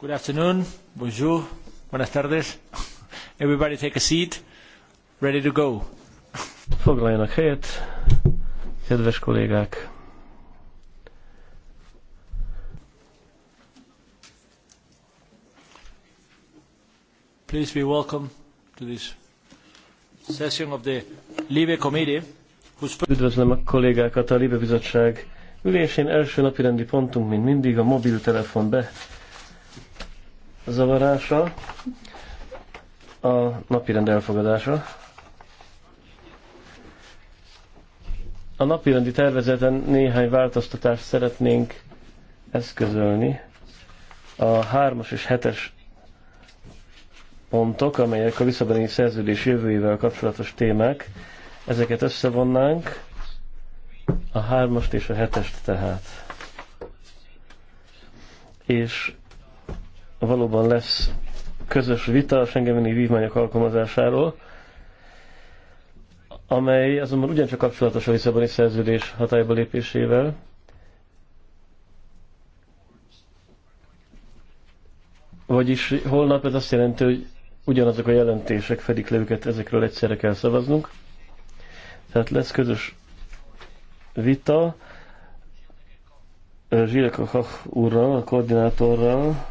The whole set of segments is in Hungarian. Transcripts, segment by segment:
Good afternoon, bonjour, buenas tardes. Everybody take a seat, ready to go. Foglaljanak helyet, kedves kollégák. Please be welcome to this session of the Libe Committee. Whose... Üdvözlöm a kollégákat a Libe Bizottság ülésén. Első napi rendi pontunk, mint mindig, a mobiltelefon be zavarása, a napirend elfogadása. A napirendi tervezeten néhány változtatást szeretnénk eszközölni. A hármas és hetes pontok, amelyek a visszabeni szerződés jövőjével kapcsolatos témák, ezeket összevonnánk, a hármast és a hetest tehát. És valóban lesz közös vita a Schengeni vívmányok alkalmazásáról, amely azonban ugyancsak kapcsolatos a Lisszaboni szerződés hatályba lépésével. Vagyis holnap ez azt jelenti, hogy ugyanazok a jelentések fedik le őket, ezekről egyszerre kell szavaznunk. Tehát lesz közös vita Zsilek úrral, a koordinátorral,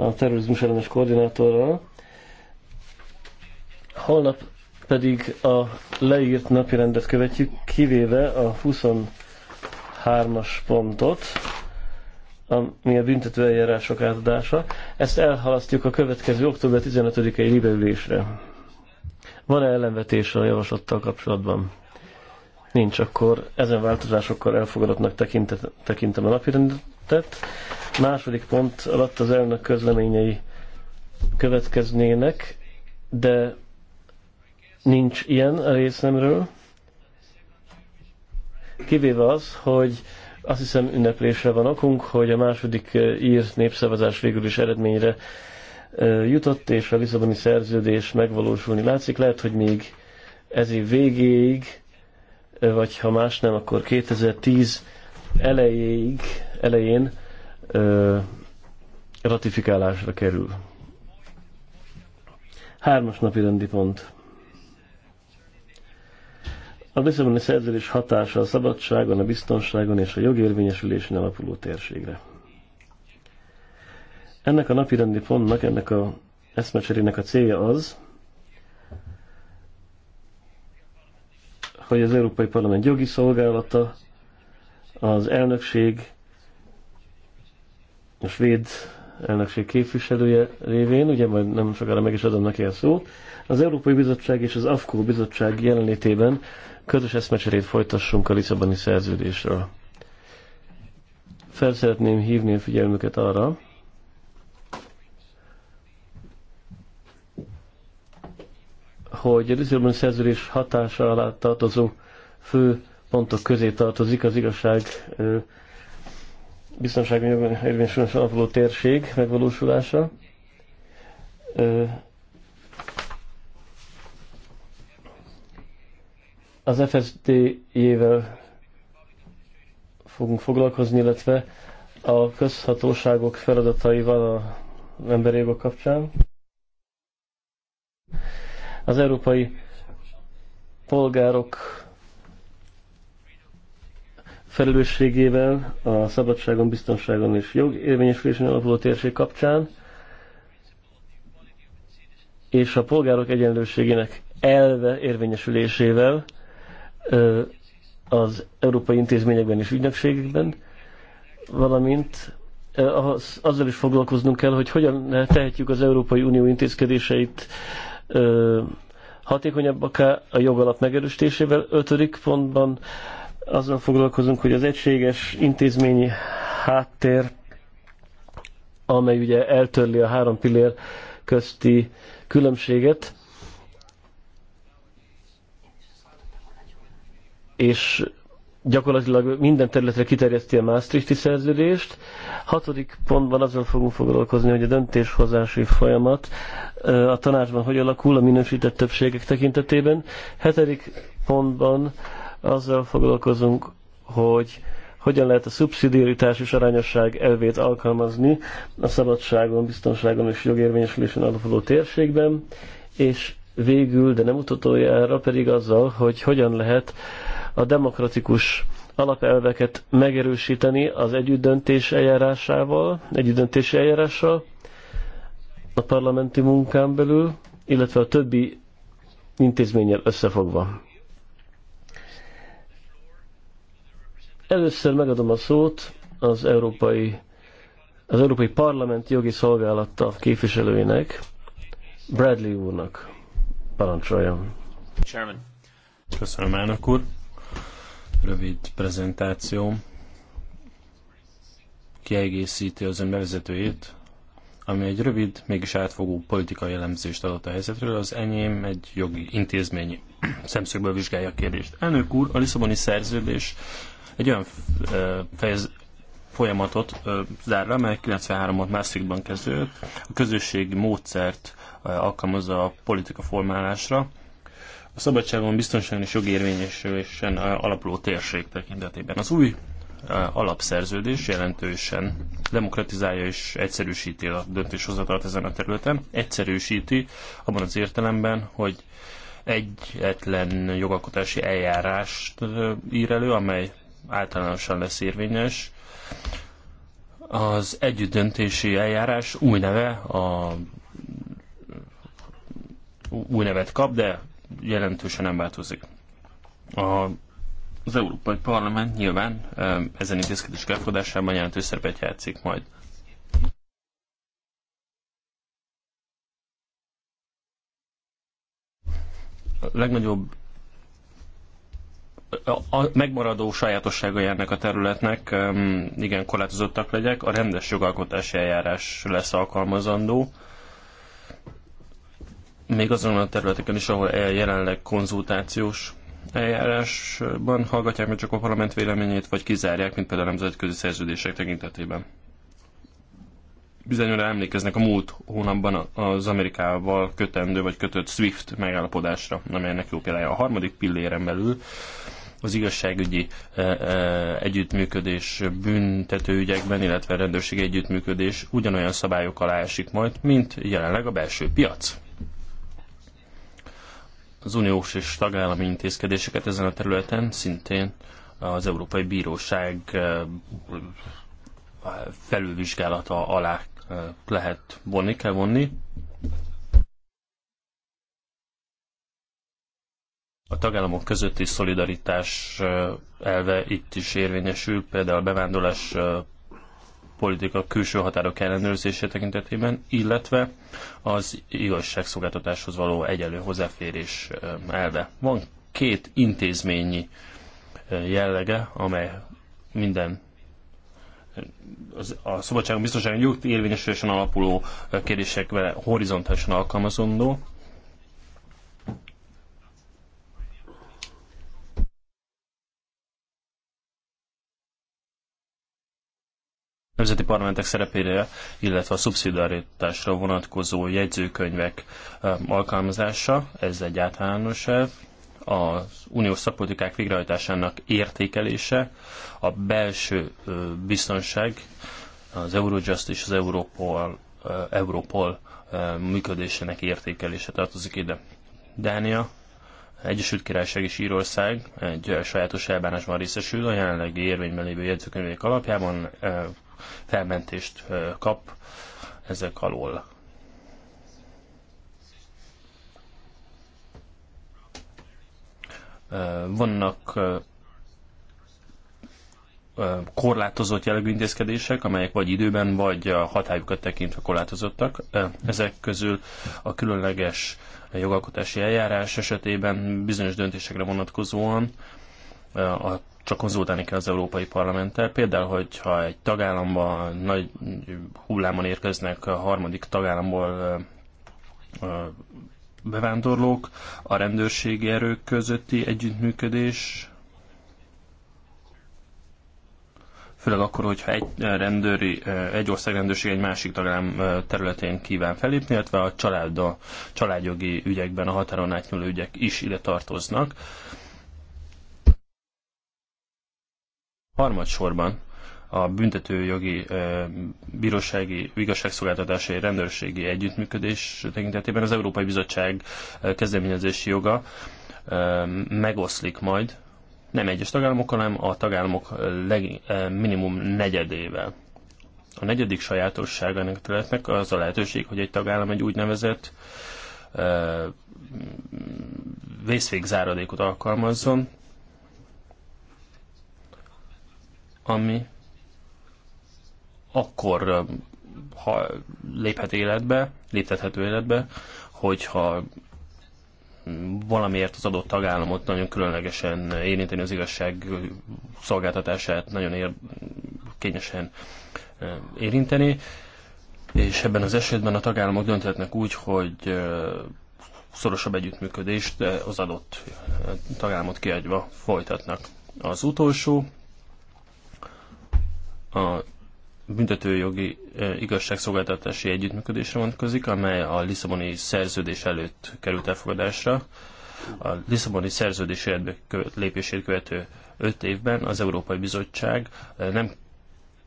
a terrorizmus ellenes koordinátorral. Holnap pedig a leírt napi rendet követjük, kivéve a 23-as pontot, ami a büntető eljárások átadása. Ezt elhalasztjuk a következő október 15-i libeülésre. Van-e ellenvetés a javaslattal kapcsolatban? Nincs, akkor ezen változásokkal elfogadottnak tekintem a napirendet tett. Második pont alatt az elnök közleményei következnének, de nincs ilyen a részemről. Kivéve az, hogy azt hiszem ünneplésre van okunk, hogy a második eh, ír népszavazás végül is eredményre eh, jutott, és a Lisszaboni szerződés megvalósulni látszik. Lehet, hogy még ez év végéig, eh, vagy ha más nem, akkor 2010 elejéig elején ö, ratifikálásra kerül. Hármas napi rendi pont. A Lisszaboni szerződés hatása a szabadságon, a biztonságon és a jogérvényesülésen alapuló térségre. Ennek a rendi pontnak, ennek a eszmecserének a célja az, hogy az Európai Parlament jogi szolgálata, az elnökség a svéd elnökség képviselője révén, ugye majd nem sokára meg is adom neki a szót, az Európai Bizottság és az AFKO Bizottság jelenlétében közös eszmecserét folytassunk a Lisszaboni szerződésről. Fel szeretném hívni a figyelmüket arra, hogy a Lisszaboni szerződés hatása alá tartozó fő pontok közé tartozik az igazság biztonsági érvényesülés alapuló térség megvalósulása. Az FSD-jével fogunk foglalkozni, illetve a közhatóságok feladataival a emberi jogok kapcsán. Az európai polgárok felelősségével a szabadságon, biztonságon és jog érvényesülésen alapuló térség kapcsán, és a polgárok egyenlőségének elve érvényesülésével az európai intézményekben és ügynökségekben, valamint ahhoz, azzal is foglalkoznunk kell, hogy hogyan tehetjük az Európai Unió intézkedéseit hatékonyabbak a jogalap megerősítésével. Ötödik pontban azzal foglalkozunk, hogy az egységes intézményi háttér, amely ugye eltörli a három pillér közti különbséget, és gyakorlatilag minden területre kiterjeszti a Maastrichti szerződést. Hatodik pontban azzal fogunk foglalkozni, hogy a döntéshozási folyamat a tanácsban hogy alakul a minősített többségek tekintetében. Hetedik pontban azzal foglalkozunk, hogy hogyan lehet a szubszidiaritás és arányosság elvét alkalmazni a szabadságon, biztonságon és jogérvényesülésen alapuló térségben, és végül, de nem utatójára pedig azzal, hogy hogyan lehet a demokratikus alapelveket megerősíteni az együttdöntés eljárásával, együttdöntési eljárással a parlamenti munkán belül, illetve a többi intézménnyel összefogva. Először megadom a szót az Európai, az Európai Parlament jogi szolgálata képviselőinek, Bradley úrnak. Parancsoljon. Chairman. Köszönöm, elnök úr. Rövid prezentáció kiegészíti az ön bevezetőjét, ami egy rövid, mégis átfogó politikai elemzést adott a helyzetről, az enyém egy jogi intézményi szemszögből vizsgálja a kérdést. Elnök úr, a Lisszaboni szerződés egy olyan fejez, folyamatot zár le, amely 93-ban Maastrichtban kezdődött. A közösségi módszert alkalmazza a politika formálásra. A szabadságon, biztonságon és jogérvényesülésen alapuló térség tekintetében. Az új alapszerződés jelentősen demokratizálja és egyszerűsíti a döntéshozatalt ezen a területen. Egyszerűsíti abban az értelemben, hogy egyetlen jogalkotási eljárást ír elő, amely általánosan lesz érvényes. Az együttdöntési eljárás új neve a új nevet kap, de jelentősen nem változik. A, az Európai Parlament nyilván ezen intézkedés elfogadásában jelentős szerepet játszik majd. A legnagyobb a megmaradó sajátossága ennek a területnek um, igen korlátozottak legyek, a rendes jogalkotási eljárás lesz alkalmazandó. Még azon a területeken is, ahol jelenleg konzultációs eljárásban hallgatják meg csak a parlament véleményét, vagy kizárják, mint például a nemzetközi szerződések tekintetében. Bizonyosan emlékeznek a múlt hónapban az Amerikával kötendő vagy kötött SWIFT megállapodásra, amelynek jó példája a harmadik pilléren belül az igazságügyi e, e, együttműködés büntetőügyekben, illetve rendőrségi együttműködés ugyanolyan szabályok alá esik majd, mint jelenleg a belső piac. Az uniós és tagállami intézkedéseket ezen a területen szintén az Európai Bíróság e, felülvizsgálata alá lehet vonni, kell vonni, a tagállamok közötti szolidaritás elve itt is érvényesül, például a bevándorlás politika külső határok ellenőrzése tekintetében, illetve az igazságszolgáltatáshoz való egyenlő hozzáférés elve. Van két intézményi jellege, amely minden az, a szabadságon biztonságon jog érvényesülésen alapuló kérdésekvel horizontálisan alkalmazandó. nemzeti parlamentek szerepére, illetve a szubszidiaritásra vonatkozó jegyzőkönyvek um, alkalmazása. Ez egy általános elv. Az uniós szakpolitikák végrehajtásának értékelése, a belső biztonság, az Eurojust és az Europol, Europol működésének értékelése tartozik ide. Dánia, Egyesült Királyság és Írország egy sajátos elbánásban részesül a jelenlegi érvényben lévő jegyzőkönyvek alapjában felmentést kap ezek alól. Vannak korlátozott jellegű intézkedések, amelyek vagy időben, vagy a hatályukat tekintve korlátozottak. Ezek közül a különleges jogalkotási eljárás esetében bizonyos döntésekre vonatkozóan a, csak konzultálni kell az Európai Parlamenttel. Például, hogyha egy tagállamba nagy hullámon érkeznek a harmadik tagállamból bevándorlók, a rendőrségi erők közötti együttműködés, főleg akkor, hogyha egy, rendőri, egy ország rendőrség egy másik tagállam területén kíván felépni, illetve a, család, a családjogi ügyekben a határon átnyúló ügyek is ide tartoznak. Harmadsorban a büntetőjogi, bírósági, igazságszolgáltatási, rendőrségi együttműködés tekintetében az Európai Bizottság kezdeményezési joga megoszlik majd, nem egyes tagállamokkal, hanem a tagállamok leg, minimum negyedével. A negyedik sajátossága ennek a területnek az a lehetőség, hogy egy tagállam egy úgynevezett vészvégzáradékot alkalmazzon, ami akkor ha léphet életbe, léptethető életbe, hogyha valamiért az adott tagállamot nagyon különlegesen érinteni az igazság szolgáltatását, nagyon ér, kényesen érinteni, és ebben az esetben a tagállamok dönthetnek úgy, hogy szorosabb együttműködést az adott tagállamot kiadva folytatnak. Az utolsó a büntetőjogi e, igazságszolgáltatási együttműködésre vonatkozik, amely a Lisszaboni szerződés előtt került elfogadásra. A Lisszaboni szerződés életbe lépését követő öt évben az Európai Bizottság e, nem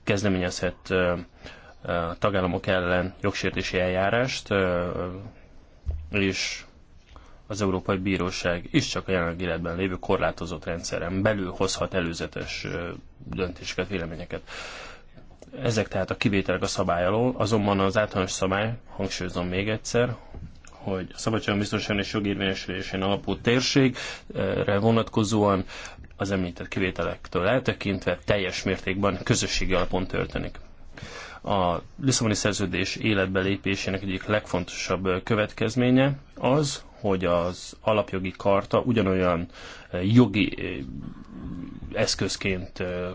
kezdeményezhet e, a tagállamok ellen jogsértési eljárást, és az Európai Bíróság is csak a jelenleg életben lévő korlátozott rendszeren belül hozhat előzetes döntéseket, véleményeket. Ezek tehát a kivételek a szabály alól, azonban az általános szabály, hangsúlyozom még egyszer, hogy a szabadságbiztonság és jogérvényesülésén alapú térségre vonatkozóan az említett kivételektől eltekintve teljes mértékben közösségi alapon történik. A Lisszaboni szerződés életbe lépésének egyik legfontosabb következménye az, hogy az alapjogi karta ugyanolyan eh, jogi eh, eszközként eh,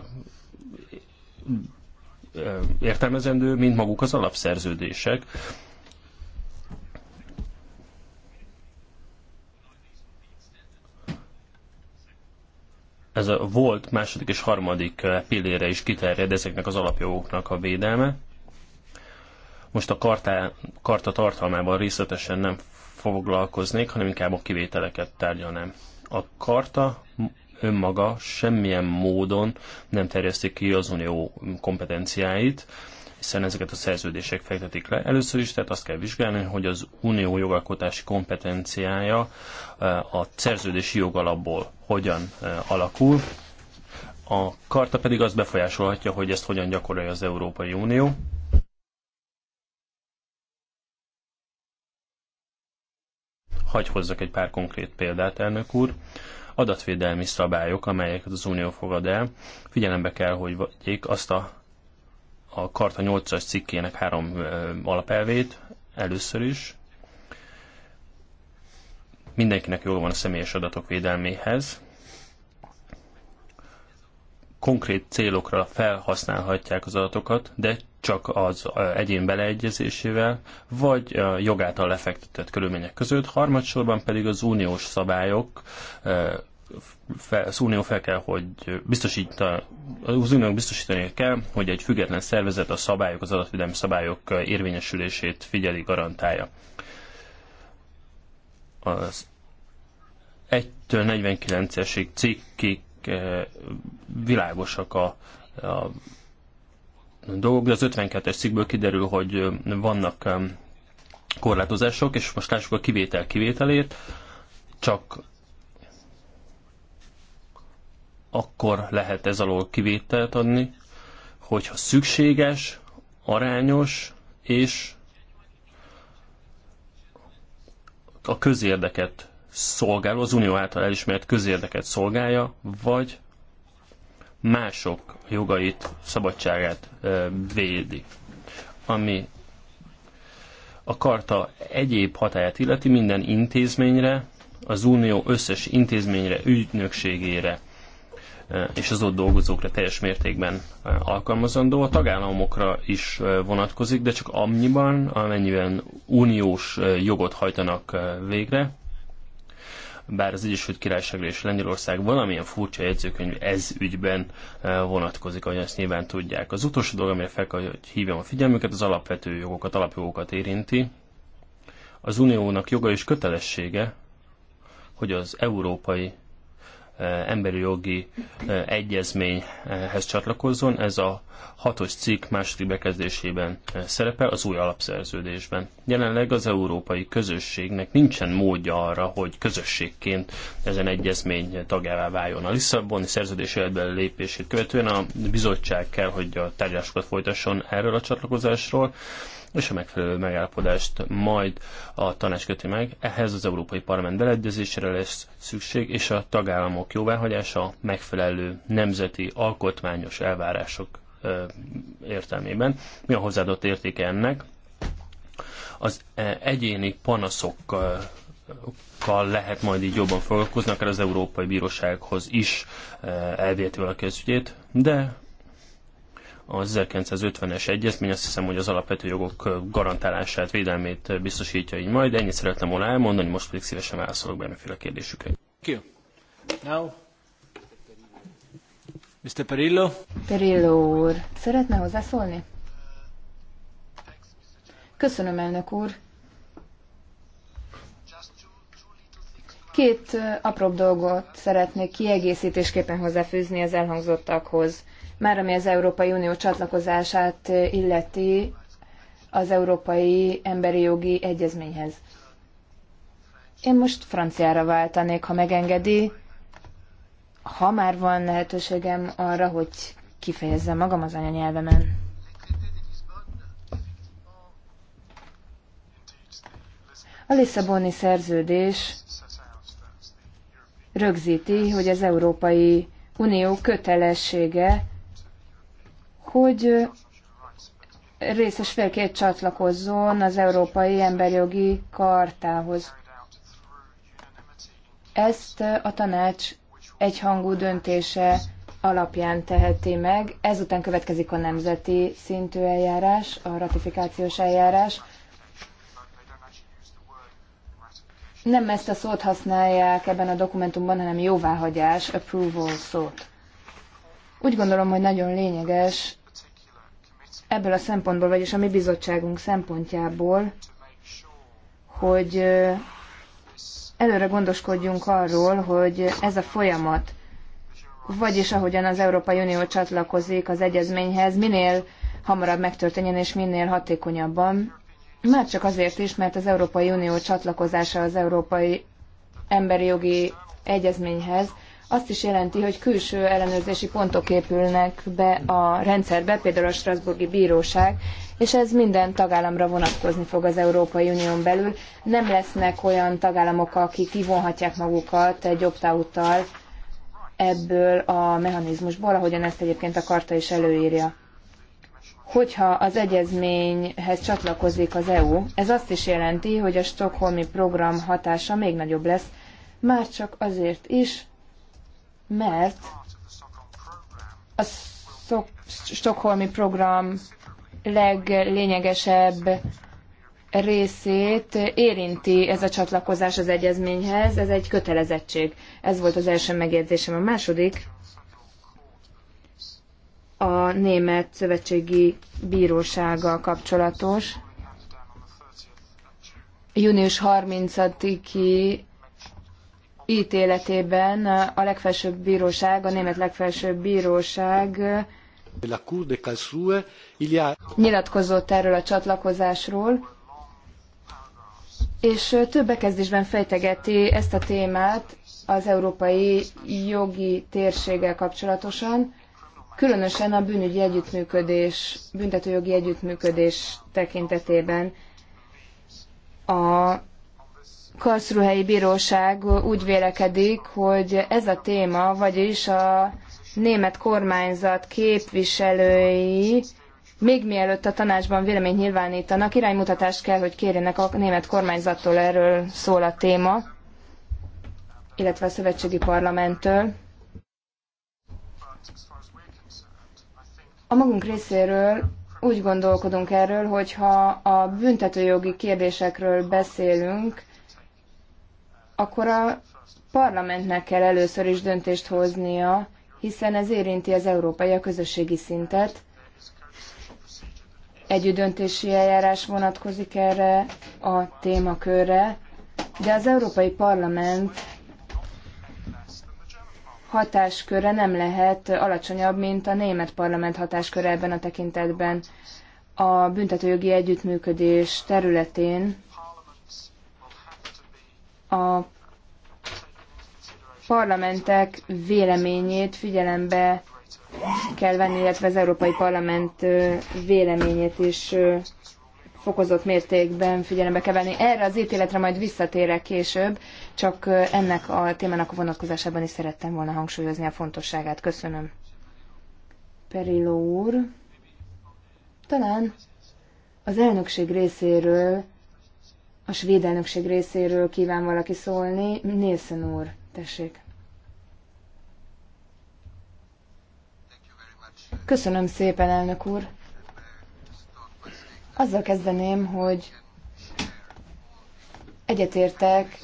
értelmezendő, mint maguk az alapszerződések. Ez a volt második és harmadik pillére is kiterjed ezeknek az alapjogoknak a védelme. Most a kartá, karta tartalmában részletesen nem foglalkoznék, hanem inkább a kivételeket tárgyalnám. A karta önmaga semmilyen módon nem terjeszti ki az unió kompetenciáit, hiszen ezeket a szerződések fektetik le. Először is tehát azt kell vizsgálni, hogy az unió jogalkotási kompetenciája eh, a szerződési jogalapból hogyan eh, alakul, a karta pedig azt befolyásolhatja, hogy ezt hogyan gyakorolja az Európai Unió. Hagy hozzak egy pár konkrét példát, elnök úr. Adatvédelmi szabályok, amelyeket az Unió fogad el, figyelembe kell, hogy vegyék azt a, a Karta 8-as cikkének három ö, alapelvét, először is. Mindenkinek jól van a személyes adatok védelméhez, konkrét célokra felhasználhatják az adatokat, de csak az egyén beleegyezésével, vagy jogáltal lefektetett körülmények között, harmadsorban pedig az uniós szabályok az Unió fel kell, hogy biztosít, az Uniónak biztosítani kell, hogy egy független szervezet a szabályok, az adatvédelmi szabályok érvényesülését figyeli, garantálja. Az 1-49-esig cikkik világosak a, a dolgok, de az 52-es cikkből kiderül, hogy vannak korlátozások, és most lássuk a kivétel kivételét, csak akkor lehet ez alól kivételt adni, hogyha szükséges, arányos és a közérdeket szolgáló, az unió által elismert közérdeket szolgálja, vagy mások jogait, szabadságát védi. Ami a karta egyéb hatáját illeti minden intézményre, az unió összes intézményre, ügynökségére és az ott dolgozókra teljes mértékben alkalmazandó. A tagállamokra is vonatkozik, de csak annyiban, amennyiben uniós jogot hajtanak végre, bár az Egyesült Királyságra és Lengyelország valamilyen furcsa jegyzőkönyv ez ügyben eh, vonatkozik, ahogy ezt nyilván tudják. Az utolsó dolog, amire fel kell, hogy hívjam a figyelmüket, az alapvető jogokat, alapjogokat érinti. Az uniónak joga és kötelessége, hogy az európai Eh, emberi jogi eh, egyezményhez csatlakozzon. Ez a hatos cikk második bekezdésében eh, szerepel az új alapszerződésben. Jelenleg az európai közösségnek nincsen módja arra, hogy közösségként ezen egyezmény tagjává váljon. A Lisszaboni szerződés életben lépését követően a bizottság kell, hogy a tárgyalásokat folytasson erről a csatlakozásról és a megfelelő megállapodást majd a tanács köti meg. Ehhez az Európai Parlament beleegyezésére lesz szükség, és a tagállamok jóváhagyása megfelelő nemzeti alkotmányos elvárások értelmében. Mi a hozzáadott értéke ennek? Az e, egyéni panaszokkal lehet majd így jobban foglalkozni, akár az Európai Bírósághoz is e, elviheti valaki az ügyét, de az 1950-es egyezmény azt hiszem, hogy az alapvető jogok garantálását, védelmét biztosítja így majd. Ennyit szeretném volna elmondani, most pedig szívesen válaszolok bármiféle kérdésükre. Now, Mr. Perillo. Perillo úr, szeretne hozzászólni? Köszönöm, elnök úr. Két apróbb dolgot szeretnék kiegészítésképpen hozzáfűzni az elhangzottakhoz. Már ami az Európai Unió csatlakozását illeti az Európai Emberi Jogi Egyezményhez. Én most franciára váltanék, ha megengedi. Ha már van lehetőségem arra, hogy kifejezzem magam az anyanyelvemen. A Lisszaboni szerződés rögzíti, hogy az Európai Unió kötelessége hogy részes félként csatlakozzon az Európai Emberjogi Kartához. Ezt a tanács egyhangú döntése alapján teheti meg. Ezután következik a nemzeti szintű eljárás, a ratifikációs eljárás. Nem ezt a szót használják ebben a dokumentumban, hanem jóváhagyás, approval szót. Úgy gondolom, hogy nagyon lényeges ebből a szempontból, vagyis a mi bizottságunk szempontjából, hogy előre gondoskodjunk arról, hogy ez a folyamat, vagyis ahogyan az Európai Unió csatlakozik az egyezményhez, minél hamarabb megtörténjen és minél hatékonyabban. Már csak azért is, mert az Európai Unió csatlakozása az Európai Emberi Jogi Egyezményhez azt is jelenti, hogy külső ellenőrzési pontok épülnek be a rendszerbe, például a Strasburgi Bíróság, és ez minden tagállamra vonatkozni fog az Európai Unión belül. Nem lesznek olyan tagállamok, akik kivonhatják magukat egy opt ebből a mechanizmusból, ahogyan ezt egyébként a karta is előírja. Hogyha az egyezményhez csatlakozik az EU, ez azt is jelenti, hogy a Stockholmi program hatása még nagyobb lesz, már csak azért is, mert a Stockholmi program leglényegesebb részét érinti ez a csatlakozás az egyezményhez, ez egy kötelezettség. Ez volt az első megjegyzésem. A második a Német Szövetségi Bírósággal kapcsolatos. Június 30-i ítéletében a legfelsőbb bíróság, a német legfelsőbb bíróság nyilatkozott erről a csatlakozásról, és több bekezdésben fejtegeti ezt a témát az európai jogi térséggel kapcsolatosan, különösen a bűnügyi együttműködés, büntetőjogi együttműködés tekintetében a Karlsruhelyi Bíróság úgy vélekedik, hogy ez a téma, vagyis a német kormányzat képviselői még mielőtt a tanácsban véleményt nyilvánítanak, iránymutatást kell, hogy kérjenek a német kormányzattól, erről szól a téma, illetve a szövetségi parlamenttől. A magunk részéről úgy gondolkodunk erről, hogy ha a büntetőjogi kérdésekről beszélünk, akkor a parlamentnek kell először is döntést hoznia, hiszen ez érinti az európai a közösségi szintet. Együttdöntési eljárás vonatkozik erre a témakörre, de az Európai Parlament hatásköre nem lehet alacsonyabb, mint a német parlament hatásköre ebben a tekintetben. A büntetőjogi együttműködés területén a parlamentek véleményét figyelembe kell venni, illetve az Európai Parlament véleményét is fokozott mértékben figyelembe kell venni. Erre az ítéletre majd visszatérek később, csak ennek a témának a vonatkozásában is szerettem volna hangsúlyozni a fontosságát. Köszönöm. Periló úr, talán az elnökség részéről a svéd elnökség részéről kíván valaki szólni. Nielsen úr, tessék. Köszönöm szépen, elnök úr. Azzal kezdeném, hogy egyetértek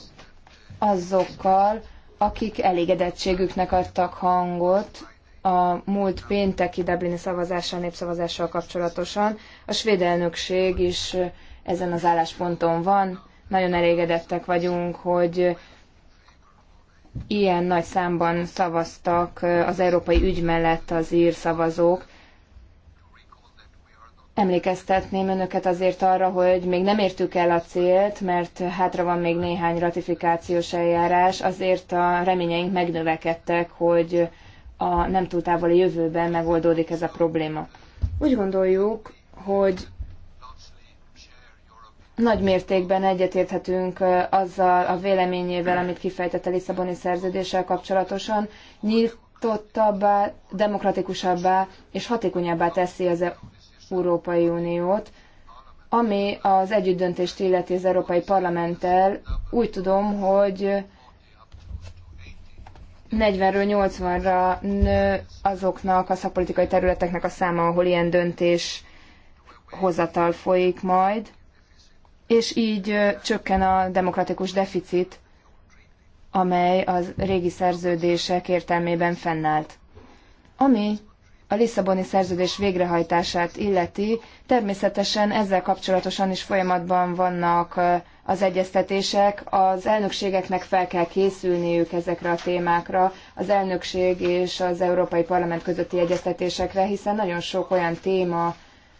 azokkal, akik elégedettségüknek adtak hangot a múlt pénteki Dublini szavazással, népszavazással kapcsolatosan. A svéd elnökség is ezen az állásponton van. Nagyon elégedettek vagyunk, hogy ilyen nagy számban szavaztak eh, az európai ügy mellett az ír szavazók. Emlékeztetném önöket azért arra, hogy még nem értük el a célt, mert hátra van még néhány ratifikációs eljárás, azért a reményeink megnövekedtek, hogy a nem túl távoli jövőben megoldódik ez a probléma. Úgy gondoljuk, hogy nagy mértékben egyetérthetünk azzal a véleményével, amit kifejtett a Lisszaboni szerződéssel kapcsolatosan, nyitottabbá, demokratikusabbá és hatékonyabbá teszi az Európai Uniót, ami az együttdöntést illeti az Európai Parlamenttel, úgy tudom, hogy 40-ről 80-ra nő azoknak a szakpolitikai területeknek a száma, ahol ilyen döntés hozatal folyik majd és így csökken a demokratikus deficit, amely az régi szerződések értelmében fennállt. Ami a Lisszaboni szerződés végrehajtását illeti, természetesen ezzel kapcsolatosan is folyamatban vannak az egyeztetések. Az elnökségeknek fel kell készülniük ezekre a témákra, az elnökség és az Európai Parlament közötti egyeztetésekre, hiszen nagyon sok olyan téma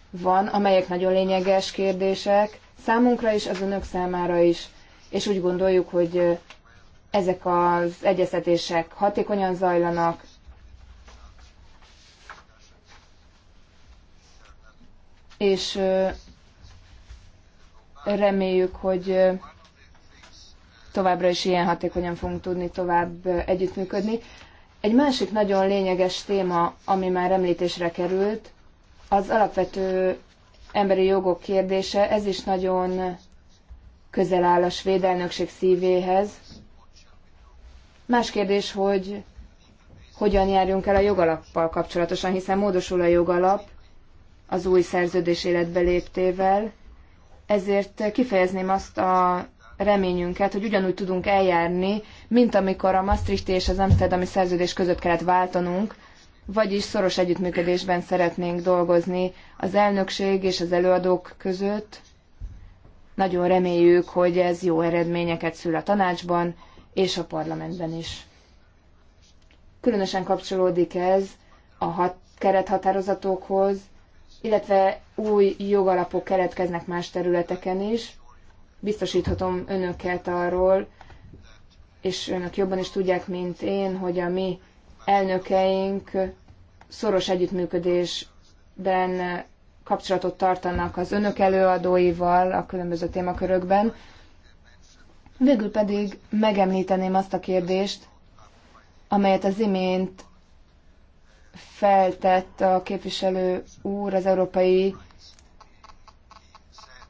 van, amelyek nagyon lényeges kérdések, számunkra is, az önök számára is, és úgy gondoljuk, hogy ezek az egyeztetések hatékonyan zajlanak, és reméljük, hogy továbbra is ilyen hatékonyan fogunk tudni tovább együttműködni. Egy másik nagyon lényeges téma, ami már említésre került, az alapvető emberi jogok kérdése, ez is nagyon közel áll a svéd elnökség szívéhez. Más kérdés, hogy hogyan járjunk el a jogalappal kapcsolatosan, hiszen módosul a jogalap az új szerződés életbe léptével, ezért kifejezném azt a reményünket, hogy ugyanúgy tudunk eljárni, mint amikor a Maastrichti és az Amsterdami szerződés között kellett váltanunk, vagyis szoros együttműködésben szeretnénk dolgozni az elnökség és az előadók között. Nagyon reméljük, hogy ez jó eredményeket szül a tanácsban és a parlamentben is. Különösen kapcsolódik ez a hat kerethatározatokhoz, illetve új jogalapok keletkeznek más területeken is. Biztosíthatom önöket arról, és önök jobban is tudják, mint én, hogy a mi elnökeink szoros együttműködésben kapcsolatot tartanak az önök előadóival a különböző témakörökben. Végül pedig megemlíteném azt a kérdést, amelyet az imént feltett a képviselő úr az Európai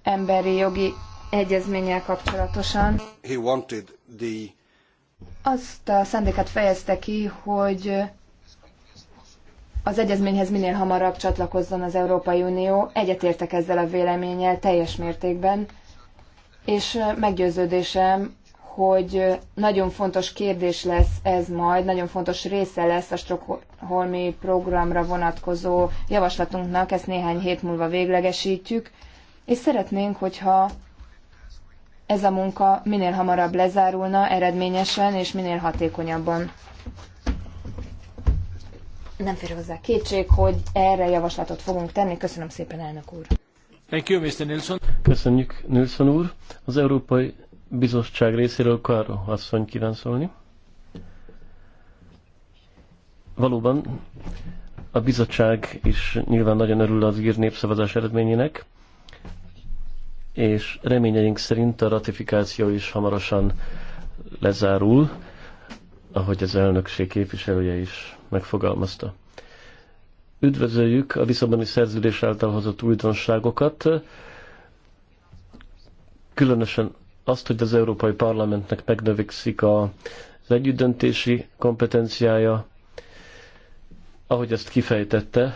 Emberi Jogi Egyezménnyel kapcsolatosan. He wanted the azt a szándékát fejezte ki, hogy az egyezményhez minél hamarabb csatlakozzon az Európai Unió. Egyetértek ezzel a véleménnyel teljes mértékben, és meggyőződésem, hogy nagyon fontos kérdés lesz ez majd, nagyon fontos része lesz a Stockholmi programra vonatkozó javaslatunknak, ezt néhány hét múlva véglegesítjük, és szeretnénk, hogyha ez a munka minél hamarabb lezárulna, eredményesen és minél hatékonyabban. Nem fér hozzá kétség, hogy erre javaslatot fogunk tenni. Köszönöm szépen, elnök úr. Thank you, Mr. Nilsson. Köszönjük, Nilsson úr. Az Európai Bizottság részéről Káró asszony kíván szólni. Valóban a bizottság is nyilván nagyon örül az ír népszavazás eredményének és reményeink szerint a ratifikáció is hamarosan lezárul, ahogy az elnökség képviselője is megfogalmazta. Üdvözöljük a Lisszaboni szerződés által hozott újdonságokat, különösen azt, hogy az Európai Parlamentnek megnövekszik az együttdöntési kompetenciája, ahogy ezt kifejtette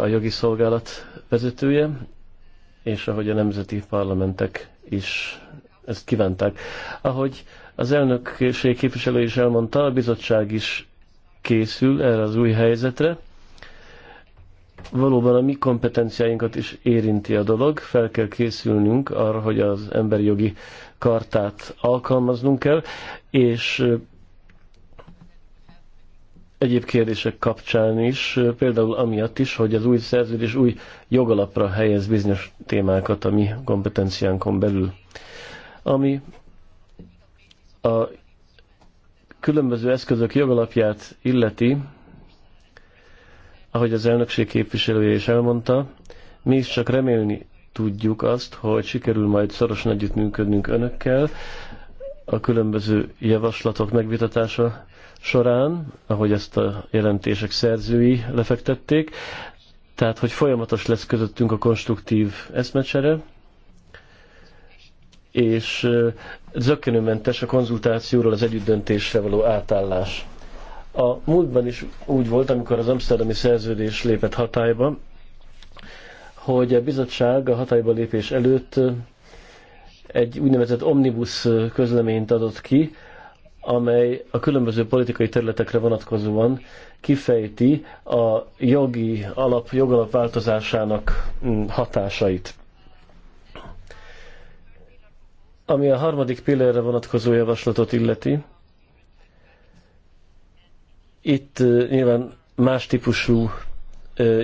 a jogi szolgálat vezetője, és ahogy a nemzeti parlamentek is ezt kívánták. Ahogy az elnökség képviselő is elmondta, a bizottság is készül erre az új helyzetre. Valóban a mi kompetenciáinkat is érinti a dolog, fel kell készülnünk arra, hogy az emberi jogi kartát alkalmaznunk kell, és egyéb kérdések kapcsán is, például amiatt is, hogy az új szerződés új jogalapra helyez bizonyos témákat a mi kompetenciánkon belül. Ami a különböző eszközök jogalapját illeti, ahogy az elnökség képviselője is elmondta, mi is csak remélni tudjuk azt, hogy sikerül majd szorosan együttműködnünk önökkel a különböző javaslatok megvitatása során, ahogy ezt a jelentések szerzői lefektették, tehát, hogy folyamatos lesz közöttünk a konstruktív eszmecsere, és zökkenőmentes a konzultációról az együttdöntésre való átállás. A múltban is úgy volt, amikor az Amsterdami szerződés lépett hatályba, hogy a bizottság a hatályba lépés előtt egy úgynevezett omnibus közleményt adott ki, amely a különböző politikai területekre vonatkozóan kifejti a jogi alap, jogalap változásának mm, hatásait. Ami a harmadik pillérre vonatkozó javaslatot illeti, itt nyilván más típusú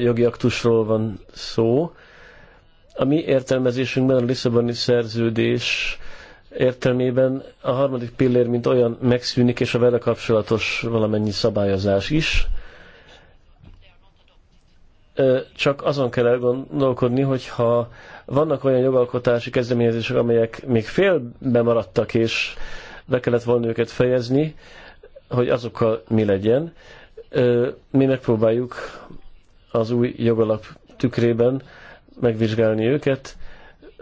jogi aktusról van szó. A mi értelmezésünkben a Lisszaboni szerződés értelmében a harmadik pillér, mint olyan megszűnik, és a vele kapcsolatos valamennyi szabályozás is. Csak azon kell elgondolkodni, hogyha vannak olyan jogalkotási kezdeményezések, amelyek még félbe maradtak, és le kellett volna őket fejezni, hogy azokkal mi legyen. Mi megpróbáljuk az új jogalap tükrében megvizsgálni őket,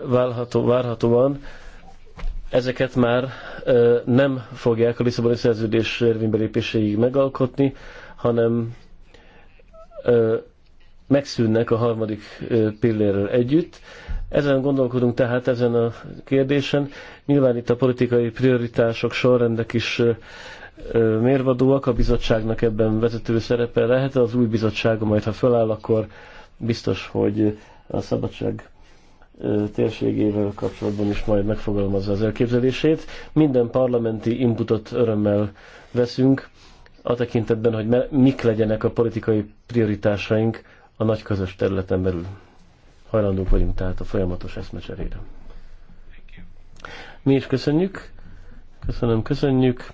várható, várhatóan ezeket már nem fogják a Lisszaboni szerződés érvénybelépéséig megalkotni, hanem megszűnnek a harmadik pillérrel együtt. Ezen gondolkodunk tehát ezen a kérdésen. Nyilván itt a politikai prioritások, sorrendek is mérvadóak, a bizottságnak ebben vezető szerepe lehet, az új bizottsága majd, ha föláll, akkor biztos, hogy a szabadság térségével kapcsolatban is majd megfogalmazza az elképzelését. Minden parlamenti inputot örömmel veszünk, a tekintetben, hogy mik legyenek a politikai prioritásaink a nagy közös területen belül. Hajlandók vagyunk tehát a folyamatos eszmecserére. Mi is köszönjük. Köszönöm, köszönjük.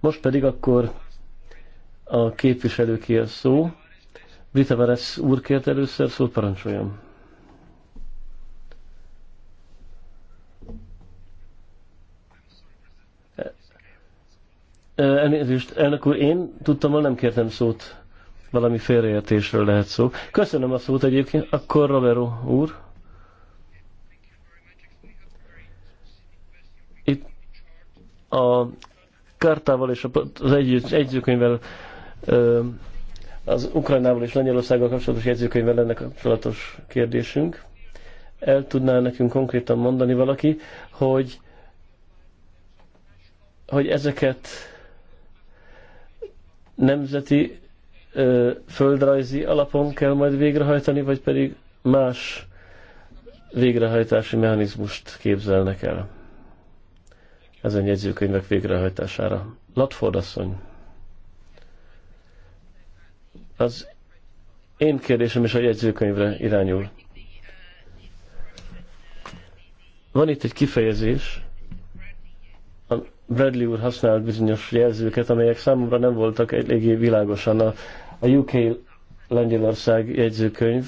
Most pedig akkor a képviselőké a szó. Brita Veres úr kért először szót, parancsoljam. Elnézést, elnök úr, én tudtam, hogy nem kértem szót. Valami félreértésről lehet szó. Köszönöm a szót egyébként. Akkor Ravero úr. Itt a kartával és az egyzőkönyvvel az Ukrajnával és Lengyelországgal kapcsolatos jegyzőkönyvvel lenne kapcsolatos kérdésünk. El tudná nekünk konkrétan mondani valaki, hogy, hogy ezeket nemzeti ö, földrajzi alapon kell majd végrehajtani, vagy pedig más végrehajtási mechanizmust képzelnek el ezen jegyzőkönyvek végrehajtására. Latford asszony, az én kérdésem is a jegyzőkönyvre irányul. Van itt egy kifejezés, Bradley úr használt bizonyos jelzőket, amelyek számomra nem voltak eléggé világosan. A, a UK Lengyelország jegyzőkönyv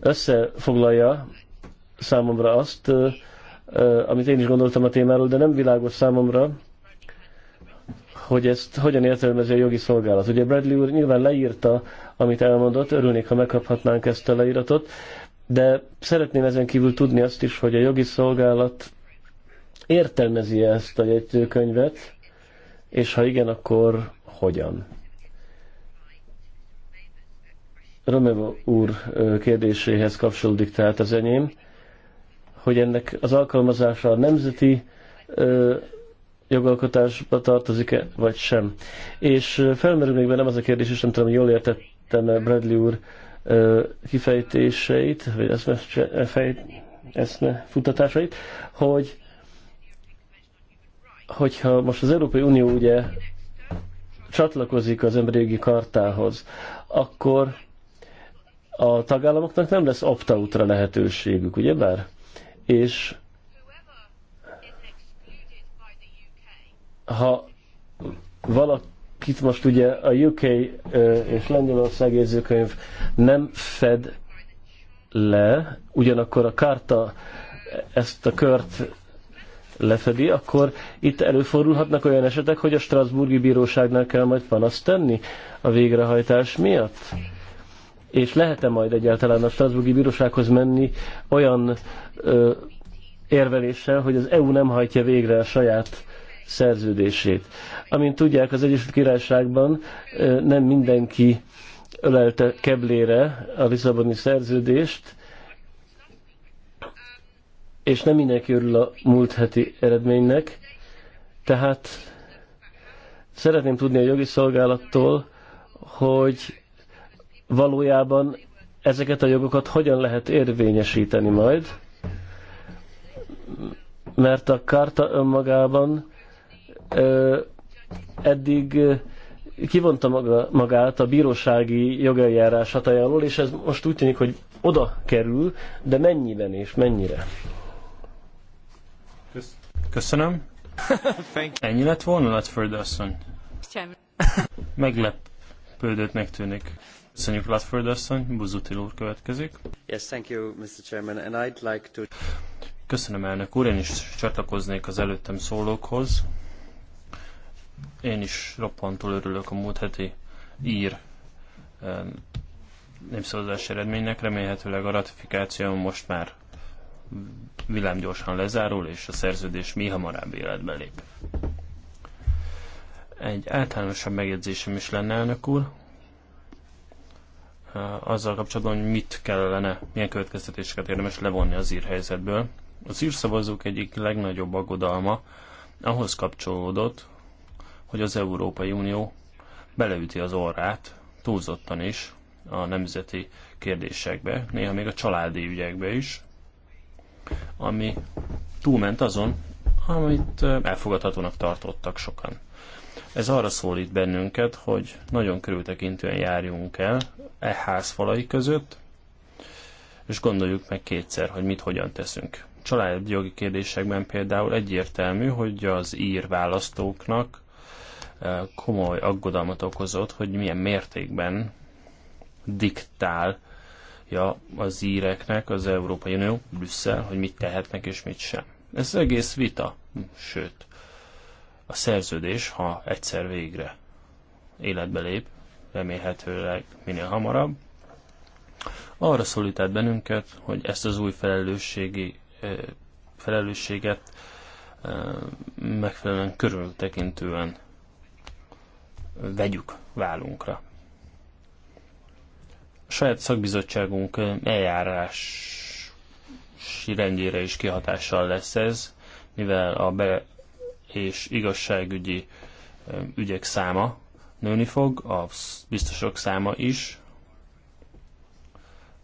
összefoglalja számomra azt, amit én is gondoltam a témáról, de nem világos számomra, hogy ezt hogyan értelmezi a jogi szolgálat. Ugye Bradley úr nyilván leírta, amit elmondott, örülnék, ha megkaphatnánk ezt a leíratot, de szeretném ezen kívül tudni azt is, hogy a jogi szolgálat értelmezi -e ezt a jegyzőkönyvet, és ha igen, akkor hogyan? Romeva úr kérdéséhez kapcsolódik tehát az enyém, hogy ennek az alkalmazása a nemzeti ö, jogalkotásba tartozik-e, vagy sem. És felmerül még bennem az a kérdés, és nem tudom, hogy jól értettem Bradley úr kifejtéseit, vagy eszme, futatásait, hogy hogyha most az Európai Unió ugye csatlakozik az emberi jogi kartához, akkor a tagállamoknak nem lesz opt-outra lehetőségük, ugyebár? És ha valaki itt most ugye a UK és Lengyelország jegyzőkönyv nem fed le, ugyanakkor a kárta ezt a kört lefedi, akkor itt előfordulhatnak olyan esetek, hogy a Strasburgi Bíróságnál kell majd panaszt tenni a végrehajtás miatt? És lehet-e majd egyáltalán a Strasburgi Bírósághoz menni olyan ö, érveléssel, hogy az EU nem hajtja végre a saját szerződését. Amint tudják, az Egyesült Királyságban nem mindenki ölelte keblére a Lisszaboni szerződést, és nem mindenki örül a múlt heti eredménynek. Tehát szeretném tudni a jogi szolgálattól, hogy valójában ezeket a jogokat hogyan lehet érvényesíteni majd, mert a karta önmagában eddig kivonta maga, magát a bírósági jogeljárás hatájáról, és ez most úgy tűnik, hogy oda kerül, de mennyiben és mennyire? Köszönöm. Ennyi lett volna, Latford asszony? Meglepődöttnek tűnik. Köszönjük, Latford asszony. Buzutil úr következik. Yes, thank you, Mr. Chairman, and I'd like to... Köszönöm, elnök úr. Én is csatlakoznék az előttem szólókhoz. Én is roppantól örülök a múlt heti ír népszavazási eredménynek. Remélhetőleg a ratifikáció most már villámgyorsan lezárul, és a szerződés mi hamarabb életbe lép. Egy általánosabb megjegyzésem is lenne, elnök úr, azzal kapcsolatban, hogy mit kellene, milyen következtetéseket érdemes levonni az írhelyzetből. Az írszavazók egyik legnagyobb aggodalma ahhoz kapcsolódott, hogy az Európai Unió beleüti az orrát túlzottan is a nemzeti kérdésekbe, néha még a családi ügyekbe is, ami túlment azon, amit elfogadhatónak tartottak sokan. Ez arra szólít bennünket, hogy nagyon körültekintően járjunk el e házfalai között, és gondoljuk meg kétszer, hogy mit hogyan teszünk. Családjogi kérdésekben például egyértelmű, hogy az ír választóknak komoly aggodalmat okozott, hogy milyen mértékben diktál ja, az íreknek az Európai Unió, Brüsszel, hogy mit tehetnek és mit sem. Ez egész vita, sőt, a szerződés, ha egyszer végre életbe lép, remélhetőleg minél hamarabb, arra szólított bennünket, hogy ezt az új felelősségi, felelősséget megfelelően körültekintően vegyük vállunkra. A saját szakbizottságunk eljárási rendjére is kihatással lesz ez, mivel a be- és igazságügyi ügyek száma nőni fog, a biztosok száma is,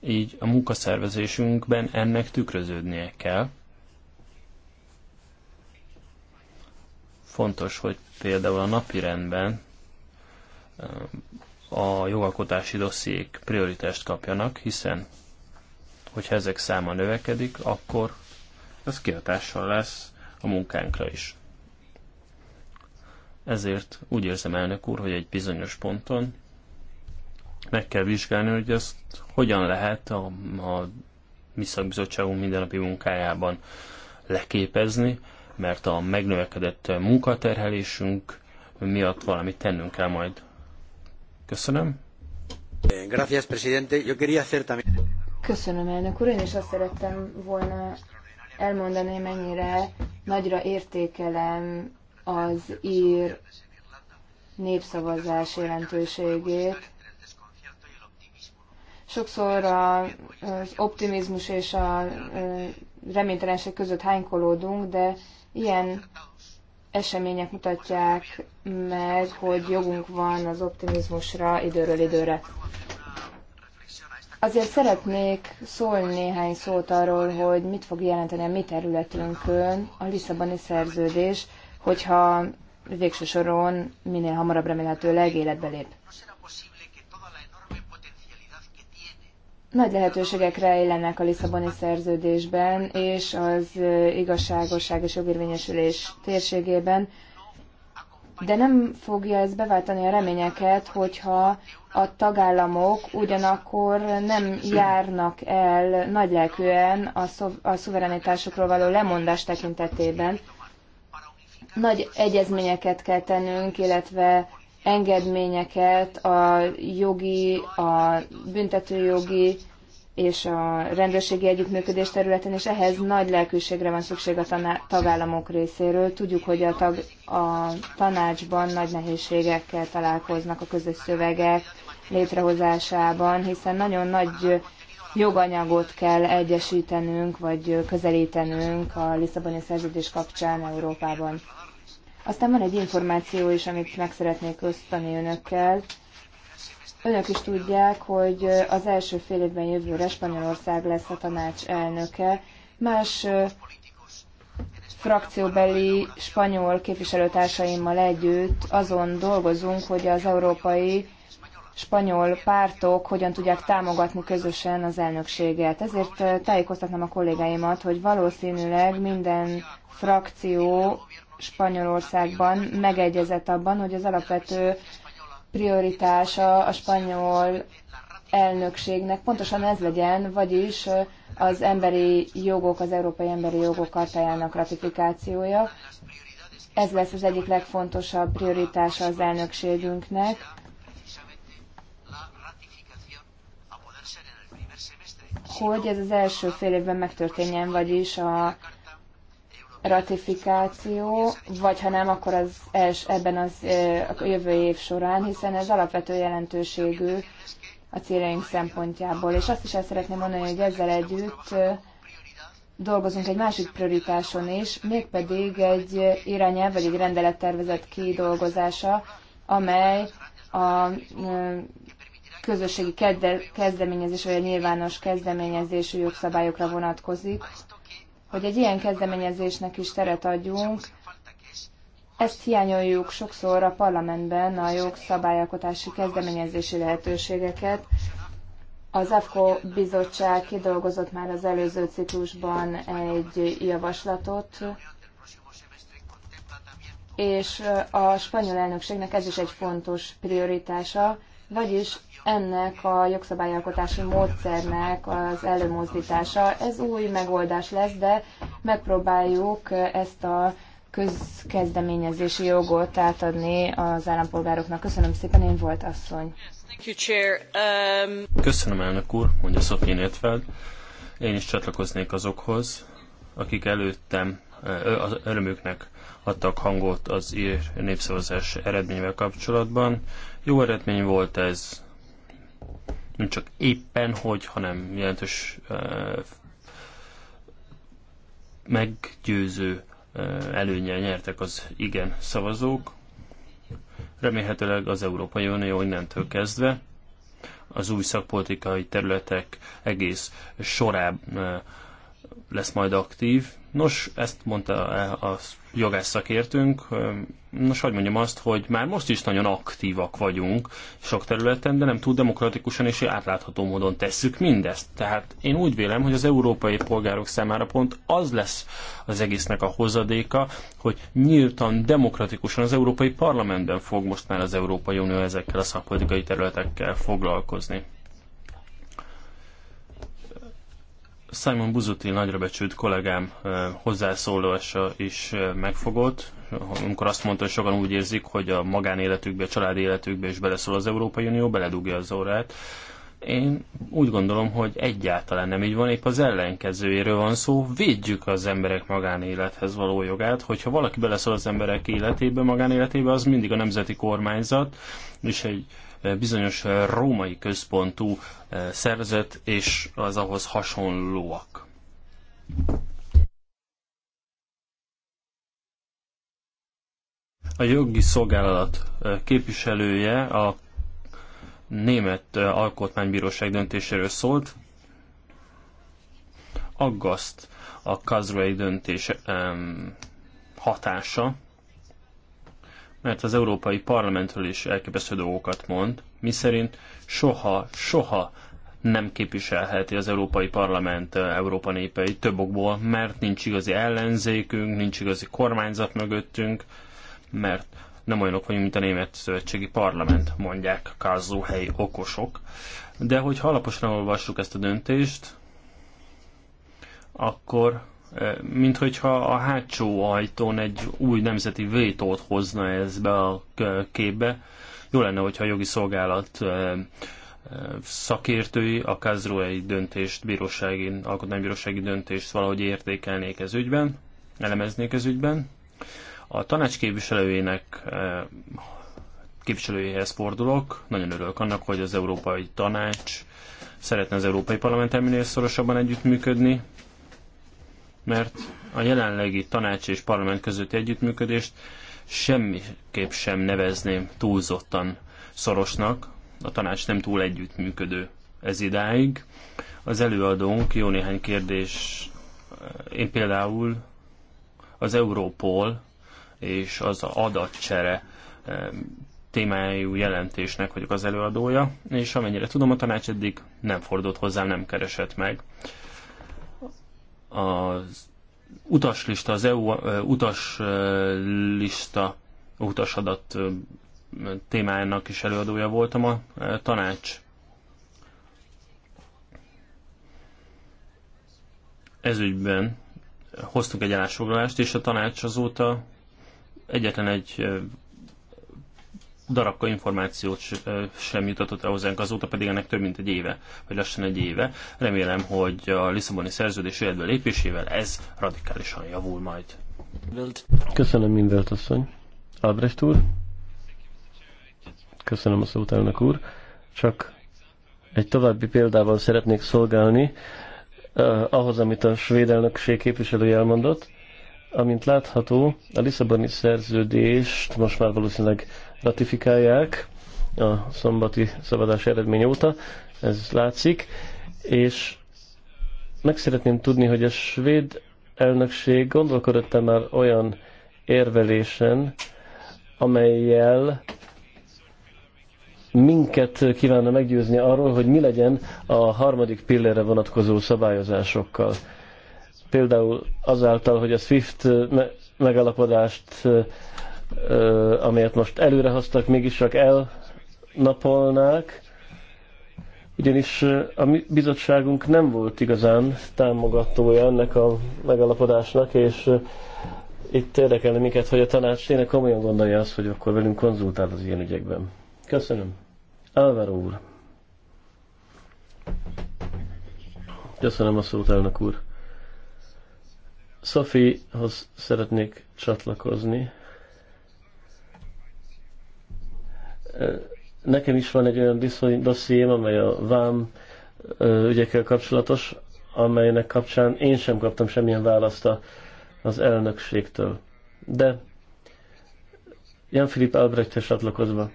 így a munkaszervezésünkben ennek tükröződnie kell. Fontos, hogy például a napi rendben a jogalkotási dossziék prioritást kapjanak, hiszen hogyha ezek száma növekedik, akkor ez kihatással lesz a munkánkra is. Ezért úgy érzem, elnök úr, hogy egy bizonyos ponton meg kell vizsgálni, hogy ezt hogyan lehet a, a mi szakbizottságunk mindennapi munkájában leképezni, mert a megnövekedett munkaterhelésünk miatt valamit tennünk kell majd Köszönöm. Gracias, presidente. Yo quería hacer también... Köszönöm, elnök úr. Én is azt szerettem volna elmondani, mennyire nagyra értékelem az ír népszavazás jelentőségét. Sokszor az optimizmus és a reménytelenség között hánykolódunk, de ilyen események mutatják meg, hogy jogunk van az optimizmusra időről időre. Azért szeretnék szólni néhány szót arról, hogy mit fog jelenteni a mi területünkön a Lisszaboni szerződés, hogyha végső soron minél hamarabb remélhetőleg életbe lép. Nagy lehetőségek rejlenek a Lisszaboni szerződésben és az igazságosság és jogérvényesülés térségében, de nem fogja ez beváltani a reményeket, hogyha a tagállamok ugyanakkor nem járnak el nagylelkűen a, szov- a szuverenitásukról való lemondás tekintetében. Nagy egyezményeket kell tennünk, illetve engedményeket a jogi, a büntetőjogi és a rendőrségi együttműködés területen és ehhez nagy lelkűségre van szükség a tagállamok részéről. Tudjuk, hogy a, tag, a tanácsban nagy nehézségekkel találkoznak a közös szövegek létrehozásában, hiszen nagyon nagy joganyagot kell egyesítenünk, vagy közelítenünk a Lisszaboni szerződés kapcsán Európában. Aztán van egy információ is, amit meg szeretnék osztani önökkel. Önök is tudják, hogy az első fél évben jövőre Spanyolország lesz a tanács elnöke. Más frakcióbeli spanyol képviselőtársaimmal együtt azon dolgozunk, hogy az európai spanyol pártok hogyan tudják támogatni közösen az elnökséget. Ezért tájékoztatnám a kollégáimat, hogy valószínűleg minden frakció Spanyolországban megegyezett abban, hogy az alapvető prioritása a spanyol elnökségnek pontosan ez legyen, vagyis az emberi jogok, az Európai Emberi Jogok Kartájának ratifikációja. Ez lesz az egyik legfontosabb prioritása az elnökségünknek. hogy ez az első fél évben megtörténjen, vagyis a ratifikáció, vagy ha nem, akkor az els, ebben az a jövő év során, hiszen ez alapvető jelentőségű a céljaink szempontjából. És azt is el szeretném mondani, hogy ezzel együtt dolgozunk egy másik prioritáson is, mégpedig egy irányelv vagy egy rendelettervezet kidolgozása, amely a közösségi kezdeményezés vagy a nyilvános kezdeményezésű jogszabályokra vonatkozik, hogy egy ilyen kezdeményezésnek is teret adjunk. Ezt hiányoljuk sokszor a parlamentben a jogszabályalkotási kezdeményezési lehetőségeket. Az AFKO bizottság kidolgozott már az előző ciklusban egy javaslatot, és a spanyol elnökségnek ez is egy fontos prioritása, vagyis ennek a jogszabályalkotási módszernek az előmozdítása. Ez új megoldás lesz, de megpróbáljuk ezt a közkezdeményezési jogot átadni az állampolgároknak. Köszönöm szépen, én volt asszony. Um, Köszönöm, elnök úr, mondja Sophie Nétfeld. Én is csatlakoznék azokhoz, akik előttem az örömüknek adtak hangot az ír népszavazás eredményvel kapcsolatban. Jó eredmény volt ez, nem csak éppen hogy, hanem jelentős meggyőző előnyel nyertek az igen szavazók. Remélhetőleg az Európai Unió innentől kezdve az új szakpolitikai területek egész sorában lesz majd aktív. Nos, ezt mondta a jogász szakértünk. Nos, hogy mondjam azt, hogy már most is nagyon aktívak vagyunk sok területen, de nem túl demokratikusan és átlátható módon tesszük mindezt. Tehát én úgy vélem, hogy az európai polgárok számára pont az lesz az egésznek a hozadéka, hogy nyíltan, demokratikusan az Európai Parlamentben fog most már az Európai Unió ezekkel a szakpolitikai területekkel foglalkozni. Simon Buzuti nagyra becsült kollégám eh, hozzászólása is eh, megfogott, amikor azt mondta, hogy sokan úgy érzik, hogy a magánéletükbe, a család életükbe is beleszól az Európai Unió, beledugja az órát. Én úgy gondolom, hogy egyáltalán nem így van, épp az ellenkezőjéről van szó, védjük az emberek magánélethez való jogát, hogyha valaki beleszól az emberek életébe, magánéletébe, az mindig a nemzeti kormányzat, és egy bizonyos római központú eh, szervezet és az ahhoz hasonlóak. A jogi szolgálat eh, képviselője a német eh, alkotmánybíróság döntéséről szólt. Aggaszt a kazrai döntés hatása mert az Európai Parlamentről is elképesztő dolgokat mond, miszerint soha, soha nem képviselheti az Európai Parlament eh, Európa népei több okból, mert nincs igazi ellenzékünk, nincs igazi kormányzat mögöttünk, mert nem olyanok vagyunk, mint a Német Szövetségi Parlament, mondják kázóhelyi okosok. De hogyha alaposan olvassuk ezt a döntést, akkor mint hogyha a hátsó ajtón egy új nemzeti vétót hozna ez be a képbe. Jó lenne, hogyha a jogi szolgálat szakértői a kazruai döntést, bírósági, alkotmánybírósági döntést valahogy értékelnék ez ügyben, elemeznék ez ügyben. A tanács képviselőjének képviselőjéhez fordulok. Nagyon örülök annak, hogy az Európai Tanács szeretne az Európai parlament minél szorosabban együttműködni, mert a jelenlegi tanács és parlament közötti együttműködést semmiképp sem nevezném túlzottan szorosnak, a tanács nem túl együttműködő ez idáig. Az előadónk jó néhány kérdés, én például az Európol és az adatcsere eh, témájú jelentésnek vagyok az előadója, és amennyire tudom, a tanács eddig nem fordult hozzá, nem keresett meg az utaslista, az EU utaslista utasadat témájának is előadója voltam a tanács. Ezügyben hoztunk egy állásfoglalást, és a tanács azóta egyetlen egy darabka információt sem jutatott el hozzánk azóta, pedig ennek több mint egy éve, vagy lassan egy éve. Remélem, hogy a Lisszaboni szerződés életbe lépésével ez radikálisan javul majd. Köszönöm mindent, asszony. Albrecht úr. Köszönöm a szót, elnök úr. Csak egy további példával szeretnék szolgálni, eh, ahhoz, amit a svéd elnökség képviselője elmondott. Amint látható, a Lisszaboni szerződést most már valószínűleg ratifikálják a szombati szabadás eredmény óta, ez látszik, és meg szeretném tudni, hogy a svéd elnökség gondolkodott-e már olyan érvelésen, amelyel minket kívánna meggyőzni arról, hogy mi legyen a harmadik pillére vonatkozó szabályozásokkal. Például azáltal, hogy a SWIFT megalapodást amelyet most előrehoztak, mégis csak elnapolnák, ugyanis a mi bizottságunk nem volt igazán támogatója ennek a megalapodásnak, és itt érdekelne minket, hogy a tanács tényleg komolyan gondolja azt, hogy akkor velünk konzultál az ilyen ügyekben. Köszönöm. Álvaro úr. Köszönöm a szót, elnök úr. Szofihoz szeretnék csatlakozni. Nekem is van egy olyan dossziém, amely a vám ügyekkel kapcsolatos, amelynek kapcsán én sem kaptam semmilyen választ az elnökségtől. De jan Filip Albrechthez csatlakozva,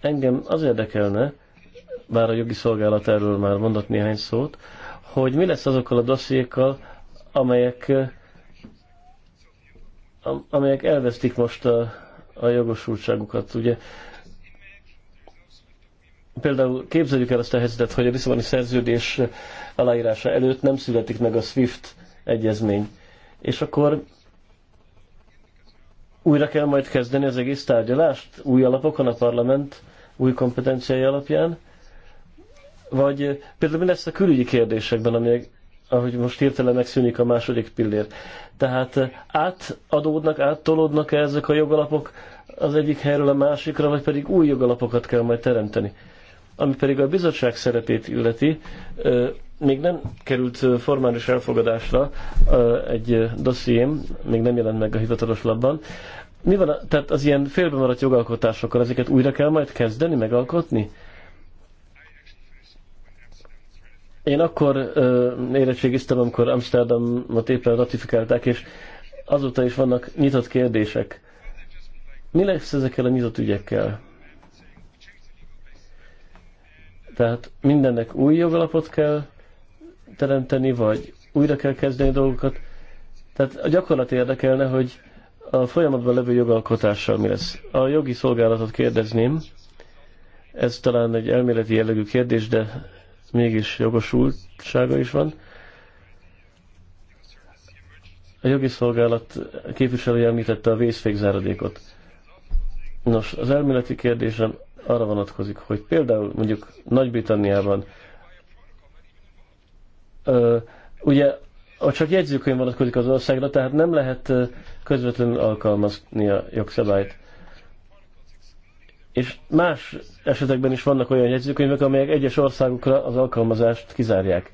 engem az érdekelne, bár a jogi szolgálat erről már mondott néhány szót, hogy mi lesz azokkal a dossziékkal, amelyek, amelyek elvesztik most a a jogosultságukat. Ugye például képzeljük el azt a helyzetet, hogy a Lisszaboni szerződés aláírása előtt nem születik meg a SWIFT egyezmény. És akkor újra kell majd kezdeni az egész tárgyalást, új alapokon a parlament új kompetenciai alapján, vagy például mi lesz a külügyi kérdésekben, amelyek ahogy most hirtelen megszűnik a második pillér. Tehát átadódnak, áttolódnak -e ezek a jogalapok az egyik helyről a másikra, vagy pedig új jogalapokat kell majd teremteni? Ami pedig a bizottság szerepét illeti, még nem került formális elfogadásra egy dossziém, még nem jelent meg a hivatalos labban. Mi van, tehát az ilyen félbemaradt jogalkotásokkal, ezeket újra kell majd kezdeni, megalkotni? Én akkor uh, érettségiztem, amikor Amsterdamot éppen ratifikálták, és azóta is vannak nyitott kérdések. Mi lesz ezekkel a nyitott ügyekkel? Tehát mindennek új jogalapot kell teremteni, vagy újra kell kezdeni dolgokat. Tehát a gyakorlat érdekelne, hogy a folyamatban levő jogalkotással mi lesz. A jogi szolgálatot kérdezném, ez talán egy elméleti jellegű kérdés, de mégis jogosultsága is van. A jogi szolgálat képviselője említette a vészfékzáradékot. Nos, az elméleti kérdésem arra vonatkozik, hogy például mondjuk Nagy-Britanniában ugye csak jegyzőkönyv vonatkozik az országra, tehát nem lehet közvetlenül alkalmazni a jogszabályt. És más esetekben is vannak olyan jegyzőkönyvek, amelyek egyes országokra az alkalmazást kizárják.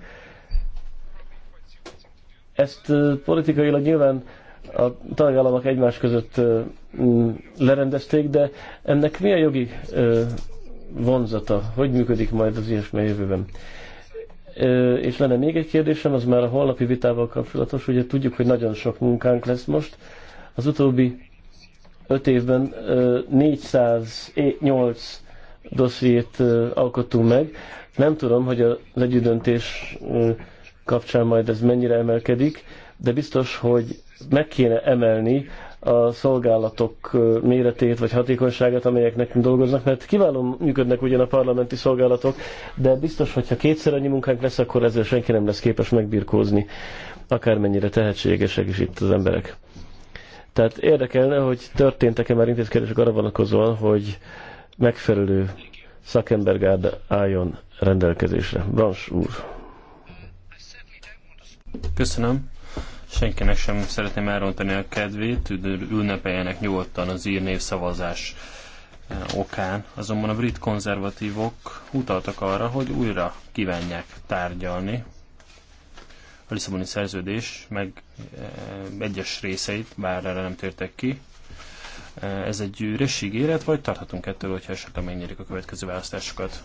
Ezt politikailag nyilván a tagállamok egymás között mm, lerendezték, de ennek mi a jogi vonzata? Hogy működik majd az ilyesmi jövőben? És lenne még egy kérdésem, az már a holnapi vitával kapcsolatos. Ugye tudjuk, hogy nagyon sok munkánk lesz most. Az utóbbi öt évben 408 dossziét alkottunk meg. Nem tudom, hogy az együttdöntés kapcsán majd ez mennyire emelkedik, de biztos, hogy meg kéne emelni a szolgálatok méretét vagy hatékonyságát, amelyek nekünk dolgoznak, mert kiválóan működnek ugyan a parlamenti szolgálatok, de biztos, hogyha kétszer annyi munkánk lesz, akkor ezzel senki nem lesz képes megbirkózni, akármennyire tehetségesek is itt az emberek. Tehát érdekelne, hogy történtek-e már intézkedések arra vonatkozóan, hogy megfelelő szakembergárd álljon rendelkezésre. Brans úr. Köszönöm. Senkinek sem szeretném elrontani a kedvét, ünnepeljenek nyugodtan az írnév szavazás eh, okán. Azonban a brit konzervatívok utaltak arra, hogy újra kívánják tárgyalni a Lisszaboni szerződés meg eh, egyes részeit, bár erre nem tértek ki. Eh, ez egy üres ígéret, vagy tarthatunk ettől, hogyha esetleg megnyerik a következő választásokat?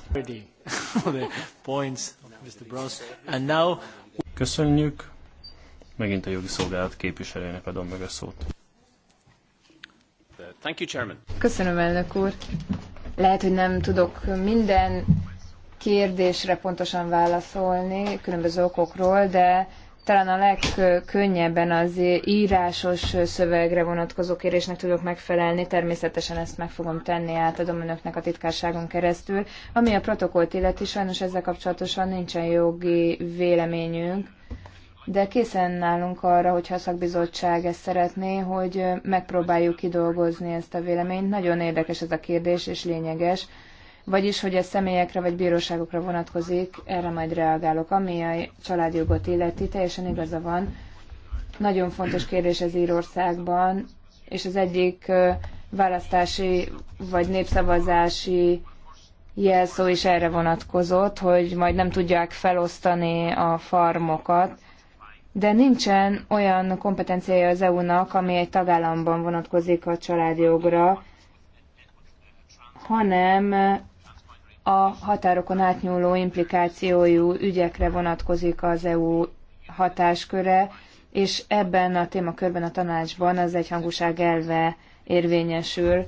Köszönjük. Megint a jogi szolgálat képviselőjének adom meg a szót. Köszönöm, elnök úr. Lehet, hogy nem tudok minden kérdésre pontosan válaszolni különböző okokról, de talán a legkönnyebben az írásos szövegre vonatkozó kérésnek tudok megfelelni, természetesen ezt meg fogom tenni, átadom önöknek a titkárságon keresztül. Ami a protokollt illeti, sajnos ezzel kapcsolatosan nincsen jogi véleményünk, de készen állunk arra, hogyha a szakbizottság ezt szeretné, hogy megpróbáljuk kidolgozni ezt a véleményt. Nagyon érdekes ez a kérdés, és lényeges vagyis hogy ez személyekre vagy bíróságokra vonatkozik, erre majd reagálok. Ami a családjogot illeti, teljesen igaza van. Nagyon fontos kérdés ez Írországban, és az egyik választási vagy népszavazási jelszó is erre vonatkozott, hogy majd nem tudják felosztani a farmokat, de nincsen olyan kompetenciája az EU-nak, ami egy tagállamban vonatkozik a családjogra, hanem a határokon átnyúló implikációjú ügyekre vonatkozik az EU hatásköre, és ebben a témakörben a tanácsban az egyhangúság elve érvényesül.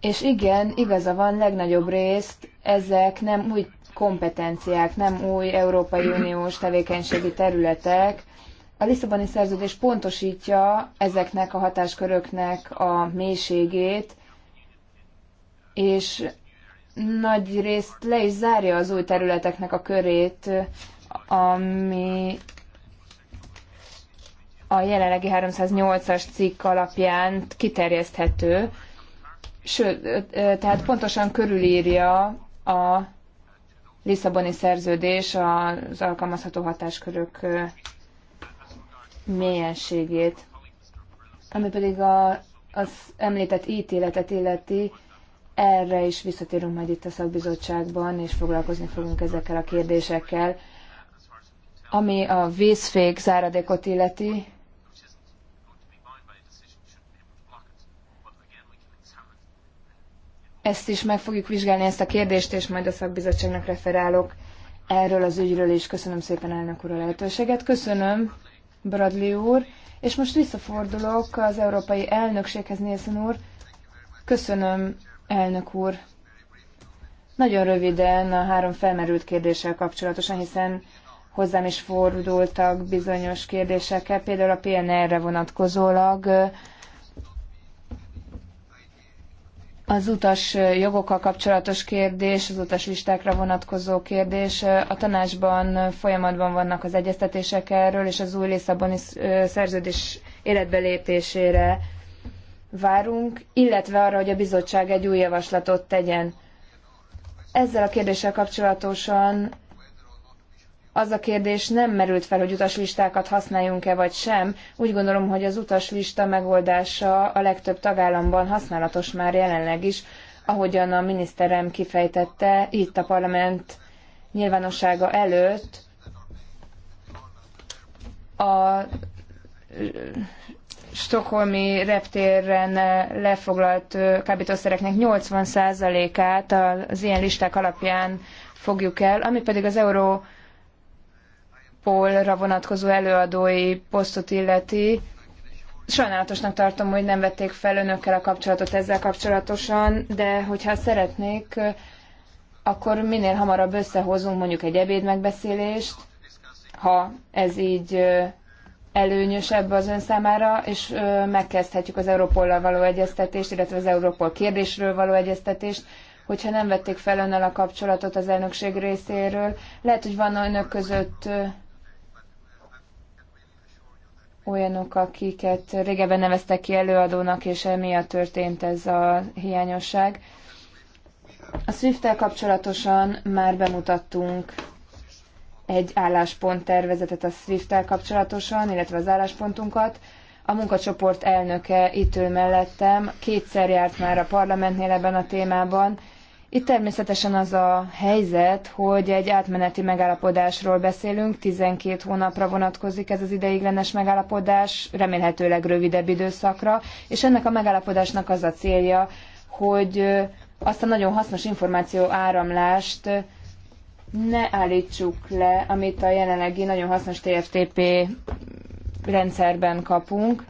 És igen, igaza van, legnagyobb részt ezek nem új kompetenciák, nem új Európai Uniós tevékenységi területek. A Lisszaboni szerződés pontosítja ezeknek a hatásköröknek a mélységét, és nagy részt le is zárja az új területeknek a körét, ami a jelenlegi 308-as cikk alapján kiterjeszthető, sőt, tehát pontosan körülírja a Lisszaboni szerződés az alkalmazható hatáskörök mélyenségét. Ami pedig a, az említett ítéletet illeti, erre is visszatérünk majd itt a szakbizottságban, és foglalkozni fogunk ezekkel a kérdésekkel. Ami a vízfék záradékot illeti, ezt is meg fogjuk vizsgálni, ezt a kérdést, és majd a szakbizottságnak referálok erről az ügyről is. Köszönöm szépen elnök úr a lehetőséget. Köszönöm, Bradley úr. És most visszafordulok az európai elnökséghez, Nielsen úr. Köszönöm Elnök úr, nagyon röviden a három felmerült kérdéssel kapcsolatosan, hiszen hozzám is fordultak bizonyos kérdésekkel, például a PNR-re vonatkozólag az utas jogokkal kapcsolatos kérdés, az utas listákra vonatkozó kérdés. A tanácsban folyamatban vannak az egyeztetések erről, és az új Lisszaboni szerződés életbelépésére várunk, illetve arra, hogy a bizottság egy új javaslatot tegyen. Ezzel a kérdéssel kapcsolatosan az a kérdés nem merült fel, hogy utaslistákat használjunk-e vagy sem. Úgy gondolom, hogy az utaslista megoldása a legtöbb tagállamban használatos már jelenleg is, ahogyan a miniszterem kifejtette itt a parlament nyilvánossága előtt. A stokholmi reptéren eh, lefoglalt eh, kábítószereknek 80%-át az ilyen listák alapján fogjuk el, ami pedig az euró Polra vonatkozó előadói posztot illeti. Sajnálatosnak tartom, hogy nem vették fel önökkel a kapcsolatot ezzel kapcsolatosan, de hogyha szeretnék, eh, akkor minél hamarabb összehozunk mondjuk egy ebéd megbeszélést, ha ez így előnyösebb az ön számára, és megkezdhetjük az Európollal való egyeztetést, illetve az Európol kérdésről való egyeztetést, hogyha nem vették fel önnel a kapcsolatot az elnökség részéről. Lehet, hogy van önök között olyanok, akiket régebben neveztek ki előadónak, és emiatt történt ez a hiányosság. A Swift-tel kapcsolatosan már bemutattunk egy tervezetet a SWIFT-tel kapcsolatosan, illetve az álláspontunkat. A munkacsoport elnöke itt ül mellettem, kétszer járt már a parlamentnél ebben a témában. Itt természetesen az a helyzet, hogy egy átmeneti megállapodásról beszélünk, 12 hónapra vonatkozik ez az ideiglenes megállapodás, remélhetőleg rövidebb időszakra, és ennek a megállapodásnak az a célja, hogy azt a nagyon hasznos információ áramlást ne állítsuk le, amit a jelenlegi nagyon hasznos TFTP rendszerben kapunk.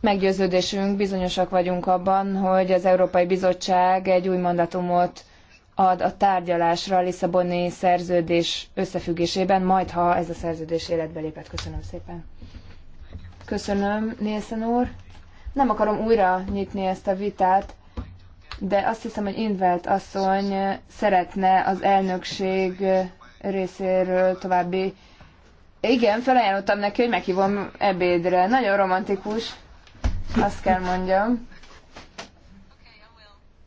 Meggyőződésünk, bizonyosak vagyunk abban, hogy az Európai Bizottság egy új mandatumot ad a tárgyalásra a Lisszaboni szerződés összefüggésében, majd ha ez a szerződés életbe lépett. Köszönöm szépen. Köszönöm, Nielsen úr. Nem akarom újra nyitni ezt a vitát, de azt hiszem, hogy Invelt asszony szeretne az elnökség részéről további... Igen, felajánlottam neki, hogy meghívom ebédre. Nagyon romantikus, azt kell mondjam.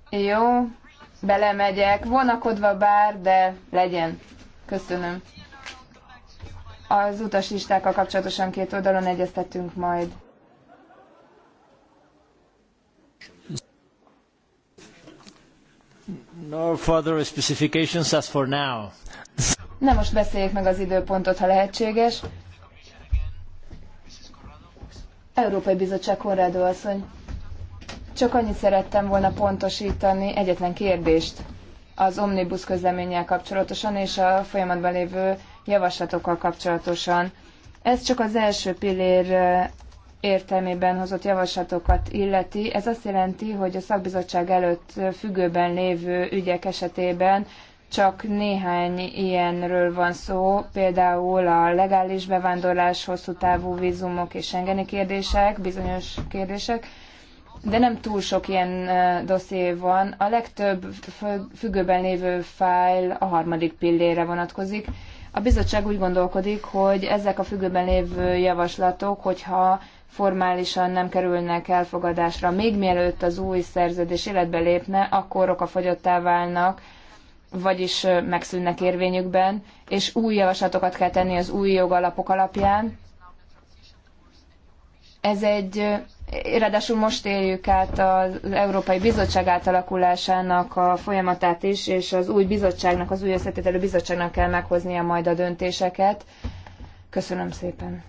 Jó, belemegyek, vonakodva bár, de legyen. Köszönöm. Az utasistákkal kapcsolatosan két oldalon egyeztetünk majd. No most beszéljék meg az időpontot, ha lehetséges. Európai Bizottság Konrádó asszony. Csak annyit szerettem volna pontosítani, egyetlen kérdést az Omnibus közleménnyel kapcsolatosan és a folyamatban lévő javaslatokkal kapcsolatosan. Ez csak az első pillér értelmében hozott javaslatokat illeti. Ez azt jelenti, hogy a szakbizottság előtt függőben lévő ügyek esetében csak néhány ilyenről van szó, például a legális bevándorlás, hosszú távú vízumok és engeni kérdések, bizonyos kérdések, de nem túl sok ilyen dosszié van. A legtöbb függőben lévő fájl a harmadik pillére vonatkozik. A bizottság úgy gondolkodik, hogy ezek a függőben lévő javaslatok, hogyha formálisan nem kerülnek elfogadásra, még mielőtt az új szerződés életbe lépne, akkor okafogyottá válnak, vagyis megszűnnek érvényükben, és új javaslatokat kell tenni az új jogalapok alapján. Ez egy, ráadásul most éljük át az Európai Bizottság átalakulásának a folyamatát is, és az új bizottságnak, az új összetételő bizottságnak kell meghoznia majd a döntéseket. Köszönöm szépen!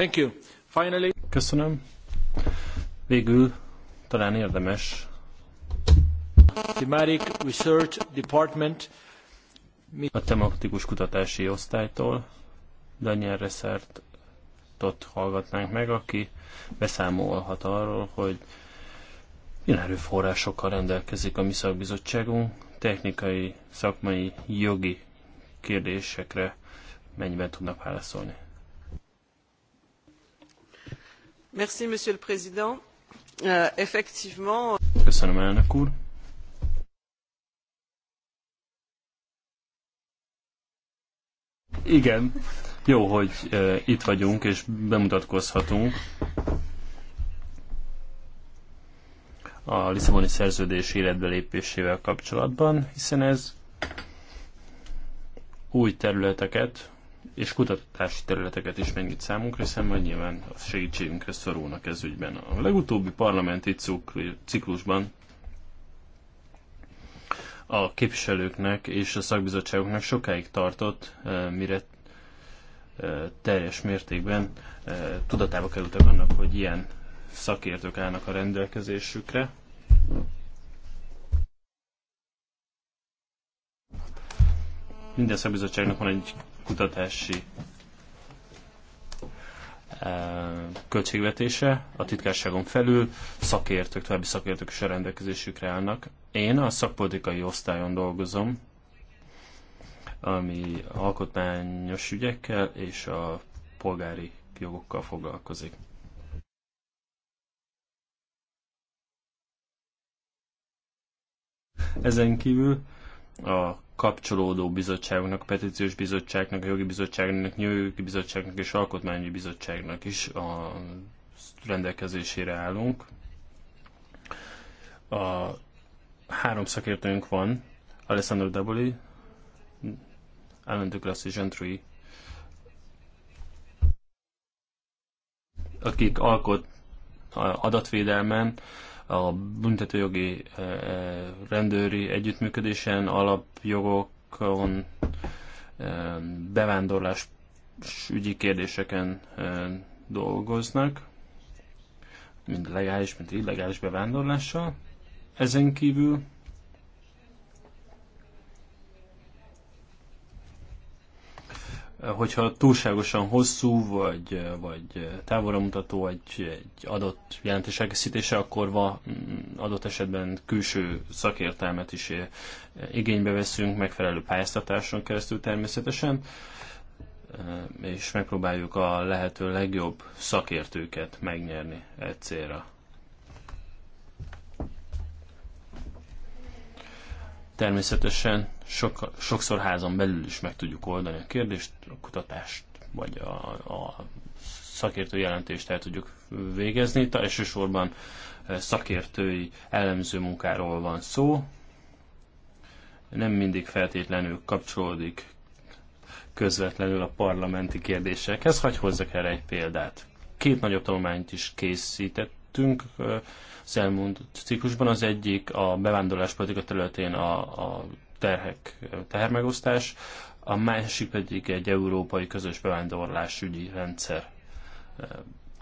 Thank you. Finally... Köszönöm. Végül talán érdemes Thematic Research Department a tematikus kutatási osztálytól Daniel Ressertot hallgatnánk meg, aki beszámolhat arról, hogy milyen erőforrásokkal rendelkezik a mi szakbizottságunk, technikai, szakmai, jogi kérdésekre mennyiben tudnak válaszolni. Monsieur le Président. Euh, effectivement... Igen, jó, hogy uh, itt vagyunk és bemutatkozhatunk. a Lisszaboni szerződés életbelépésével kapcsolatban, hiszen ez új területeket és kutatási területeket is megnyit számunkra, hiszen majd nyilván a segítségünkre szorulnak ez ügyben. A legutóbbi parlamenti ciklusban a képviselőknek és a szakbizottságoknak sokáig tartott, eh, mire eh, teljes mértékben eh, tudatába kerültek annak, hogy ilyen szakértők állnak a rendelkezésükre. Minden szakbizottságnak van egy kutatási eh, költségvetése a titkárságon felül, szakértők, további szakértők is a rendelkezésükre állnak. Én a szakpolitikai osztályon dolgozom, ami alkotmányos ügyekkel és a polgári jogokkal foglalkozik. Ezen kívül a kapcsolódó bizottságoknak, petíciós bizottságnak, a jogi bizottságnak, jogi bizottságnak és alkotmányi bizottságnak is a rendelkezésére állunk. A három szakértőnk van, Alessandro Daboli, Alan Douglas és Gentry, akik alkot adatvédelmen, a büntetőjogi rendőri együttműködésen, alapjogokon, bevándorlás ügyi kérdéseken dolgoznak, mind legális, mind illegális bevándorlással. Ezen kívül hogyha túlságosan hosszú, vagy, vagy távolra mutató, vagy egy adott jelentés elkészítése, akkor van mm, adott esetben külső szakértelmet is eh, igénybe veszünk, megfelelő pályáztatáson keresztül természetesen, eh, és megpróbáljuk a lehető legjobb szakértőket megnyerni egy célra. Természetesen sok, sokszor házon belül is meg tudjuk oldani a kérdést, a kutatást vagy a, a szakértő jelentést el tudjuk végezni. Itt elsősorban eh, szakértői elemző munkáról van szó. Nem mindig feltétlenül kapcsolódik közvetlenül a parlamenti kérdésekhez. Hagy hozzak erre egy példát. Két nagyobb tanulmányt is készítettünk eh, az elmúlt ciklusban. Az egyik a politika területén a, a terhek, tehermegosztás, a másik pedig egy európai közös bevándorlásügyi rendszer eh,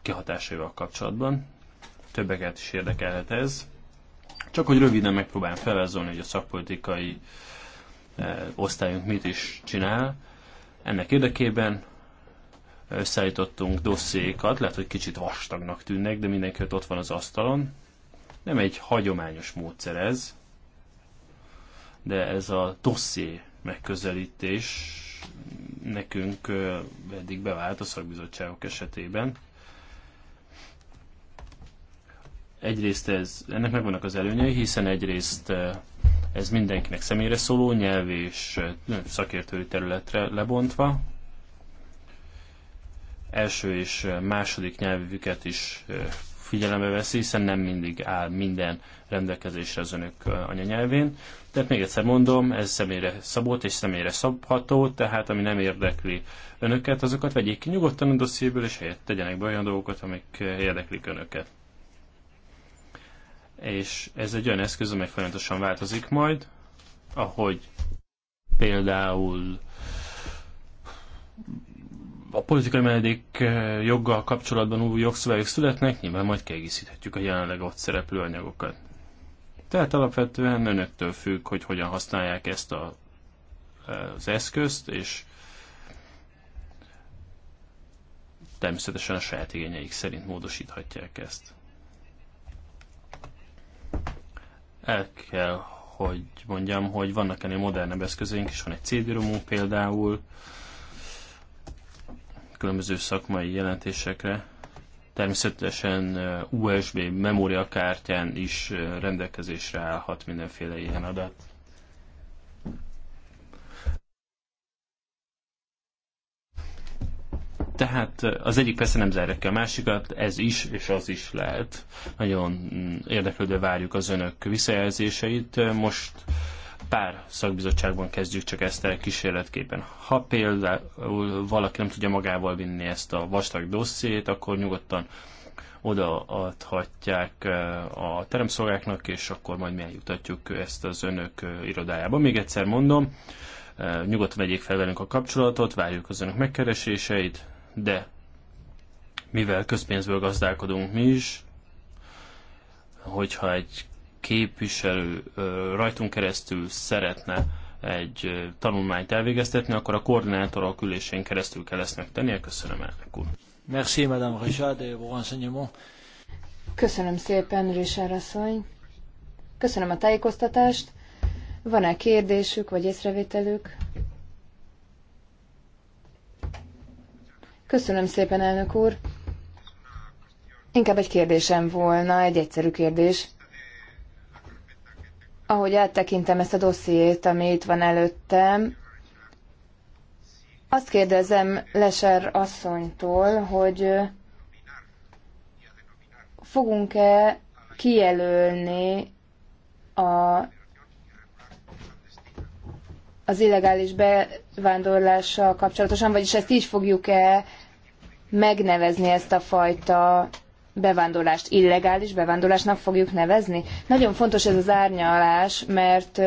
kihatásaival kapcsolatban. Többeket is érdekelhet ez. Csak hogy röviden megpróbálom felvázolni, hogy a szakpolitikai eh, osztályunk mit is csinál. Ennek érdekében összeállítottunk dossziékat, lehet, hogy kicsit vastagnak tűnnek, de mindenki ott van az asztalon. Nem egy hagyományos módszer ez, de ez a dosszié megközelítés nekünk eddig bevált a szakbizottságok esetében. Egyrészt ez, ennek megvannak az előnyei, hiszen egyrészt ez mindenkinek személyre szóló, nyelv és szakértői területre lebontva. Első és második nyelvüket is figyelembe veszi, hiszen nem mindig áll minden rendelkezésre az önök anyanyelvén. De még egyszer mondom, ez személyre szabott és személyre szabható, tehát ami nem érdekli önöket, azokat vegyék ki nyugodtan a dossziéből, és helyett tegyenek be olyan dolgokat, amik érdeklik önöket. És ez egy olyan eszköz, amely folyamatosan változik majd, ahogy például a politikai menedék eh, joggal kapcsolatban új jogszabályok születnek, nyilván majd kiegészíthetjük a jelenleg ott szereplő anyagokat. Tehát alapvetően önöktől függ, hogy hogyan használják ezt a, az eszközt, és természetesen a saját igényeik szerint módosíthatják ezt. El kell, hogy mondjam, hogy vannak ennél modernebb eszközeink is, van egy cd például, különböző szakmai jelentésekre, Természetesen USB memóriakártyán is rendelkezésre állhat mindenféle ilyen adat. Tehát az egyik persze nem zárja ki a másikat, ez is és az is lehet. Nagyon mm, érdeklődve várjuk az önök visszajelzéseit. Most pár szakbizottságban kezdjük csak ezt el kísérletképpen. Ha például valaki nem tudja magával vinni ezt a vastag dossziét, akkor nyugodtan odaadhatják eh, a teremszolgáknak, és akkor majd mi eljutatjuk ezt az önök eh, irodájába. Még egyszer mondom, eh, nyugodtan vegyék fel velünk a kapcsolatot, várjuk az önök megkereséseit, de mivel közpénzből gazdálkodunk mi is, hogyha egy képviselő rajtunk keresztül szeretne egy tanulmányt elvégeztetni, akkor a a külésén keresztül kell ezt megtennie. Köszönöm, elnök úr. Merci, Madame Richard, et vos enseignement. Köszönöm szépen, Richard asszony. Köszönöm a tájékoztatást. Van-e kérdésük vagy észrevételük? Köszönöm szépen, elnök úr. Inkább egy kérdésem volna, egy egyszerű kérdés ahogy áttekintem ezt a dossziét, ami itt van előttem, azt kérdezem Leser asszonytól, hogy fogunk-e kijelölni a, az illegális bevándorlással kapcsolatosan, vagyis ezt így fogjuk-e megnevezni ezt a fajta bevándorlást illegális bevándorlásnak fogjuk nevezni? Nagyon fontos ez az árnyalás, mert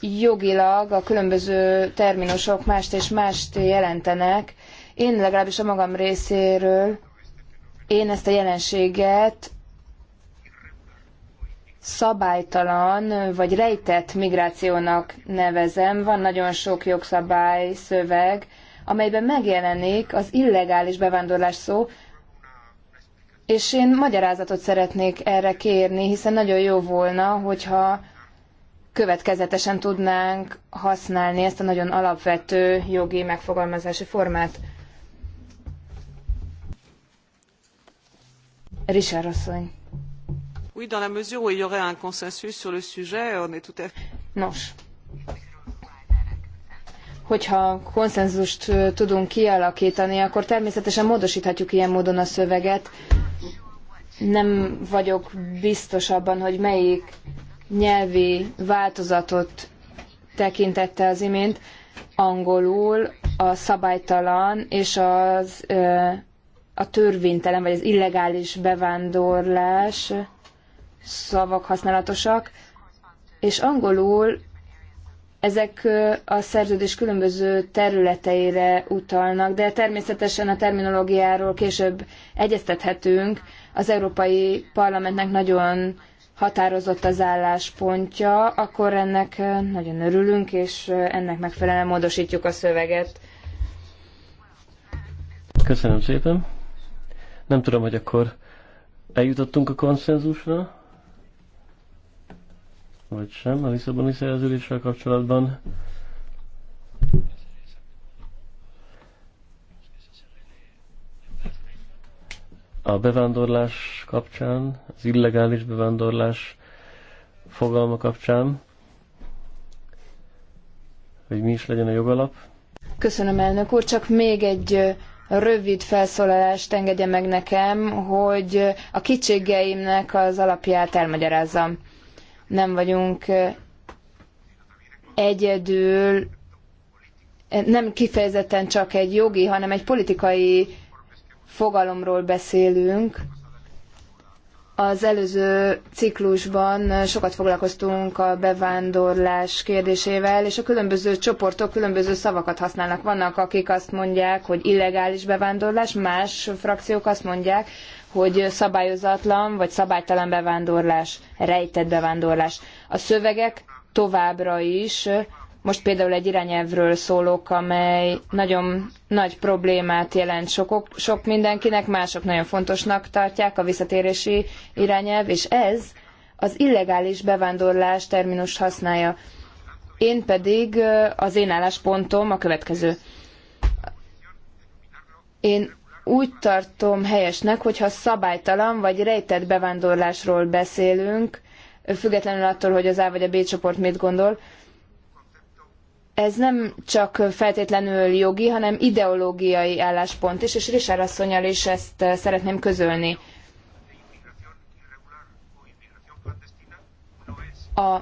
jogilag a különböző terminusok mást és mást jelentenek. Én legalábbis a magam részéről én ezt a jelenséget szabálytalan vagy rejtett migrációnak nevezem. Van nagyon sok jogszabály, szöveg, amelyben megjelenik az illegális bevándorlás szó, és én magyarázatot szeretnék erre kérni, hiszen nagyon jó volna, hogyha következetesen tudnánk használni ezt a nagyon alapvető jogi megfogalmazási formát. Richard asszony. Oui, dans la mesure où il y aurait un consensus sur le sujet, on est tout à fait... Nos hogyha konszenzust tudunk kialakítani, akkor természetesen módosíthatjuk ilyen módon a szöveget. Nem vagyok biztos abban, hogy melyik nyelvi változatot tekintette az imént. Angolul a szabálytalan és az a törvénytelen, vagy az illegális bevándorlás szavak használatosak, és angolul ezek a szerződés különböző területeire utalnak, de természetesen a terminológiáról később egyeztethetünk. Az Európai Parlamentnek nagyon határozott az álláspontja, akkor ennek nagyon örülünk, és ennek megfelelően módosítjuk a szöveget. Köszönöm szépen. Nem tudom, hogy akkor eljutottunk a konszenzusra vagy sem a Lisszaboni szerződéssel kapcsolatban. A bevándorlás kapcsán, az illegális bevándorlás fogalma kapcsán, hogy mi is legyen a jogalap. Köszönöm, elnök úr, csak még egy rövid felszólalást engedje meg nekem, hogy a kétségeimnek az alapját elmagyarázzam nem vagyunk egyedül, nem kifejezetten csak egy jogi, hanem egy politikai fogalomról beszélünk. Az előző ciklusban sokat foglalkoztunk a bevándorlás kérdésével, és a különböző csoportok különböző szavakat használnak. Vannak, akik azt mondják, hogy illegális bevándorlás, más frakciók azt mondják, hogy szabályozatlan vagy szabálytalan bevándorlás, rejtett bevándorlás. A szövegek továbbra is, most például egy irányelvről szólok, amely nagyon nagy problémát jelent sokok, sok mindenkinek, mások nagyon fontosnak tartják a visszatérési irányelv, és ez az illegális bevándorlás terminust használja. Én pedig az én álláspontom a következő. Én úgy tartom helyesnek, hogyha szabálytalan vagy rejtett bevándorlásról beszélünk, függetlenül attól, hogy az A vagy a B csoport mit gondol, ez nem csak feltétlenül jogi, hanem ideológiai álláspont is, és Richard asszonyal is ezt eh, szeretném közölni. A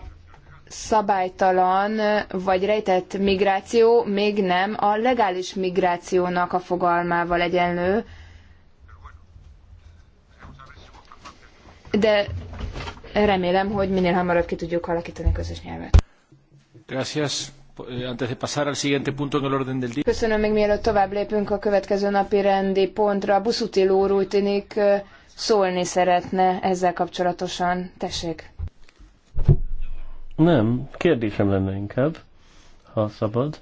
szabálytalan vagy rejtett migráció még nem a legális migrációnak a fogalmával egyenlő. De remélem, hogy minél hamarabb ki tudjuk alakítani a közös nyelvet. Gracias. Antes de pasar al siguiente punto en el orden del día. Köszönöm, még mielőtt tovább lépünk a következő napi rendi pontra. Buszutil úr úgy tűnik szólni szeretne ezzel kapcsolatosan. Tessék. Nem, kérdésem lenne inkább, ha szabad,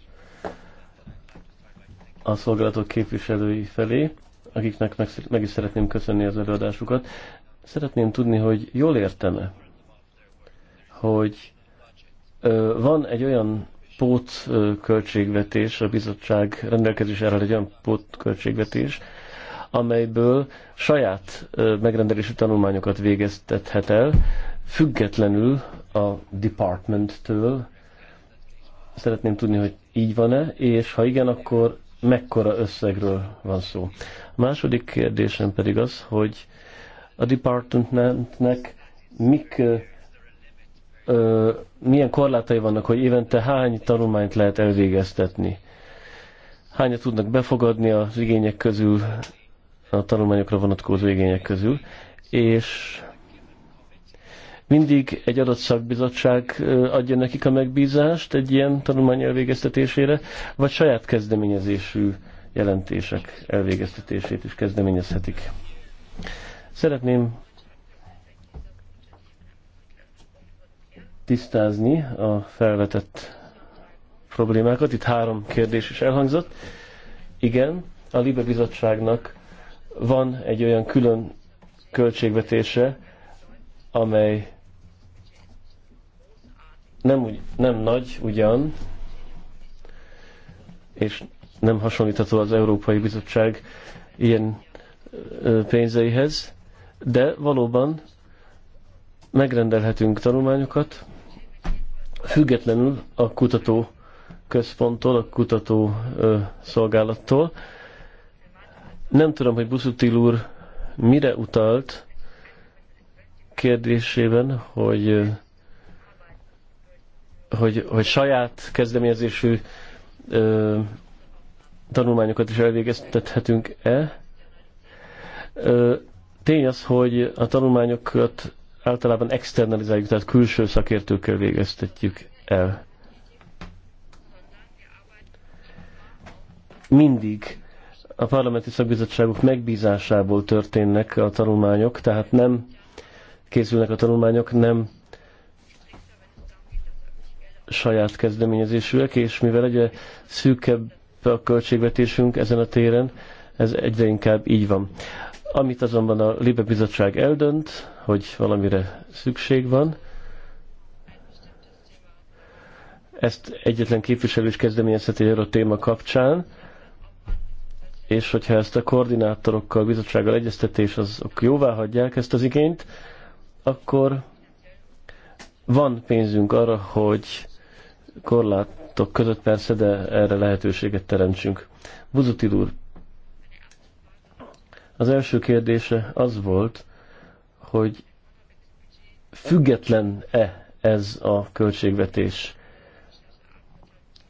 a szolgálatok képviselői felé, akiknek meg, meg is szeretném köszönni az előadásukat. Szeretném tudni, hogy jól értene, hogy ö, van egy olyan pót költségvetés, a bizottság rendelkezésére egy olyan pót költségvetés, amelyből saját megrendelési tanulmányokat végeztethet el, függetlenül a department-től. Szeretném tudni, hogy így van-e, és ha igen, akkor mekkora összegről van szó. A második kérdésem pedig az, hogy a departmentnek mik, ö, milyen korlátai vannak, hogy évente hány tanulmányt lehet elvégeztetni. Hányat tudnak befogadni az igények közül, a tanulmányokra vonatkozó igények közül, és mindig egy adott szakbizottság adja nekik a megbízást egy ilyen tanulmány elvégeztetésére, vagy saját kezdeményezésű jelentések elvégeztetését is kezdeményezhetik. Szeretném tisztázni a felvetett problémákat. Itt három kérdés is elhangzott. Igen, a Libe Bizottságnak van egy olyan külön költségvetése, amely nem, úgy, nem nagy ugyan, és nem hasonlítható az Európai Bizottság ilyen pénzeihez, de valóban megrendelhetünk tanulmányokat, függetlenül a kutató központtól, a kutató ö, szolgálattól. Nem tudom, hogy Buszutil úr mire utalt, kérdésében, hogy, hogy, hogy saját kezdeményezésű ö, tanulmányokat is elvégeztethetünk-e. Tény az, hogy a tanulmányokat általában externalizáljuk, tehát külső szakértőkkel végeztetjük el. Mindig a parlamenti szakbizottságok megbízásából történnek a tanulmányok, tehát nem készülnek a tanulmányok, nem saját kezdeményezésűek, és mivel egyre szűkebb a költségvetésünk ezen a téren, ez egyre inkább így van. Amit azonban a Libe Bizottság eldönt, hogy valamire szükség van, ezt egyetlen képviselő is kezdeményezheti erről a téma kapcsán, és hogyha ezt a koordinátorokkal, bizottsággal egyeztetés, azok jóvá hagyják ezt az igényt, akkor van pénzünk arra, hogy korlátok között persze, de erre lehetőséget teremtsünk. Buzutil úr, az első kérdése az volt, hogy független-e ez a költségvetés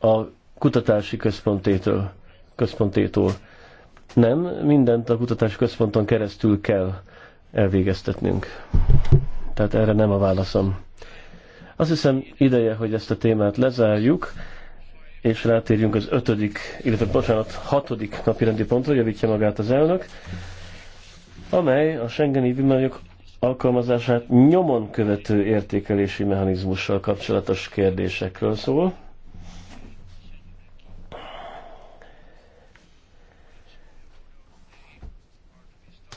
a kutatási központétől, központétól. Nem, mindent a kutatási központon keresztül kell elvégeztetnünk. Tehát erre nem a válaszom. Azt hiszem ideje, hogy ezt a témát lezárjuk, és rátérjünk az ötödik, illetve bocsánat, hatodik napi rendi pontra, javítja magát az elnök, amely a Schengeni vimányok alkalmazását nyomon követő értékelési mechanizmussal kapcsolatos kérdésekről szól.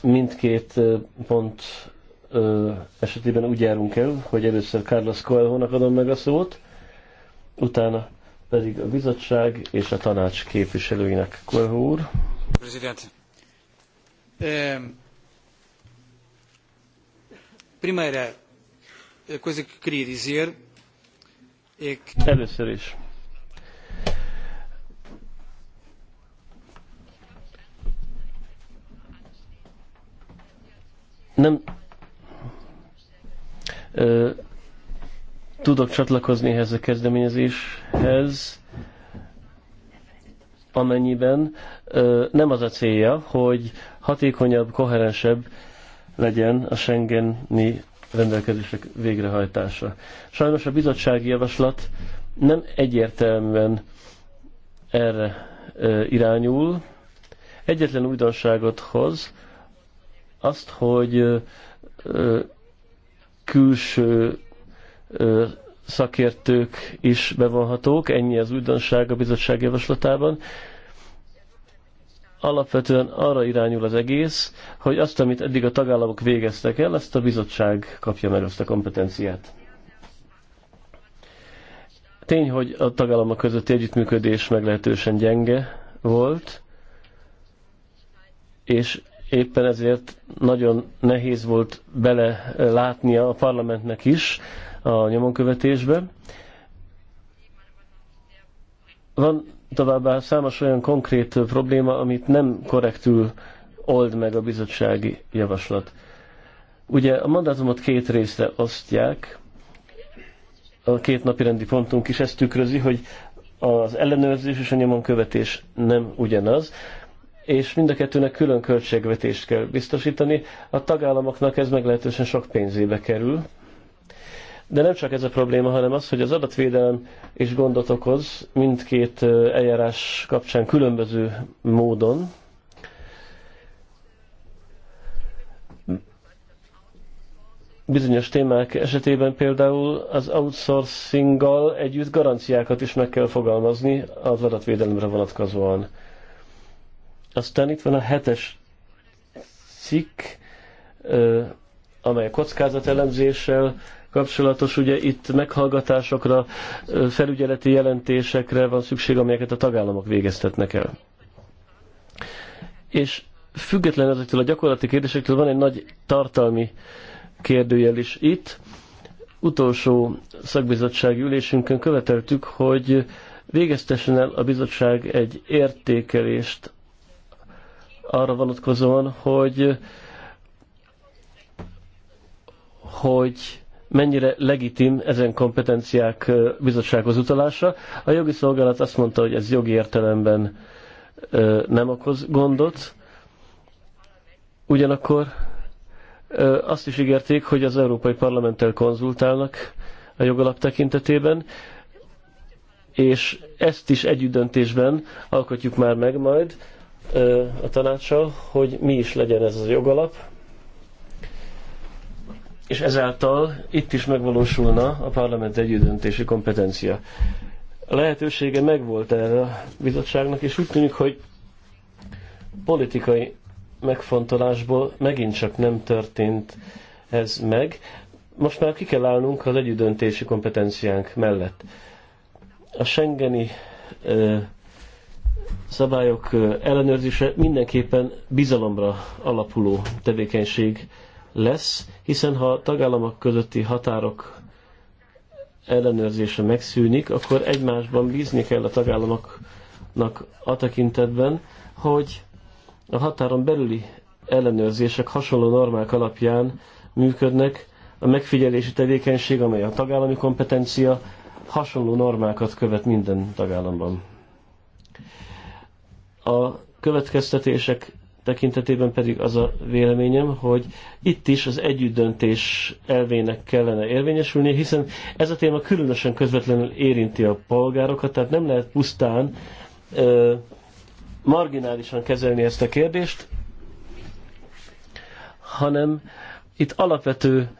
mindkét pont esetében úgy járunk el, hogy először Carlos Coelho-nak adom meg a szót, utána pedig a bizottság és a tanács képviselőinek. Coelho úr. Prezident. Primeira coisa que queria dizer é que... Először is Nem ö, tudok csatlakozni ehhez a kezdeményezéshez, amennyiben ö, nem az a célja, hogy hatékonyabb, koherensebb legyen a Schengeni rendelkezések végrehajtása. Sajnos a bizottsági javaslat nem egyértelműen erre irányul. Egyetlen újdonságot hoz, azt, hogy külső szakértők is bevonhatók, ennyi az újdonság a bizottság javaslatában. Alapvetően arra irányul az egész, hogy azt, amit eddig a tagállamok végeztek el, azt a bizottság kapja meg azt a kompetenciát. Tény, hogy a tagállamok közötti együttműködés meglehetősen gyenge volt, és éppen ezért nagyon nehéz volt bele látnia a parlamentnek is a nyomonkövetésbe. Van továbbá számos olyan konkrét probléma, amit nem korrektül old meg a bizottsági javaslat. Ugye a mandátumot két részre osztják, a két napi rendi pontunk is ezt tükrözi, hogy az ellenőrzés és a követés nem ugyanaz és mind a kettőnek külön költségvetést kell biztosítani. A tagállamoknak ez meglehetősen sok pénzébe kerül. De nem csak ez a probléma, hanem az, hogy az adatvédelem is gondot okoz mindkét eljárás kapcsán különböző módon. Bizonyos témák esetében például az outsourcinggal együtt garanciákat is meg kell fogalmazni az adatvédelemre vonatkozóan. Aztán itt van a hetes cikk, amely a kockázatelemzéssel kapcsolatos, ugye itt meghallgatásokra, felügyeleti jelentésekre van szükség, amelyeket a tagállamok végeztetnek el. És független ezektől a gyakorlati kérdésektől van egy nagy tartalmi kérdőjel is itt. Utolsó szakbizottsági ülésünkön követeltük, hogy végeztessen el a bizottság egy értékelést arra vonatkozóan, hogy hogy mennyire legitim ezen kompetenciák bizottsághoz utalása. A jogi szolgálat azt mondta, hogy ez jogi értelemben nem okoz gondot. Ugyanakkor azt is ígérték, hogy az Európai Parlamenttel konzultálnak a jogalap tekintetében, és ezt is együtt döntésben alkotjuk már meg majd, a tanácsa, hogy mi is legyen ez az jogalap, és ezáltal itt is megvalósulna a parlament együttdöntési kompetencia. A lehetősége megvolt erre a bizottságnak, és úgy tűnik, hogy politikai megfontolásból megint csak nem történt ez meg. Most már ki kell állnunk az együttdöntési kompetenciánk mellett. A Schengeni ö, szabályok ellenőrzése mindenképpen bizalomra alapuló tevékenység lesz, hiszen ha a tagállamok közötti határok ellenőrzése megszűnik, akkor egymásban bízni kell a tagállamoknak a tekintetben, hogy a határon belüli ellenőrzések hasonló normák alapján működnek, a megfigyelési tevékenység, amely a tagállami kompetencia, hasonló normákat követ minden tagállamban. A következtetések tekintetében pedig az a véleményem, hogy itt is az együttdöntés elvének kellene érvényesülnie, hiszen ez a téma különösen közvetlenül érinti a polgárokat, tehát nem lehet pusztán ö, marginálisan kezelni ezt a kérdést, hanem itt alapvető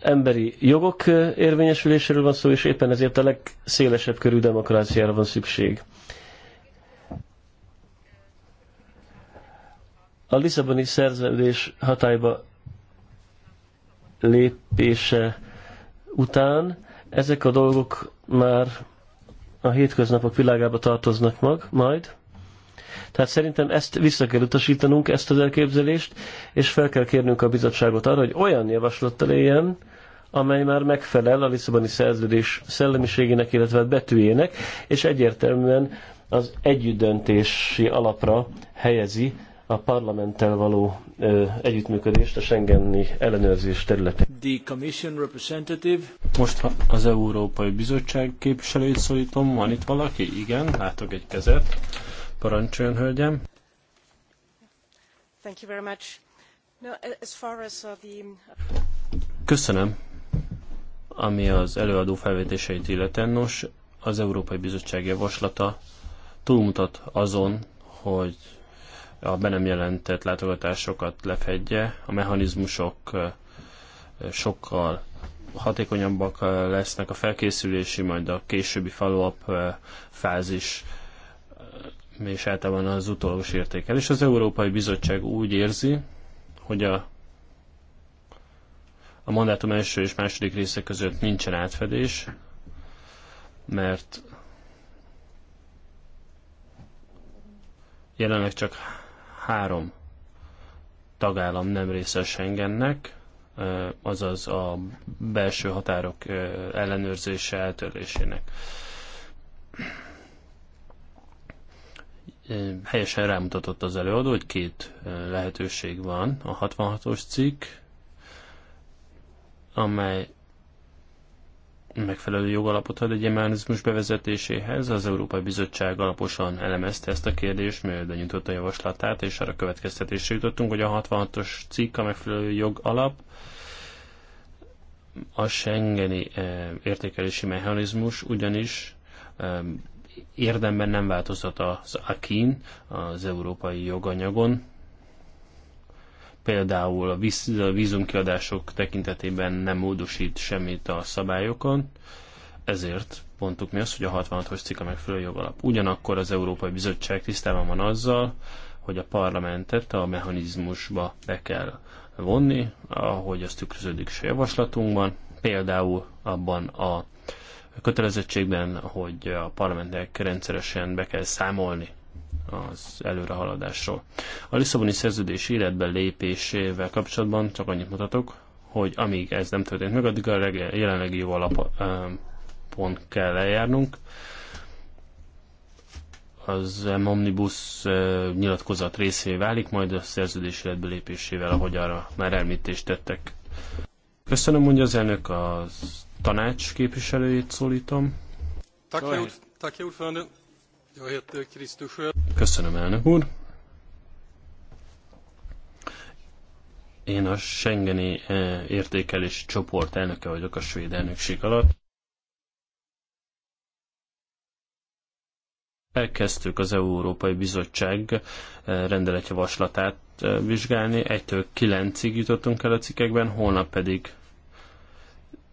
emberi jogok érvényesüléséről van szó, és éppen ezért a legszélesebb körű demokráciára van szükség. A Lisszaboni szerződés hatályba lépése után ezek a dolgok már a hétköznapok világába tartoznak mag, majd. Tehát szerintem ezt vissza kell utasítanunk, ezt az elképzelést, és fel kell kérnünk a bizottságot arra, hogy olyan javaslattal éljen, amely már megfelel a Lisszaboni szerződés szellemiségének, illetve betűjének, és egyértelműen az együttdöntési alapra helyezi a parlamenttel való ö, együttműködést a Schengeni ellenőrzés területén. The Commission representative. Most az Európai Bizottság képviselőjét szólítom. Van itt valaki? Igen, látok egy kezet. Parancsoljon, hölgyem. Thank you very much. No, as far as uh, the... Köszönöm, ami az előadó felvetéseit illeten. Nos, az Európai Bizottság javaslata túlmutat azon, hogy a be nem jelentett látogatásokat lefedje, a mechanizmusok sokkal hatékonyabbak lesznek a felkészülési, majd a későbbi follow-up fázis és általában az értékel. És Az Európai Bizottság úgy érzi, hogy a, a mandátum első és második része között nincsen átfedés, mert jelenleg csak három tagállam nem része a Schengennek, azaz a belső határok ellenőrzése eltörlésének. Helyesen rámutatott az előadó, hogy két lehetőség van. A 66-os cikk, amely megfelelő jogalapot ad egy emánizmus bevezetéséhez. Az Európai Bizottság alaposan elemezte ezt a kérdést, mert nyújtott a javaslatát, és arra következtetésre jutottunk, hogy a 66-os cikk a megfelelő jogalap, a Schengeni eh, értékelési mechanizmus ugyanis eh, érdemben nem változtat az AKIN, az európai joganyagon, például a vízumkiadások tekintetében nem módosít semmit a szabályokon, ezért pontuk mi az, hogy a 66-os cikk a megfelelő jogalap. Ugyanakkor az Európai Bizottság tisztában van azzal, hogy a parlamentet a mechanizmusba be kell vonni, ahogy az tükröződik is a javaslatunkban, például abban a kötelezettségben, hogy a parlamentnek rendszeresen be kell számolni az előrehaladásról. A Lisszaboni szerződés életbe lépésével kapcsolatban csak annyit mutatok, hogy amíg ez nem történt meg, addig a jelenlegi jó alappont kell eljárnunk. Az Omnibus nyilatkozat részé válik, majd a szerződés életbe lépésével, ahogy arra már említést tettek. Köszönöm, mondja az elnök, a tanács képviselőjét szólítom. Tack, Tack, Köszönöm, elnök úr. Én a Schengeni eh, értékelés csoport elnöke vagyok a svéd elnökség alatt. Elkezdtük az Európai Bizottság eh, rendeletjavaslatát eh, vizsgálni, 1-től 9-ig jutottunk el a cikkekben, holnap pedig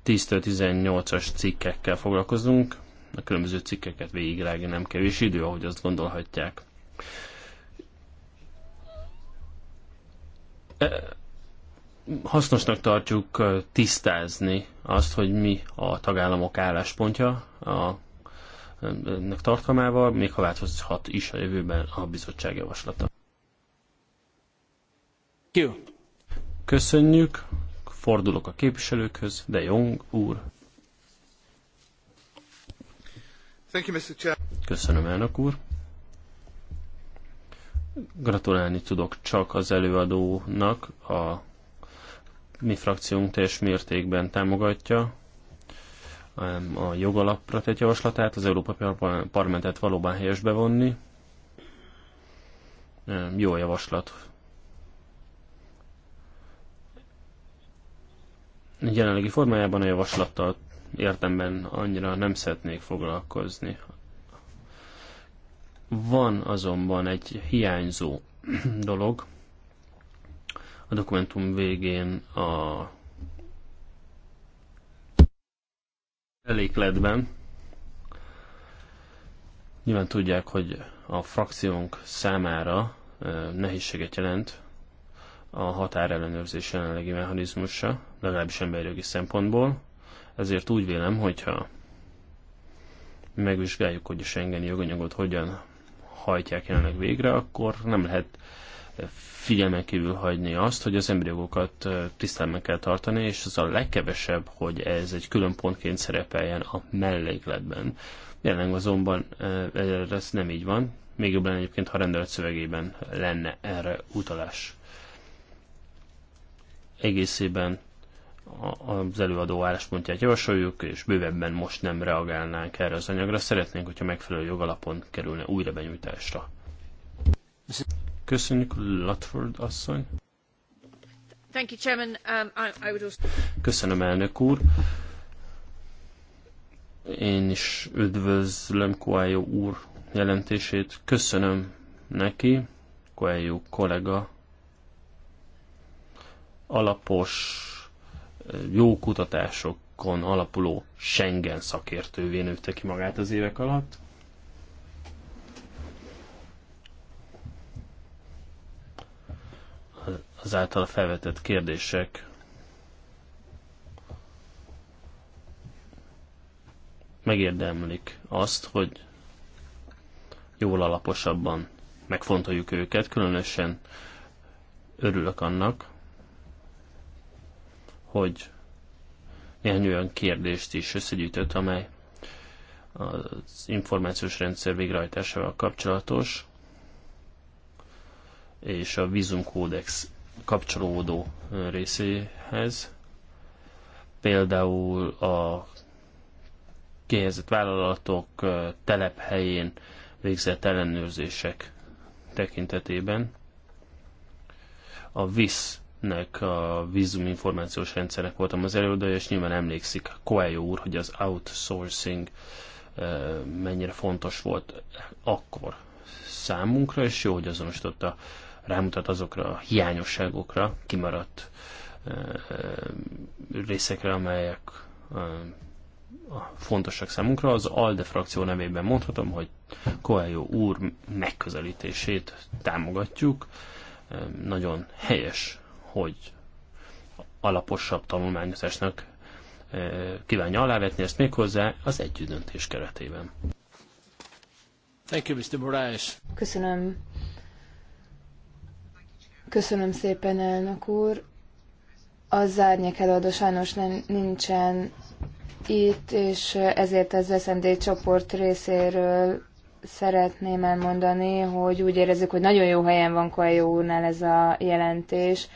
10-18-as cikkekkel foglalkozunk a különböző cikkeket végigrágni nem kevés idő, ahogy azt gondolhatják. E, hasznosnak tartjuk tisztázni azt, hogy mi a tagállamok álláspontja a ennek tartalmával, még ha változhat is a jövőben a bizottság javaslata. Köszönjük, fordulok a képviselőkhöz, de Jong úr. Köszönöm, elnök úr. Gratulálni tudok csak az előadónak, a mi frakciónk teljes mértékben támogatja a jogalapra tett javaslatát, az Európa Parlamentet valóban helyes vonni. Jó javaslat. Jelenlegi formájában a javaslattal értemben annyira nem szeretnék foglalkozni. Van azonban egy hiányzó dolog. A dokumentum végén a elékletben nyilván tudják, hogy a frakciónk számára nehézséget jelent a határellenőrzés jelenlegi mechanizmusa, legalábbis emberjogi szempontból. Ezért úgy vélem, hogyha megvizsgáljuk, hogy a Schengeni joganyagot hogyan hajtják jelenleg végre, akkor nem lehet figyelmen kívül hagyni azt, hogy az emberi jogokat tisztelmen kell tartani, és az a legkevesebb, hogy ez egy külön pontként szerepeljen a mellékletben. Jelenleg azonban ez nem így van, még jobban egyébként, ha rendelet szövegében lenne erre utalás. Egészében az előadó álláspontját javasoljuk, és bővebben most nem reagálnánk erre az anyagra. Szeretnénk, hogyha megfelelő jogalapon kerülne újra benyújtásra. Köszönjük, Latford asszony. Um, Köszönöm, elnök úr. Én is üdvözlöm Koályó úr jelentését. Köszönöm neki, Koályó kollega alapos jó kutatásokon alapuló Schengen szakértővé nőtte ki magát az évek alatt. Az által felvetett kérdések megérdemlik azt, hogy jól alaposabban megfontoljuk őket, különösen örülök annak, hogy néhány olyan kérdést is összegyűjtött, amely az információs rendszer végrehajtásával kapcsolatos, és a vízumkódex kapcsolódó részéhez. Például a kihelyezett vállalatok telephelyén végzett ellenőrzések tekintetében. A VISZ nek a vízuminformációs rendszernek voltam az előadója, és nyilván emlékszik Coelho úr, hogy az outsourcing mennyire fontos volt akkor számunkra, és jó, hogy azonosította, rámutat azokra a hiányosságokra, kimaradt részekre, amelyek fontosak számunkra. Az ALDE frakció nevében mondhatom, hogy Coelho úr megközelítését támogatjuk. Nagyon helyes hogy alaposabb tanulmányozásnak e, kívánja alávetni ezt méghozzá az együttdöntés keretében. Thank you, Mr. Moraes. Köszönöm. Köszönöm szépen, elnök úr. Az árnyék előadó sajnos nem, nincsen itt, és ezért az SZND csoport részéről szeretném elmondani, hogy úgy érezzük, hogy nagyon jó helyen van Koelyó úrnál ez a jelentés,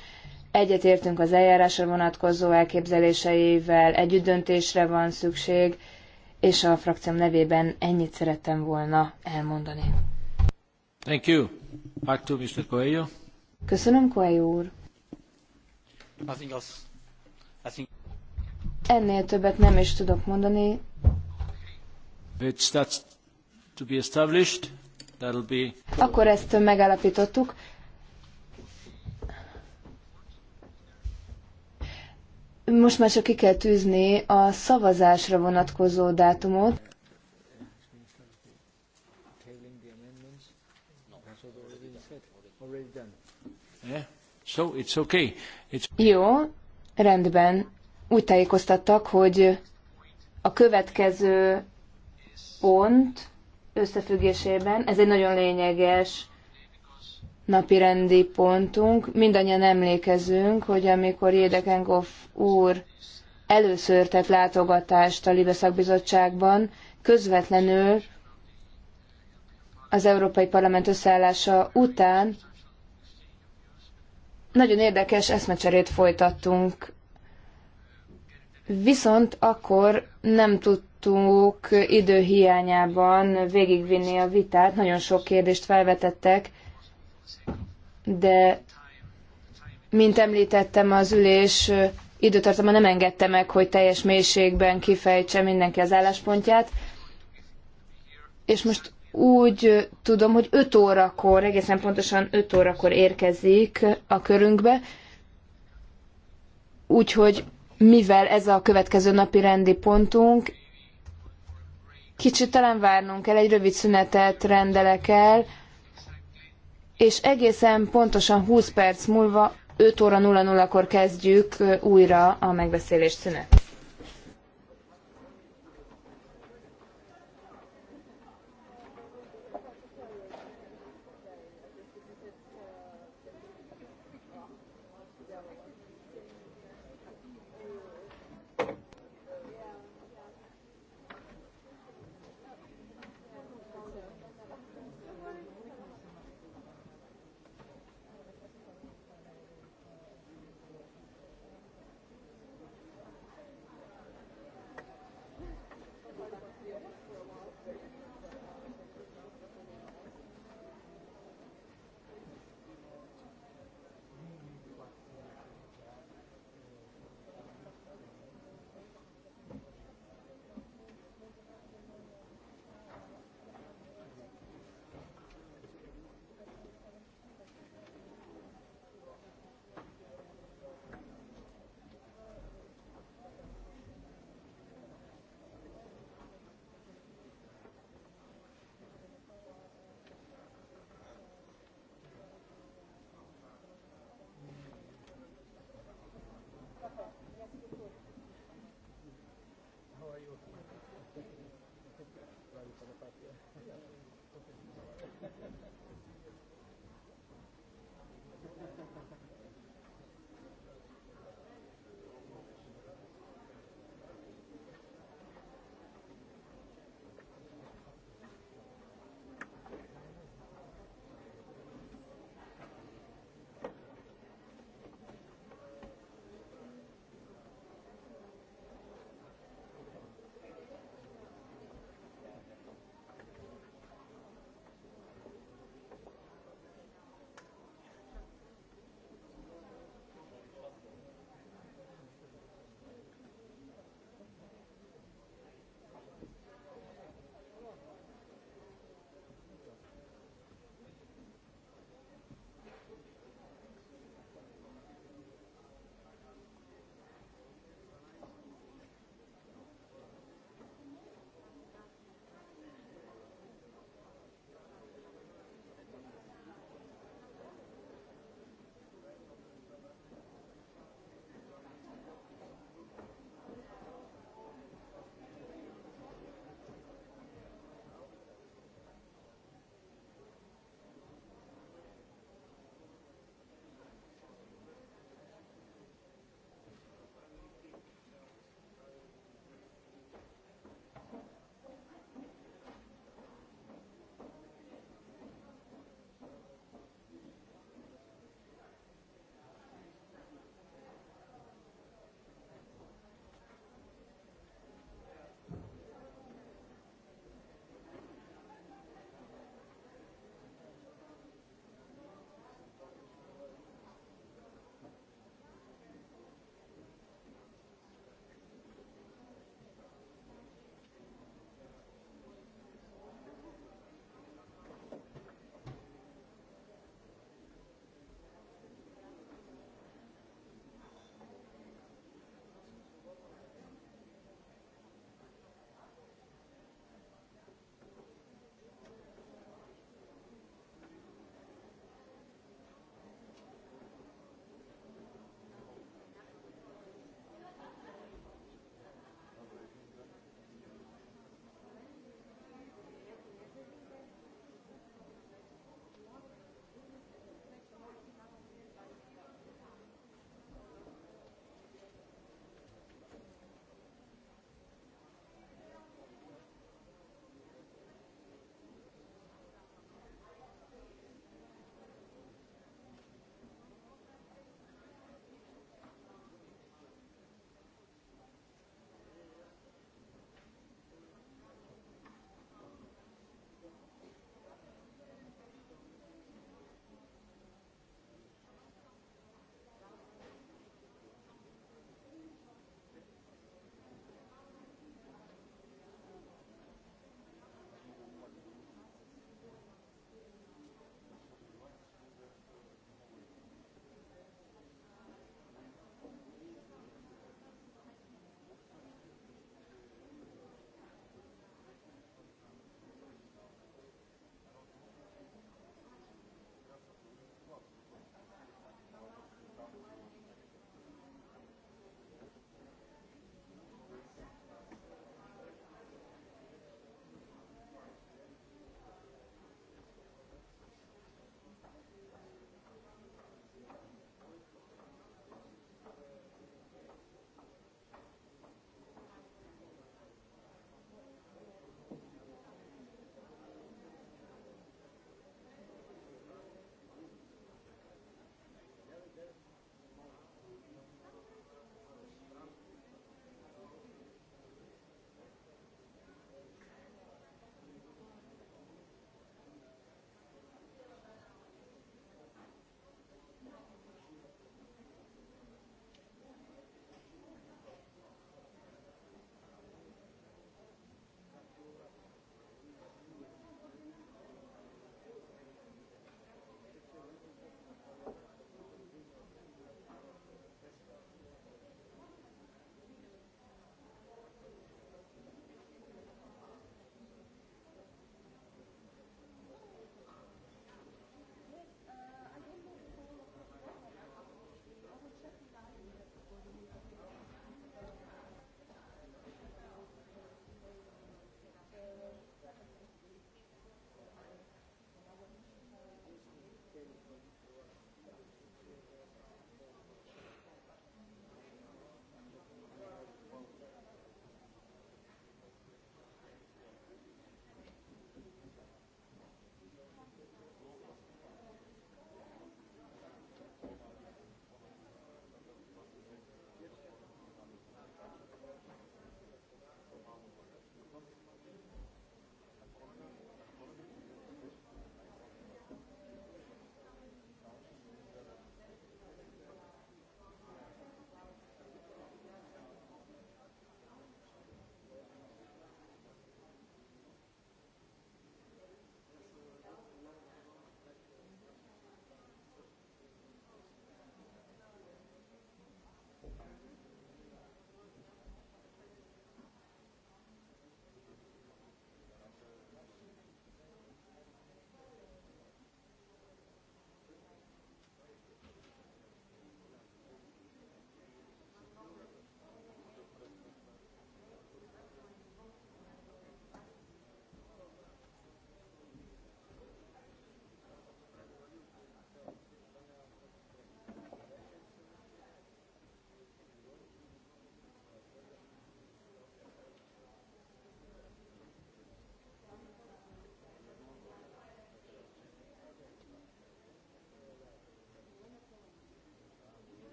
Egyetértünk az eljárásra vonatkozó elképzeléseivel, együttdöntésre van szükség, és a frakcióm nevében ennyit szerettem volna elmondani. Thank you. Back to Mr. Coelho. Köszönöm, Coelho úr. Nothing else. think. Ennél többet nem is tudok mondani. It starts to be established. That'll be... Akkor ezt megállapítottuk. Most már csak ki kell tűzni a szavazásra vonatkozó dátumot. So it's okay. It's... Jó, rendben. Úgy tájékoztattak, hogy a következő pont összefüggésében, ez egy nagyon lényeges napirendi pontunk. Mindannyian emlékezünk, hogy amikor Jédekenkoff úr először tett látogatást a Libe szakbizottságban, közvetlenül az Európai Parlament összeállása után nagyon érdekes eszmecserét folytattunk. Viszont akkor nem tudtuk időhiányában végigvinni a vitát, nagyon sok kérdést felvetettek, de mint említettem, az ülés időtartama nem engedte meg, hogy teljes mélységben kifejtse mindenki az álláspontját. És most úgy tudom, hogy 5 órakor, egészen pontosan 5 órakor érkezik a körünkbe, úgyhogy mivel ez a következő napi rendi pontunk, kicsit talán várnunk kell, egy rövid szünetet rendelek el, és egészen pontosan 20 perc múlva 5 óra 00-kor kezdjük újra a megbeszélés szünet.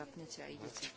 zapnete a idete.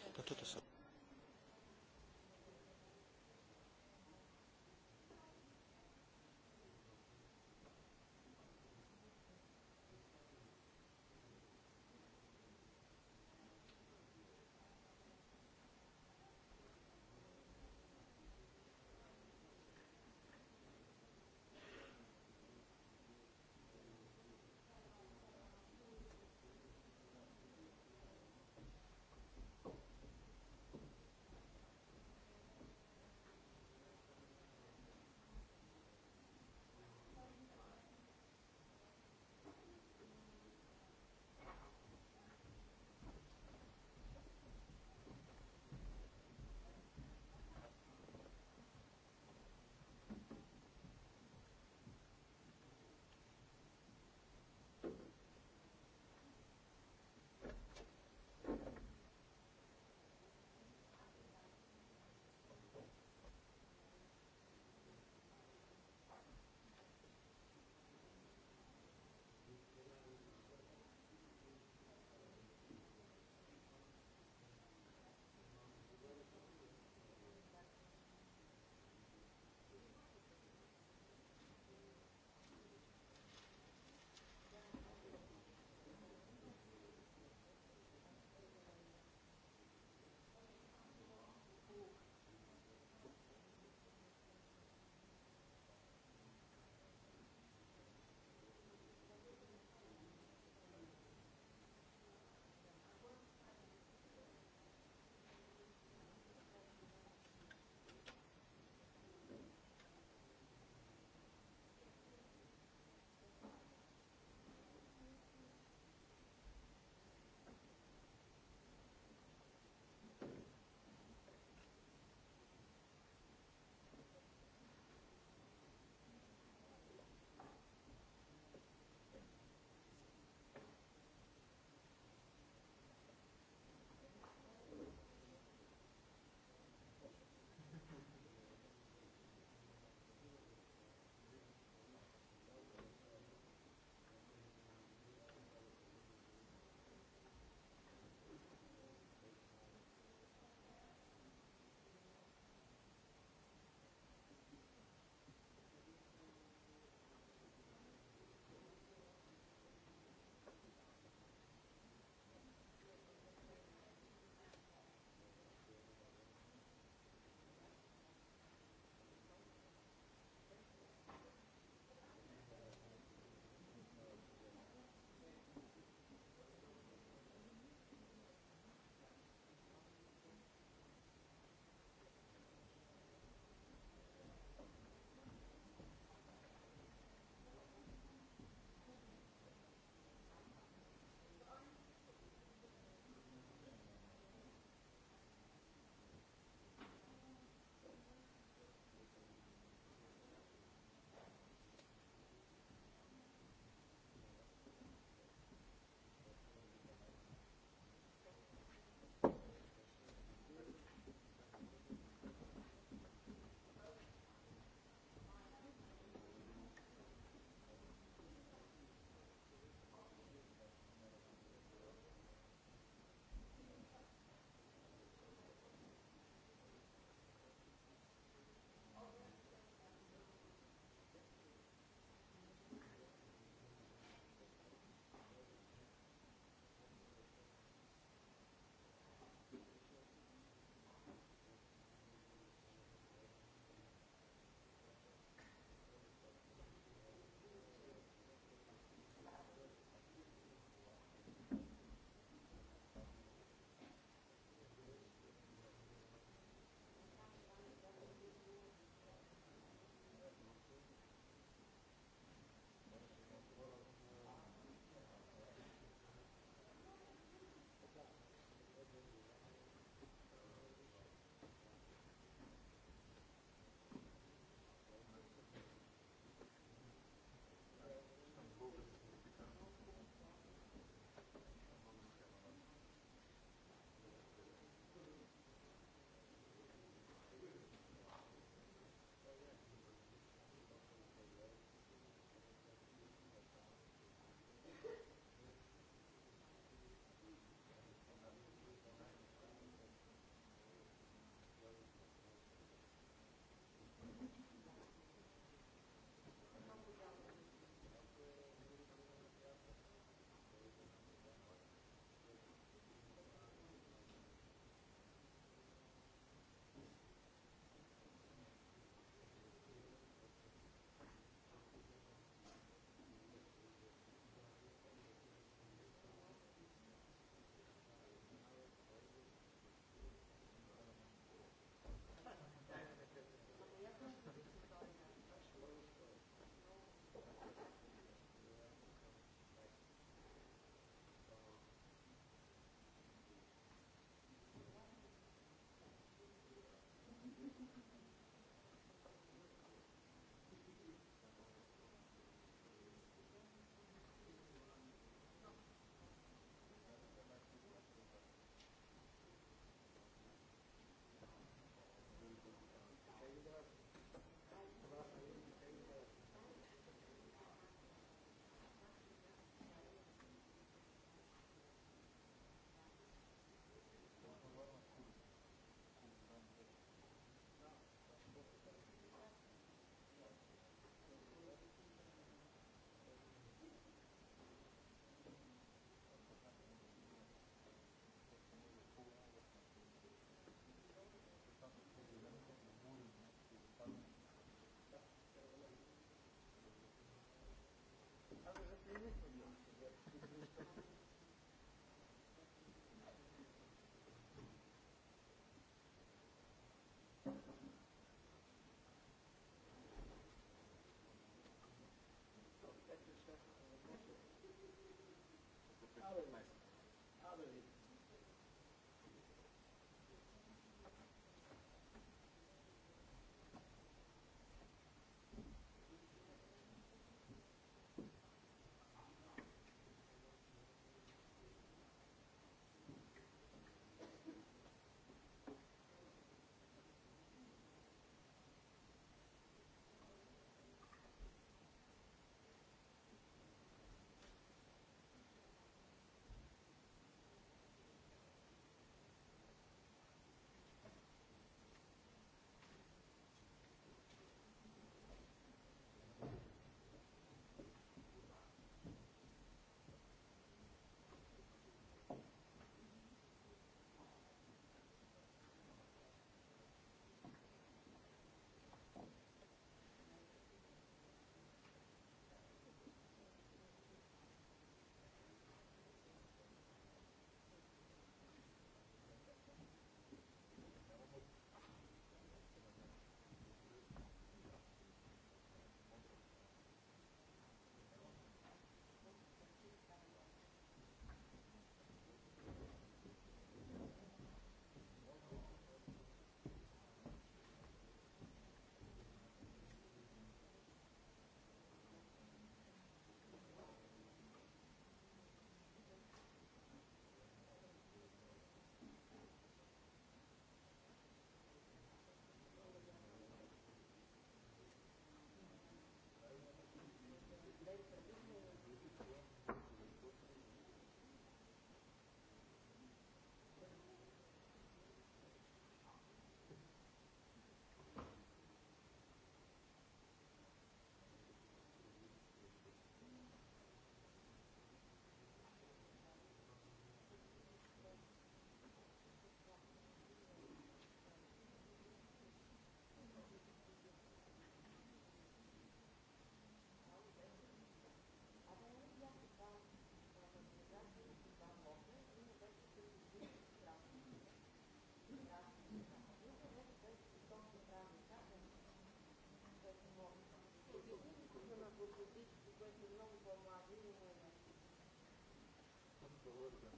разговор прям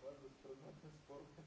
важно страна спорта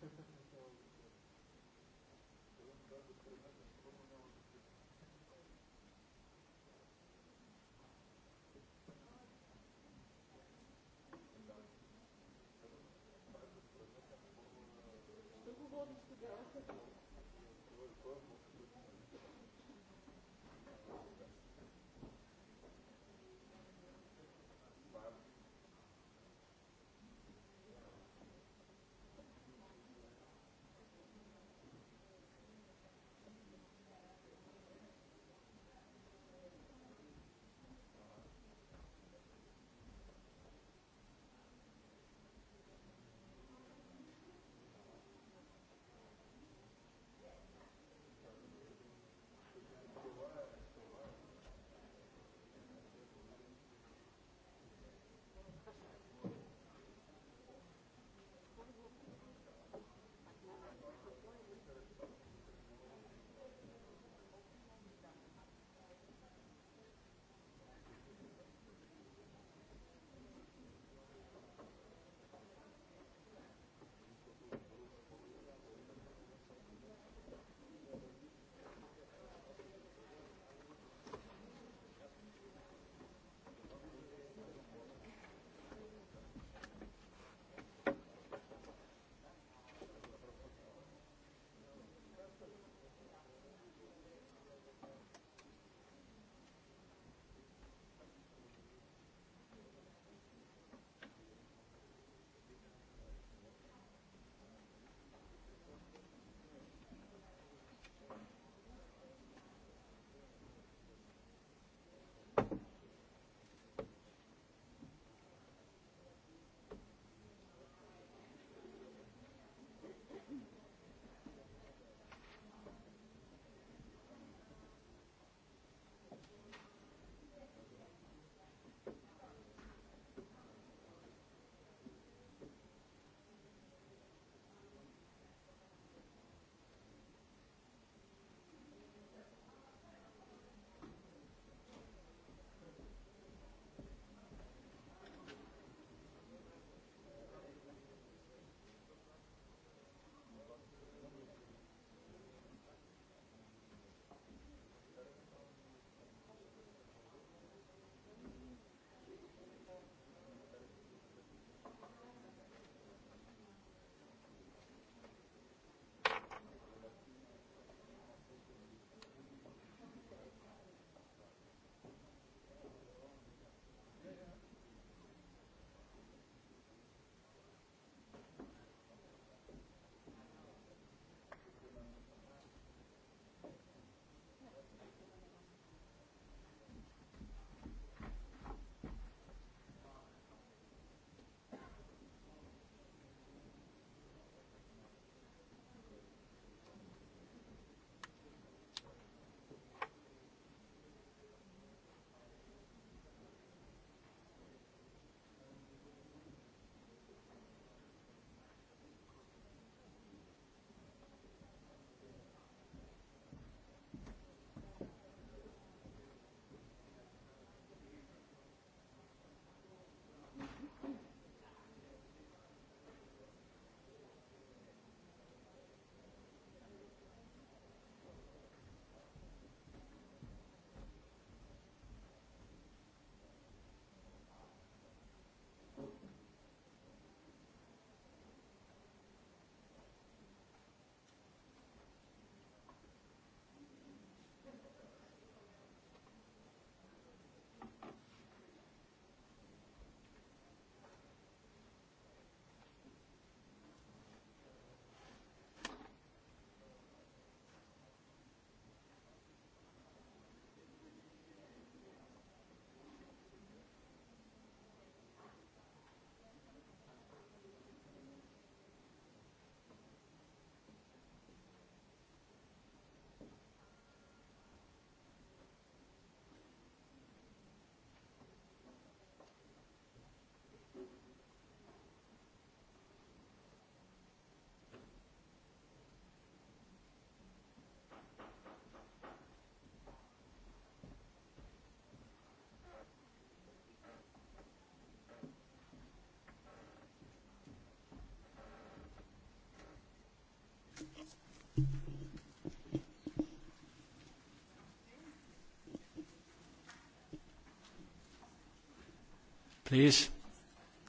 Please,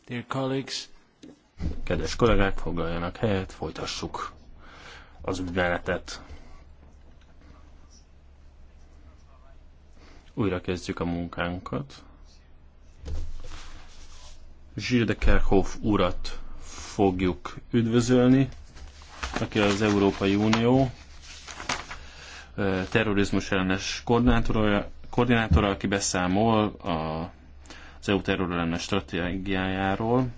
dear colleagues. Kedves kollégák, foglaljanak helyet, folytassuk az ügymenetet. Újra kezdjük a munkánkat. Gilles de Kerhoff urat fogjuk üdvözölni, aki az Európai Unió eh, terrorizmus ellenes koordinátora, koordinátora, aki beszámol a EU terrorelemnes stratégiájáról.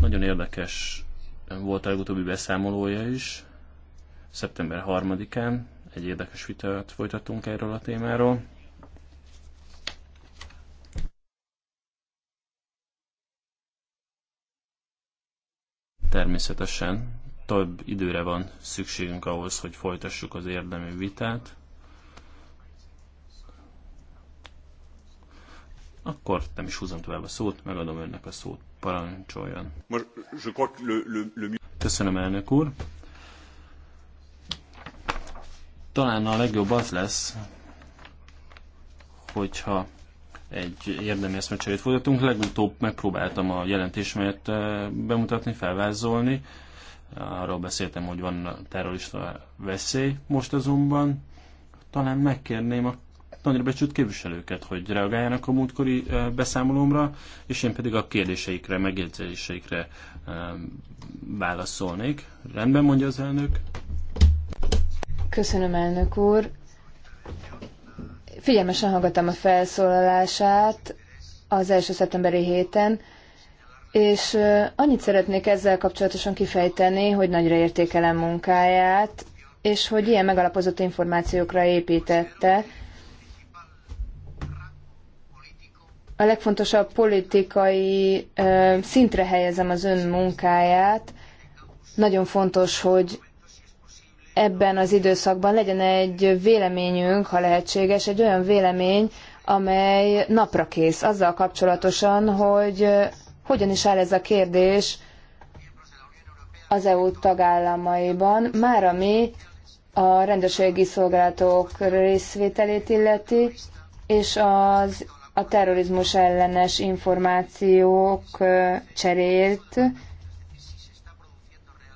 Nagyon érdekes volt a legutóbbi beszámolója is, szeptember 3-án egy érdekes vitát folytattunk erről a témáról. Természetesen több időre van szükségünk ahhoz, hogy folytassuk az érdemi vitát. Akkor nem is húzom tovább a szót, megadom önnek a szót. Parancsoljon. Köszönöm, elnök úr. Talán a legjobb az lesz, hogyha egy érdemi eszmecserét folytatunk. Legutóbb megpróbáltam a jelentésemet eh, bemutatni, felvázolni arról beszéltem, hogy van terrorista veszély. Most azonban talán megkérném a nagyra becsült képviselőket, hogy reagáljanak a múltkori beszámolómra, és én pedig a kérdéseikre, megjegyzéseikre válaszolnék. Rendben mondja az elnök. Köszönöm, elnök úr. Figyelmesen hallgattam a felszólalását az első szeptemberi héten. És annyit szeretnék ezzel kapcsolatosan kifejteni, hogy nagyra értékelem munkáját, és hogy ilyen megalapozott információkra építette. A legfontosabb politikai ö, szintre helyezem az ön munkáját. Nagyon fontos, hogy ebben az időszakban legyen egy véleményünk, ha lehetséges, egy olyan vélemény, amely napra kész, azzal kapcsolatosan, hogy hogyan is áll ez a kérdés az EU tagállamaiban, már ami a rendőrségi szolgálatok részvételét illeti, és az a terrorizmus ellenes információk cserélt,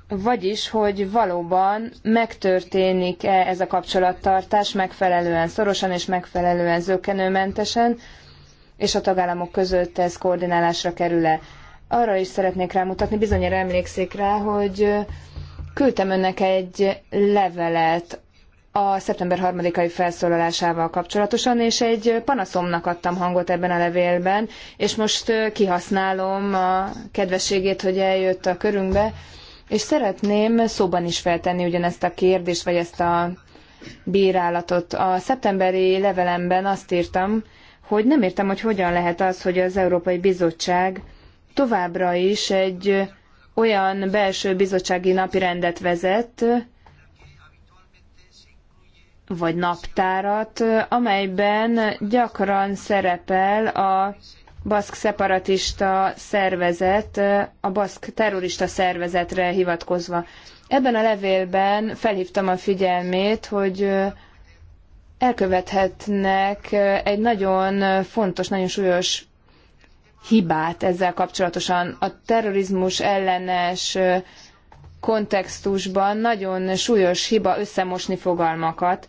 vagyis, hogy valóban megtörténik-e ez a kapcsolattartás megfelelően szorosan és megfelelően zökkenőmentesen, és a tagállamok között ez koordinálásra kerül-e. Arra is szeretnék rámutatni, bizonyára emlékszik rá, hogy küldtem önnek egy levelet a szeptember 3-ai felszólalásával kapcsolatosan, és egy panaszomnak adtam hangot ebben a levélben, és most kihasználom a kedvességét, hogy eljött a körünkbe, és szeretném szóban is feltenni ugyanezt a kérdést, vagy ezt a bírálatot. A szeptemberi levelemben azt írtam, hogy nem értem, hogy hogyan lehet az, hogy az Európai Bizottság továbbra is egy olyan belső bizottsági napirendet vezet, vagy naptárat, amelyben gyakran szerepel a baszk szeparatista szervezet, a baszk terrorista szervezetre hivatkozva. Ebben a levélben felhívtam a figyelmét, hogy elkövethetnek egy nagyon fontos, nagyon súlyos hibát ezzel kapcsolatosan. A terrorizmus ellenes kontextusban nagyon súlyos hiba összemosni fogalmakat.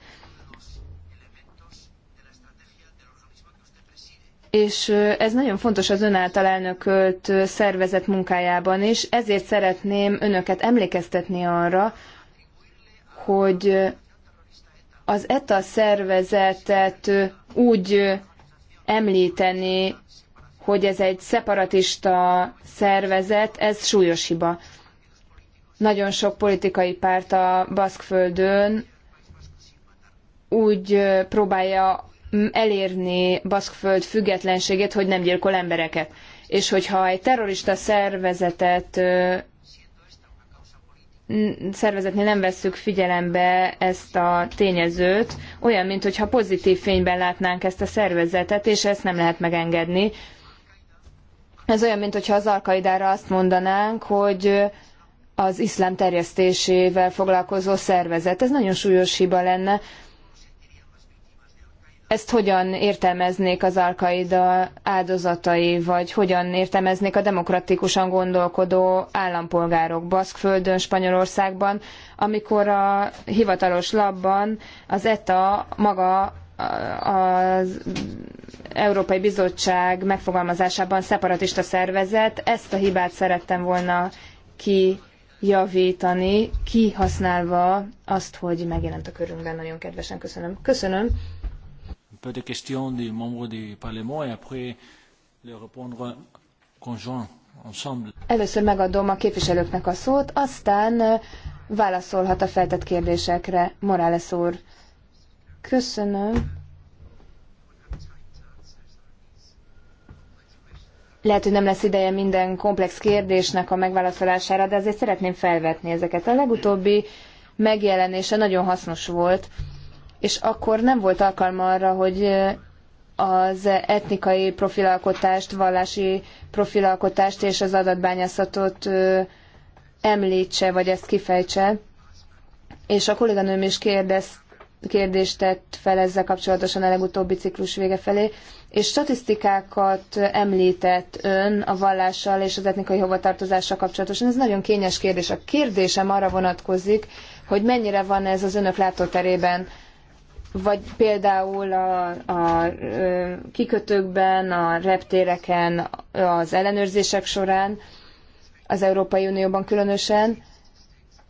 És ez nagyon fontos az ön által elnökölt szervezet munkájában is, ezért szeretném önöket emlékeztetni arra, hogy az ETA szervezetet úgy említeni, hogy ez egy szeparatista szervezet, ez súlyos hiba. Nagyon sok politikai párt a Baszkföldön úgy próbálja elérni Baszkföld függetlenségét, hogy nem gyilkol embereket. És hogyha egy terrorista szervezetet szervezetnél nem vesszük figyelembe ezt a tényezőt, olyan, mintha pozitív fényben látnánk ezt a szervezetet, és ezt nem lehet megengedni. Ez olyan, mintha az alkaidára azt mondanánk, hogy az iszlám terjesztésével foglalkozó szervezet. Ez nagyon súlyos hiba lenne, ezt hogyan értelmeznék az Alkaida áldozatai, vagy hogyan értelmeznék a demokratikusan gondolkodó állampolgárok Baszkföldön, Spanyolországban, amikor a hivatalos labban az ETA maga az Európai Bizottság megfogalmazásában szeparatista szervezet. Ezt a hibát szerettem volna kijavítani, kihasználva azt, hogy megjelent a körünkben. Nagyon kedvesen köszönöm. Köszönöm peu de questions des membres du Parlement, et après les répondre conjoint, ensemble. Először megadom a képviselőknek a szót, aztán válaszolhat a feltett kérdésekre. Morales úr, köszönöm. Lehet, hogy nem lesz ideje minden komplex kérdésnek a megválaszolására, de azért szeretném felvetni ezeket. A legutóbbi megjelenése nagyon hasznos volt és akkor nem volt alkalma arra, hogy az etnikai profilalkotást, vallási profilalkotást és az adatbányászatot említse, vagy ezt kifejtse. És a kolléganőm is kérdez, kérdést tett fel ezzel kapcsolatosan a legutóbbi ciklus vége felé, és statisztikákat említett ön a vallással és az etnikai hovatartozással kapcsolatosan. Ez nagyon kényes kérdés. A kérdésem arra vonatkozik, hogy mennyire van ez az önök látóterében vagy például a, a kikötőkben, a reptéreken, az ellenőrzések során, az Európai Unióban különösen,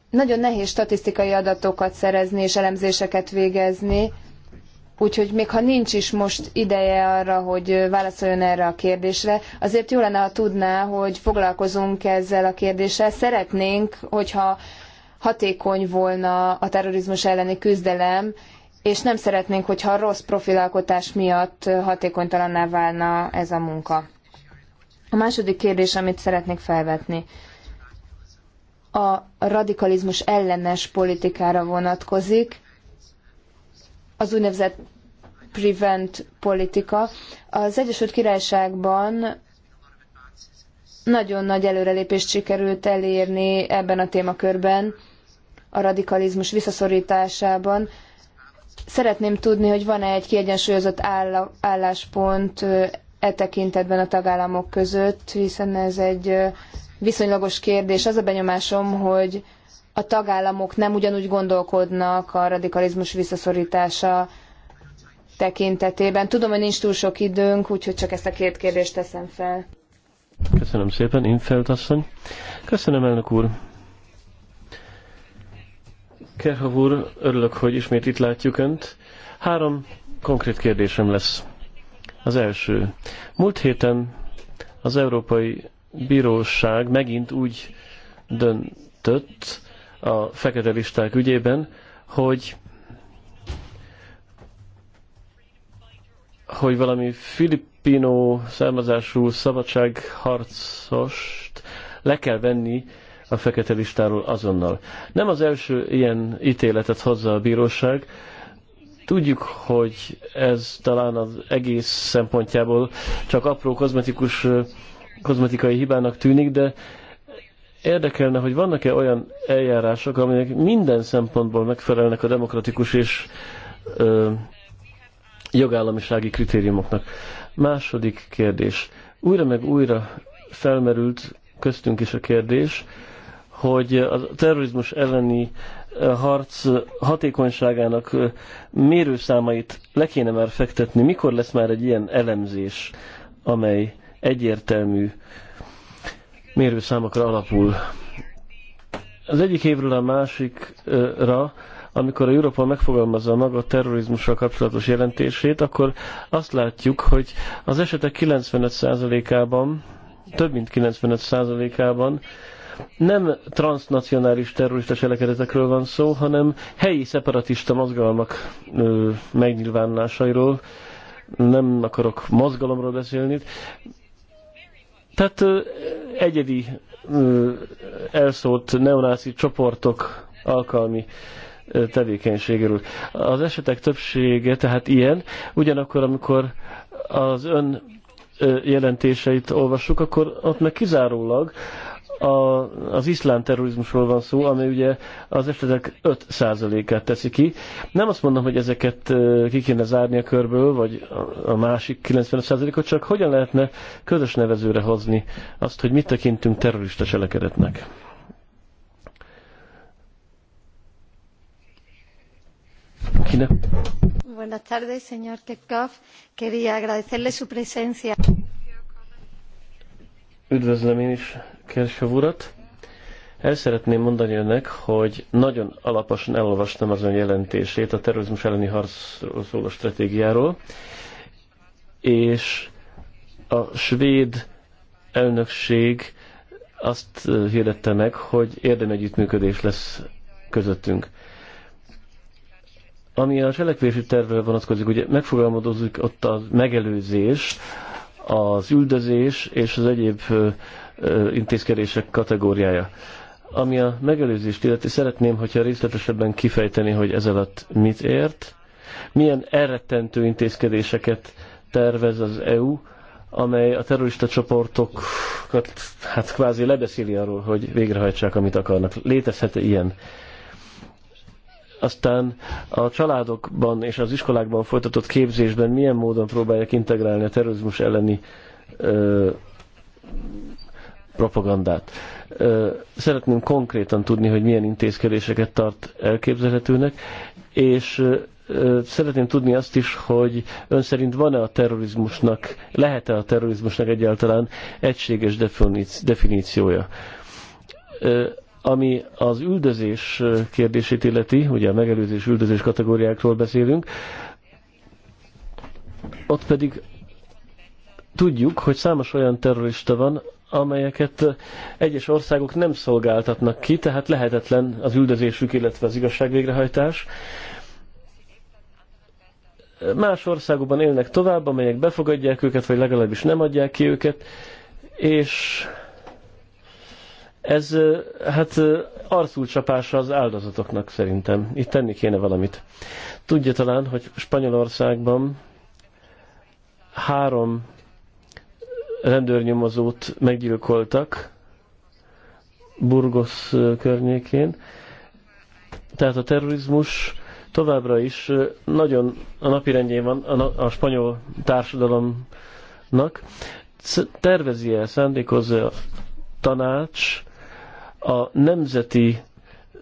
nagyon nehéz statisztikai adatokat szerezni és elemzéseket végezni, úgyhogy még ha nincs is most ideje arra, hogy válaszoljon erre a kérdésre, azért jó lenne, ha tudná, hogy foglalkozunk ezzel a kérdéssel. Szeretnénk, hogyha hatékony volna a terrorizmus elleni küzdelem, és nem szeretnénk, hogyha a rossz profilalkotás miatt hatékonytalanná válna ez a munka. A második kérdés, amit szeretnék felvetni, a radikalizmus ellenes politikára vonatkozik, az úgynevezett prevent politika. Az Egyesült Királyságban nagyon nagy előrelépést sikerült elérni ebben a témakörben, a radikalizmus visszaszorításában Szeretném tudni, hogy van-e egy kiegyensúlyozott álláspont e tekintetben a tagállamok között, hiszen ez egy viszonylagos kérdés. Az a benyomásom, hogy a tagállamok nem ugyanúgy gondolkodnak a radikalizmus visszaszorítása tekintetében. Tudom, hogy nincs túl sok időnk, úgyhogy csak ezt a két kérdést teszem fel. Köszönöm szépen, Infeld asszony. Köszönöm, elnök úr. Kerhov úr, örülök, hogy ismét itt látjuk Önt. Három konkrét kérdésem lesz. Az első. Múlt héten az Európai Bíróság megint úgy döntött a fekete listák ügyében, hogy hogy valami filippino származású szabadságharcost le kell venni a fekete listáról azonnal. Nem az első ilyen ítéletet hozza a bíróság. Tudjuk, hogy ez talán az egész szempontjából csak apró kozmetikus, kozmetikai hibának tűnik, de érdekelne, hogy vannak-e olyan eljárások, amelyek minden szempontból megfelelnek a demokratikus és ö, jogállamisági kritériumoknak. Második kérdés. Újra meg újra felmerült köztünk is a kérdés, hogy a terrorizmus elleni eh, harc eh, hatékonyságának eh, mérőszámait le kéne már fektetni. Mikor lesz már egy ilyen elemzés, amely egyértelmű mérőszámokra alapul? Az egyik évről a másikra amikor a Európa megfogalmazza maga a terrorizmussal kapcsolatos jelentését, akkor azt látjuk, hogy az esetek 95%-ában, több mint 95%-ában nem transnacionális terrorista cselekedetekről van szó, hanem helyi szeparatista mozgalmak megnyilvánulásairól. Nem akarok mozgalomról beszélni. Tehát ö, egyedi ö, elszólt neonáci csoportok alkalmi ö, tevékenységéről. Az esetek többsége tehát ilyen, ugyanakkor amikor az ön jelentéseit olvassuk, akkor ott meg kizárólag a, az iszlám terrorizmusról van szó, ami ugye az esetek 5%-át teszi ki. Nem azt mondom, hogy ezeket ki kéne zárni a körből, vagy a másik 95%-ot, csak hogyan lehetne közös nevezőre hozni azt, hogy mit tekintünk terrorista cselekedetnek. Kinek? Buenas tardes, señor Ketkov. Quería agradecerle su presencia. Üdvözlöm én is Kershaw urat. El szeretném mondani önnek, hogy nagyon alaposan elolvastam az ön jelentését a terrorizmus elleni harcról szóló stratégiáról, és a svéd elnökség azt hirdette meg, hogy érdemi együttműködés lesz közöttünk. Ami a cselekvési tervre vonatkozik, ugye megfogalmazódik ott a megelőzés, az üldözés és az egyéb intézkedések kategóriája. Ami a megelőzést illeti, szeretném, hogyha részletesebben kifejteni, hogy ez alatt mit ért, milyen elrettentő intézkedéseket tervez az EU, amely a terrorista csoportokat hát kvázi lebeszéli arról, hogy végrehajtsák, amit akarnak. Létezhet-e ilyen? Aztán a családokban és az iskolákban folytatott képzésben milyen módon próbálják integrálni a terrorizmus elleni ö, propagandát. Szeretném konkrétan tudni, hogy milyen intézkedéseket tart elképzelhetőnek, és szeretném tudni azt is, hogy ön szerint van-e a terrorizmusnak, lehet-e a terrorizmusnak egyáltalán egységes definíciója? Ami az üldözés kérdését illeti, ugye a megelőzés üldözés kategóriákról beszélünk, ott pedig tudjuk, hogy számos olyan terrorista van, amelyeket egyes országok nem szolgáltatnak ki, tehát lehetetlen az üldözésük, illetve az igazságvégrehajtás. Más országokban élnek tovább, amelyek befogadják őket, vagy legalábbis nem adják ki őket, és ez hát csapása az áldozatoknak szerintem. Itt tenni kéne valamit. Tudja talán, hogy Spanyolországban három rendőrnyomozót meggyilkoltak Burgos környékén. Tehát a terrorizmus továbbra is nagyon a rendjén van a, a spanyol társadalomnak. Tervezi el, szándékozza a tanács a nemzeti